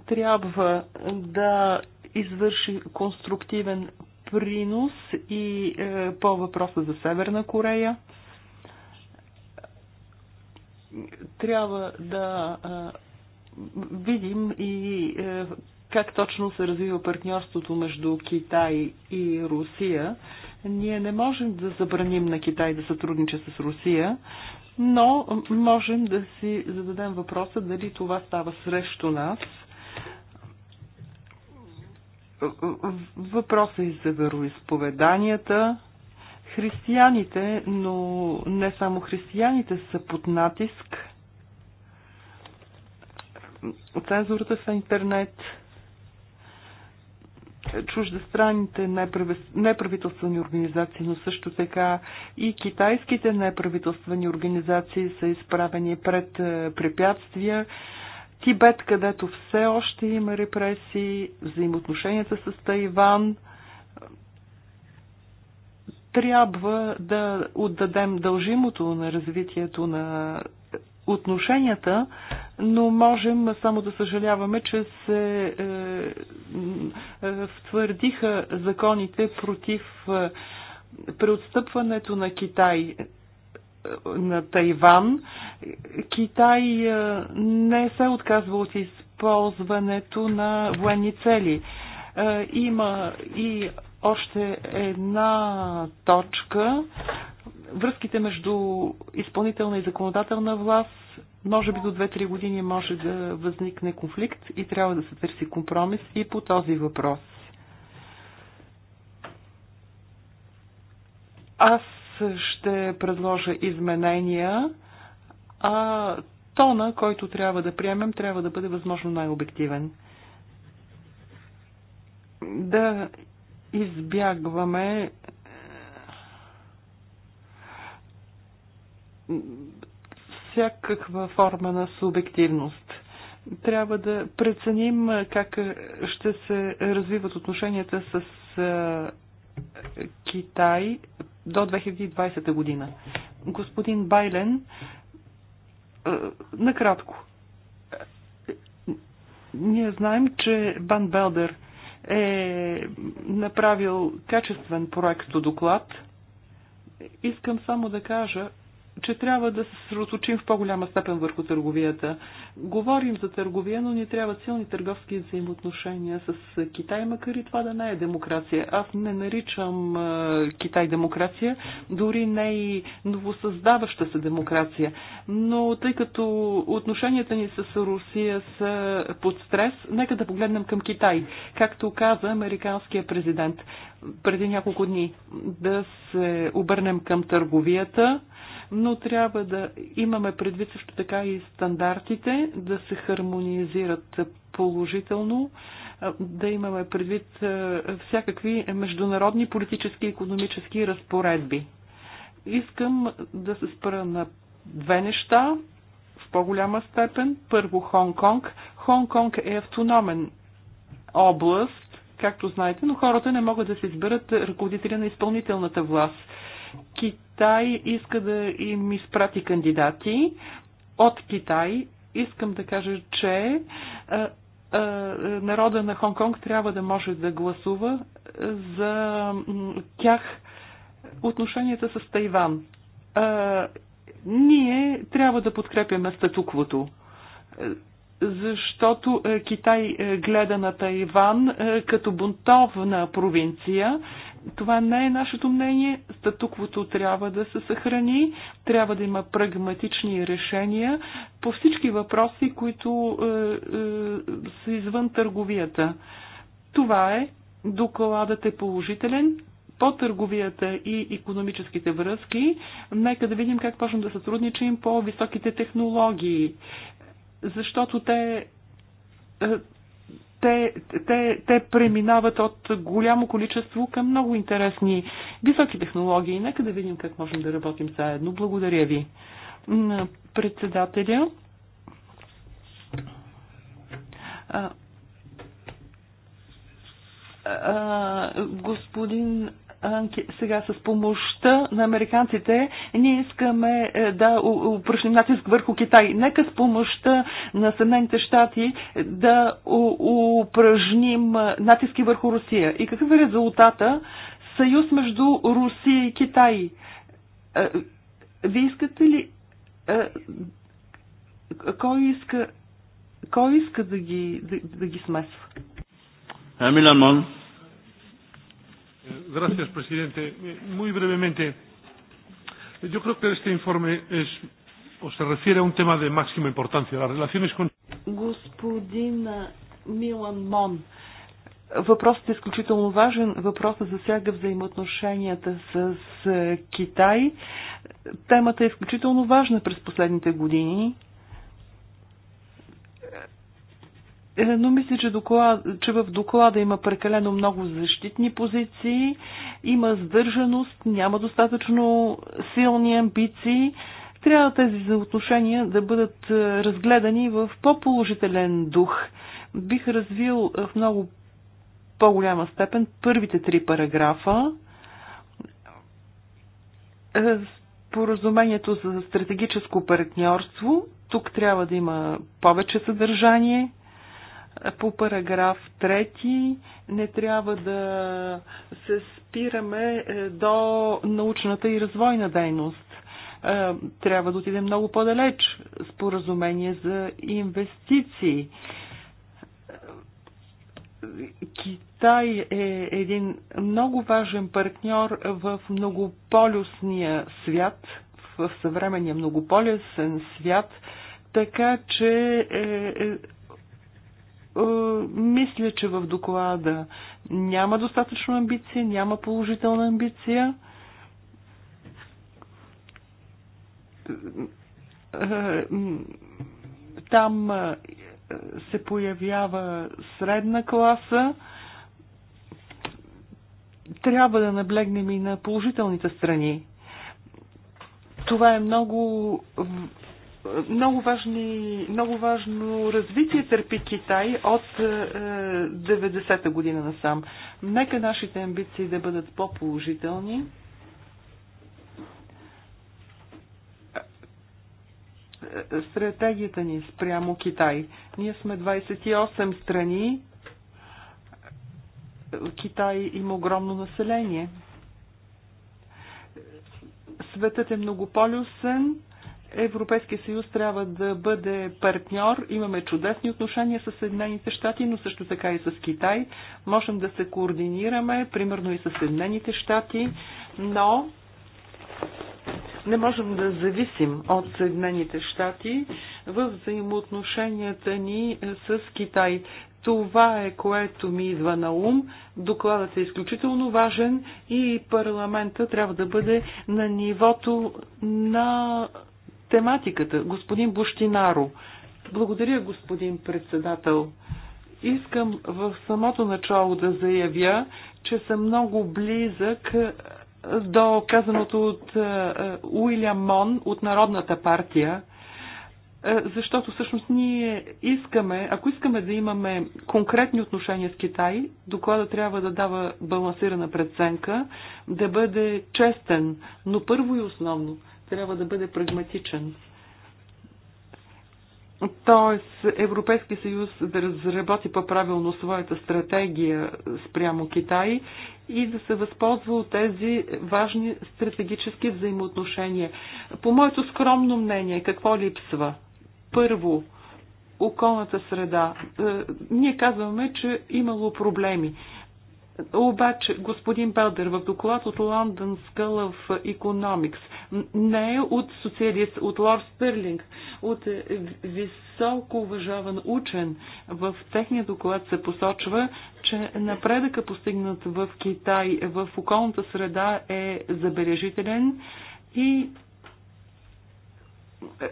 [SPEAKER 2] трябва да извърши конструктивен принос и е, по въпроса за Северна Корея. Трябва да е, видим и е, как точно се развива партньорството между Китай и Русия ние не можем да забраним на Китай да сътрудничи с Русия, но можем да си зададем въпроса дали това става срещу нас. Въпроса и е за вероисповеданията. Християните, но не само християните, са под натиск. Цензурата в интернет – чуждестранните неправителствени организации, но също така и китайските неправителствени организации са изправени пред е, препятствия. Тибет, където все още има репресии, взаимоотношенията с Тайван, трябва да отдадем дължимото на развитието на отношенията, но можем само да съжаляваме, че се е, е, втвърдиха законите против е, преотстъпването на Китай на Тайван. Китай не се отказва от използването на военни цели. Има и още една точка, връзките между изпълнителна и законодателна власт, може би до 2-3 години може да възникне конфликт и трябва да се търси компромис и по този въпрос. Аз ще предложа изменения, а тона, който трябва да приемем, трябва да бъде възможно най-обективен. Да избягваме всякаква форма на субективност. Трябва да преценим как ще се развиват отношенията с Китай до 2020 година. Господин Байлен, накратко. Ние знаем, че Бан Белдер е направил качествен проект доклад. Искам само да кажа, че трябва да се съсредоточим в по-голяма степен върху търговията. Говорим за търговия, но ни трябва силни търговски взаимоотношения с Китай, макар и това да не е демокрация. Аз не наричам Китай демокрация, дори не и новосъздаваща се демокрация. Но тъй като отношенията ни с Русия са под стрес, нека да погледнем към Китай. Както каза американския президент преди няколко дни, да се обърнем към търговията, но трябва да имаме предвид също така и стандартите, да се хармонизират положително, да имаме предвид всякакви международни политически и економически разпоредби. Искам да се спра на две неща в по-голяма степен. Първо Хонг-Конг. Хонг-Конг е автономен област, както знаете, но хората не могат да се изберат ръководители на изпълнителната власт. Китай Китай иска да им изпрати кандидати. От Китай искам да кажа, че е, е, народа на Хонг-Конг трябва да може да гласува за тях отношенията с Тайван. Е, ние трябва да подкрепяме статуквото защото е, Китай е, гледа на Тайван е, като бунтовна провинция. Това не е нашето мнение. Статуквото трябва да се съхрани, трябва да има прагматични решения по всички въпроси, които е, е, са извън търговията. Това е. Докладът е положителен по търговията и економическите връзки. Нека да видим как почнем да сътрудничим по високите технологии защото те, е, те, те, те преминават от голямо количество към много интересни високи технологии. Нека да видим как можем да работим заедно. Благодаря ви. Председателя. господин сега с помощта на американците ние искаме е, да упражним натиск върху Китай. Нека с помощта на Съединените щати е, да упражним е, натиски върху Русия. И какъв е резултата? Съюз между Русия и Китай. Вие искате ли... Кой иска, кой иска да ги, да, да ги смесва?
[SPEAKER 1] Милан Мон.
[SPEAKER 4] Gracias, presidente. Muy brevemente, yo creo que
[SPEAKER 1] este informe es o se refiere a un tema de máxima importancia, las relaciones con.
[SPEAKER 2] Господин Милан Мон, въпросът е изключително важен. Въпросът засяга взаимоотношенията с Китай. Темата е изключително важна през последните години. Е, но мисля, че, доклад, че в доклада има прекалено много защитни позиции, има сдържаност, няма достатъчно силни амбиции. Трябва тези заотношения да бъдат е, разгледани в по-положителен дух. Бих развил е, в много по-голяма степен първите три параграфа. Споразумението за стратегическо партньорство. Тук трябва да има повече съдържание – по параграф 3 не трябва да се спираме е, до научната и развойна дейност. Е, трябва да отидем много по-далеч. Споразумение за инвестиции. Китай е един много важен партньор в многополюсния свят, в съвременния многополюсен свят, така че е, е е, мисля, че в доклада няма достатъчно амбиция, няма положителна амбиция. Е, там е, се появява средна класа. Трябва да наблегнем и на положителните страни. Това е много много, важни, много важно развитие търпи Китай от 90-та е, година насам. Нека нашите амбиции да бъдат по-положителни. Стратегията ни спрямо Китай. Ние сме 28 страни. Китай има огромно население. Светът е многополюсен Европейския съюз трябва да бъде партньор. Имаме чудесни отношения с Съединените щати, но също така и с Китай. Можем да се координираме, примерно и с Съединените щати, но не можем да зависим от Съединените щати в взаимоотношенията ни с Китай. Това е което ми идва на ум. Докладът е изключително важен и парламента трябва да бъде на нивото на тематиката. Господин Буштинаро. Благодаря, господин председател. Искам в самото начало да заявя, че съм много близък е, до казаното от е, е, Уилям Мон от Народната партия, защото всъщност ние искаме, ако искаме да имаме конкретни отношения с Китай, доклада трябва да дава балансирана преценка, да бъде честен, но първо и основно – трябва да бъде прагматичен. Тоест Европейски съюз да разработи по-правилно своята стратегия спрямо Китай и да се възползва от тези важни стратегически взаимоотношения. По моето скромно мнение, какво липсва? Първо, околната среда. Е, ние казваме, че имало проблеми. Обаче, господин Белдер, в доклад от London School of Economics, не е от социалист, от Лорд Стърлинг, от високо уважаван учен, в техния доклад се посочва, че напредъка постигнат в Китай в околната среда е забележителен и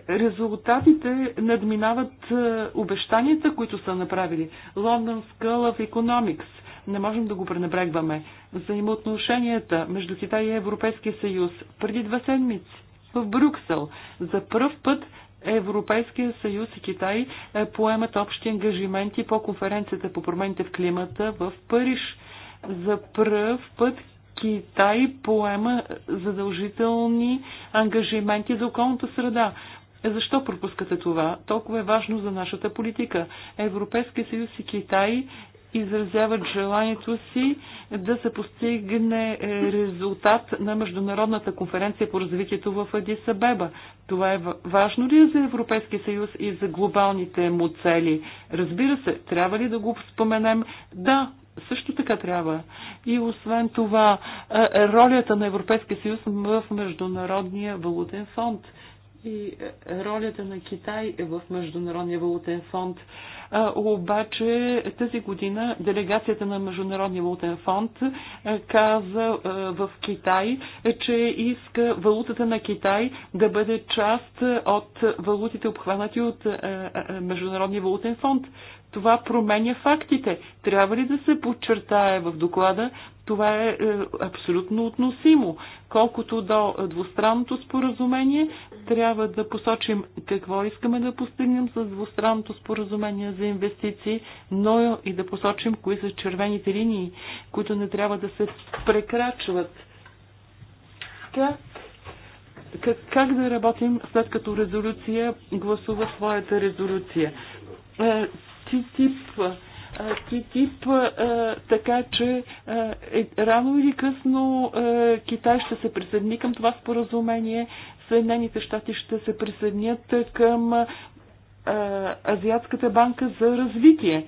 [SPEAKER 2] резултатите надминават е, обещанията, които са направили. London School of Economics – не можем да го пренебрегваме. Взаимоотношенията между Китай и Европейския съюз преди две седмици в Брюксел за първ път Европейския съюз и Китай е, поемат общи ангажименти по конференцията по промените в климата в Париж. За пръв път Китай поема задължителни ангажименти за околната среда. Е, защо пропускате това? Толкова е важно за нашата политика. Европейския съюз и Китай изразяват желанието си да се постигне е, резултат на Международната конференция по развитието в Адис Абеба. Това е важно ли е за Европейския съюз и за глобалните му цели? Разбира се, трябва ли да го споменем? Да, също така трябва. И освен това, е, ролята на Европейския съюз в Международния валутен фонд – и е, ролята на Китай е в Международния валутен фонд. Обаче тази година делегацията на Международния валутен фонд е, каза в Китай, че иска валутата на Китай да бъде част от валутите обхванати от Международния валутен фонд. Това променя фактите. Трябва ли да се подчертае в доклада? Това е, е, абсолютно относимо. Колкото до двустранното споразумение, трябва да посочим какво искаме да постигнем с двустранното споразумение за инвестиции, но и да посочим кои са червените линии, които не трябва да се прекрачват. как, как да работим след като резолюция гласува своята резолюция. Е, ти тип, така че е, рано или късно Китай ще се присъедини към това споразумение, Съединените щати ще се присъединят към Азиатската банка за развитие.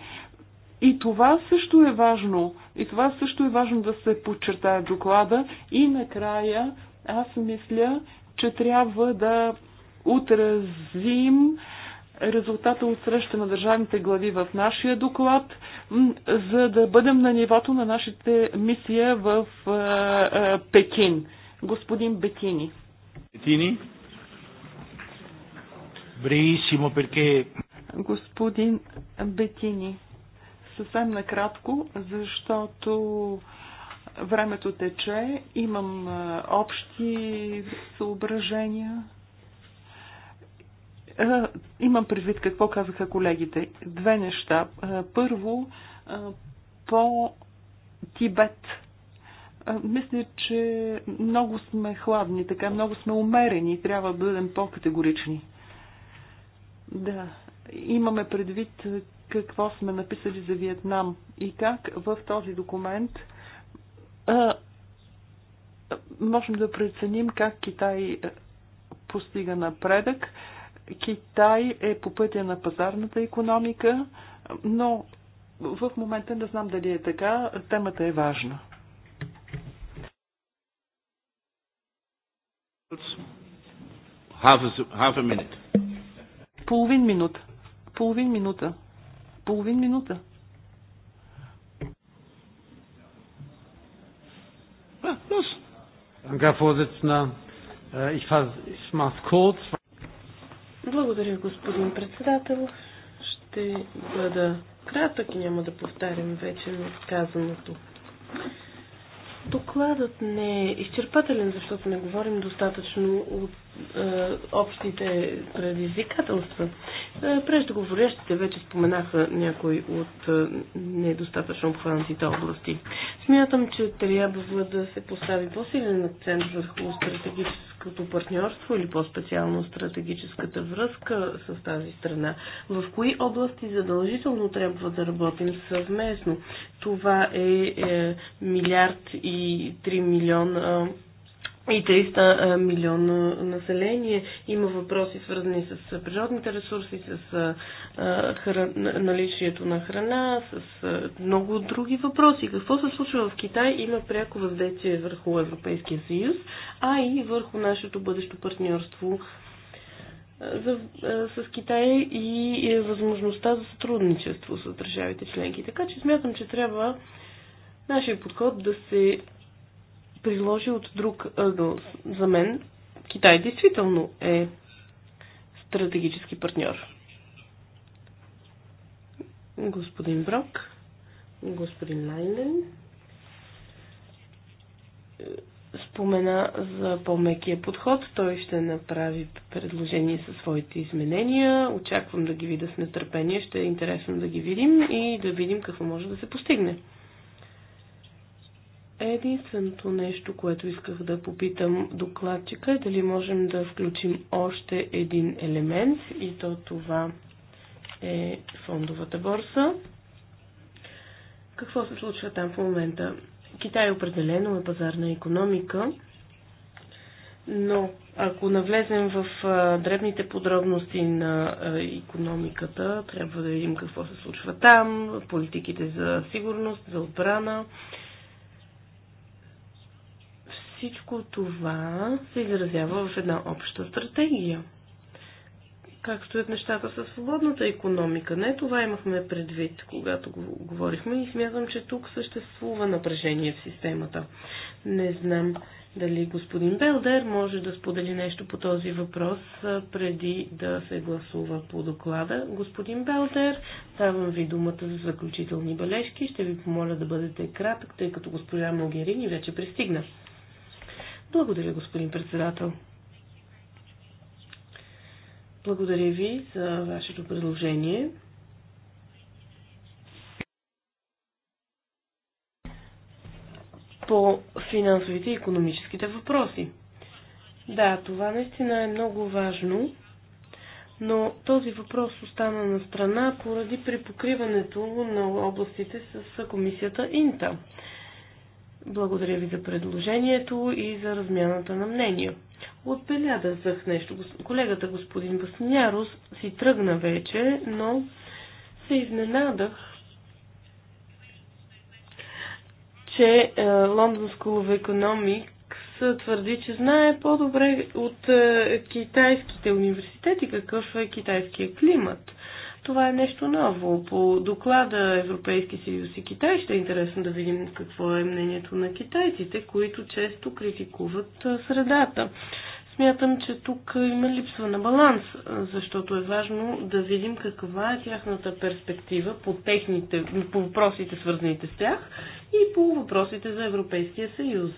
[SPEAKER 2] И това също е важно. И това също е важно да се подчертая доклада. И накрая аз мисля, че трябва да отразим резултата от среща на държавните глави в нашия доклад, за да бъдем на нивото на нашите мисия в е, е, Пекин. Господин Бетини.
[SPEAKER 1] Бетини? Бриисимо,
[SPEAKER 2] перке... Господин Бетини, съвсем накратко, защото времето тече, имам е, общи съображения. Е, имам предвид какво казаха колегите. Две неща. Е, първо, е, по Тибет. Мисля, че много сме хладни, така много сме умерени и трябва да бъдем по-категорични. Да, имаме предвид какво сме написали за Виетнам и как в този документ а, можем да преценим как Китай постига напредък, Китай е по пътя на пазарната економика, но в момента не знам дали е така. Темата е важна.
[SPEAKER 1] Half a,
[SPEAKER 2] Половин минута. Половин минута. Половин минута.
[SPEAKER 4] Danke, Herr Vorsitzender. Äh, ich, ich mache es kurz.
[SPEAKER 3] Благодаря, господин председател. Ще бъда кратък и няма да повтарям вече на казаното. Докладът не е изчерпателен, защото не говорим достатъчно от е, общите предизвикателства. Е, Преждоговорящите вече споменаха някои от е, недостатъчно обхванатите области. Смятам, че трябва да се постави по-силен акцент върху стратегическото партньорство или по-специално стратегическата връзка с тази страна. В кои области задължително трябва да работим съвместно? Това е, е милиард и 3 милиона и 300 милиона население. Има въпроси свързани с природните ресурси, с наличието на храна, с много други въпроси. Какво се случва в Китай има пряко въздействие върху Европейския съюз, а и върху нашето бъдещо партньорство с Китай и възможността за сътрудничество с държавите членки. Така че смятам, че трябва нашия подход да се приложи от друг ъгъл. За мен Китай действително е стратегически партньор. Господин Брок, господин Лайнен е, спомена за по-мекия подход. Той ще направи предложение със своите изменения. Очаквам да ги видя с нетърпение. Ще е интересно да ги видим и да видим какво може да се постигне. Единственото нещо, което исках да попитам докладчика е дали можем да включим още един елемент и то това е фондовата борса. Какво се случва там в момента? Китай определено е пазарна економика, но ако навлезем в дребните подробности на економиката, трябва да видим какво се случва там, политиките за сигурност, за отбрана, всичко това се изразява в една обща стратегия. Как стоят нещата със свободната економика? Не това имахме предвид, когато го говорихме и смятам, че тук съществува напрежение в системата. Не знам дали господин Белдер може да сподели нещо по този въпрос преди да се гласува по доклада. Господин Белдер, давам ви думата за заключителни бележки. Ще ви помоля да бъдете кратък, тъй като госпожа Могерини вече пристигна. Благодаря, господин председател. Благодаря ви за вашето предложение. По финансовите и економическите въпроси. Да, това наистина е много важно, но този въпрос остана на страна поради припокриването на областите с комисията Инта. Благодаря ви за предложението и за размяната на мнения. Отбелязах нещо. Колегата господин Баснярос си тръгна вече, но се изненадах, че е, Лондон School of Economics твърди, че знае по-добре от е, китайските университети какъв е китайския климат. Това е нещо ново. По доклада Европейски съюз и Китай ще е интересно да видим какво е мнението на китайците, които често критикуват средата. Смятам, че тук има липсва на баланс, защото е важно да видим каква е тяхната перспектива по, техните, по въпросите свързаните с тях и по въпросите за Европейския съюз.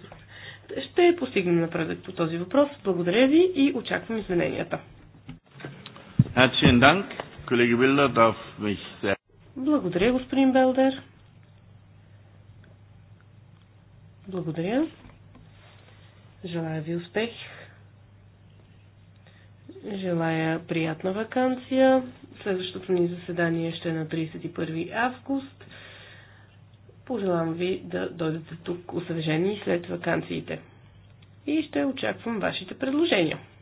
[SPEAKER 3] Ще постигнем напредък по този въпрос. Благодаря ви и очаквам измененията.
[SPEAKER 1] Herzlichen Dank. Колеги Билдер, да mich sehr...
[SPEAKER 3] Благодаря, господин Белдер. Благодаря. Желая ви успех. Желая приятна вакансия. Следващото ни заседание ще е на 31 август. Пожелавам ви да дойдете тук освежени след вакансиите. И ще очаквам вашите предложения.